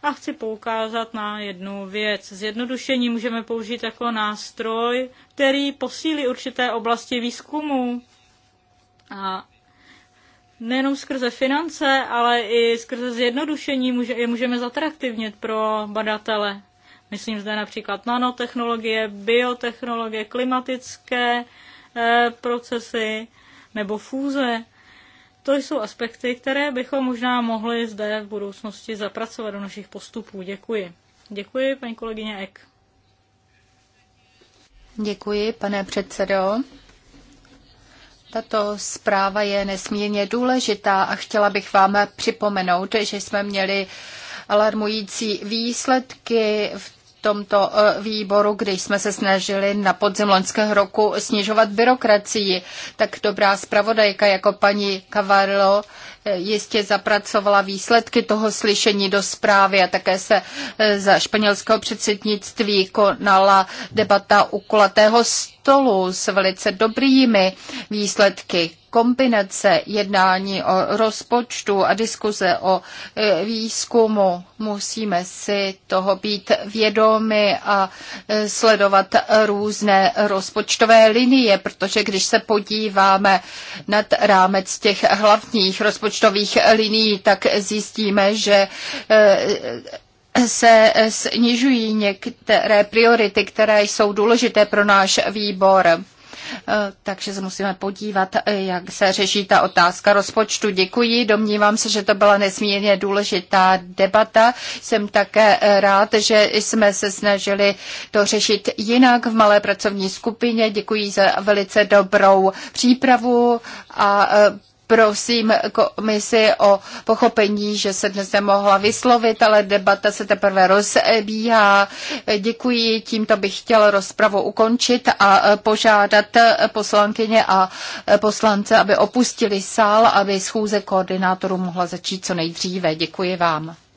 Speaker 1: A chci poukázat na jednu věc. Zjednodušení můžeme použít jako nástroj, který posílí určité oblasti výzkumu, a nejenom skrze finance, ale i skrze zjednodušení může, je můžeme zatraktivnit pro badatele. Myslím zde například nanotechnologie, biotechnologie, klimatické e, procesy nebo fúze. To jsou aspekty, které bychom možná mohli zde v budoucnosti zapracovat do našich postupů. Děkuji. Děkuji, paní kolegyně Ek.
Speaker 3: Děkuji, pane předsedo. Tato zpráva je nesmírně důležitá a chtěla bych vám připomenout, že jsme měli alarmující výsledky v tomto eh, výboru, když jsme se snažili na podzim loňského roku snižovat byrokracii, tak dobrá zpravodajka jako paní Cavarlo eh, jistě zapracovala výsledky toho slyšení do zprávy a také se eh, za španělského předsednictví konala debata u kulatého stolu stolu s velice dobrými výsledky. Kombinace jednání o rozpočtu a diskuze o e, výzkumu. Musíme si toho být vědomi a e, sledovat různé rozpočtové linie, protože když se podíváme nad rámec těch hlavních rozpočtových linií, tak zjistíme, že e, se eh, snižují některé priority, které jsou důležité pro náš výbor. Eh, takže se musíme podívat, eh, jak se řeší ta otázka rozpočtu. Děkuji, domnívám se, že to byla nesmírně důležitá debata. Jsem také rád, že jsme se snažili to řešit jinak v malé pracovní skupině. Děkuji za velice dobrou přípravu a prosím komisi o pochopení, že se dnes nemohla vyslovit, ale debata se teprve rozbíhá. Děkuji, tímto bych chtěl rozpravu ukončit a požádat poslankyně a poslance, aby opustili sál, aby schůze koordinátorů mohla začít co nejdříve. Děkuji vám.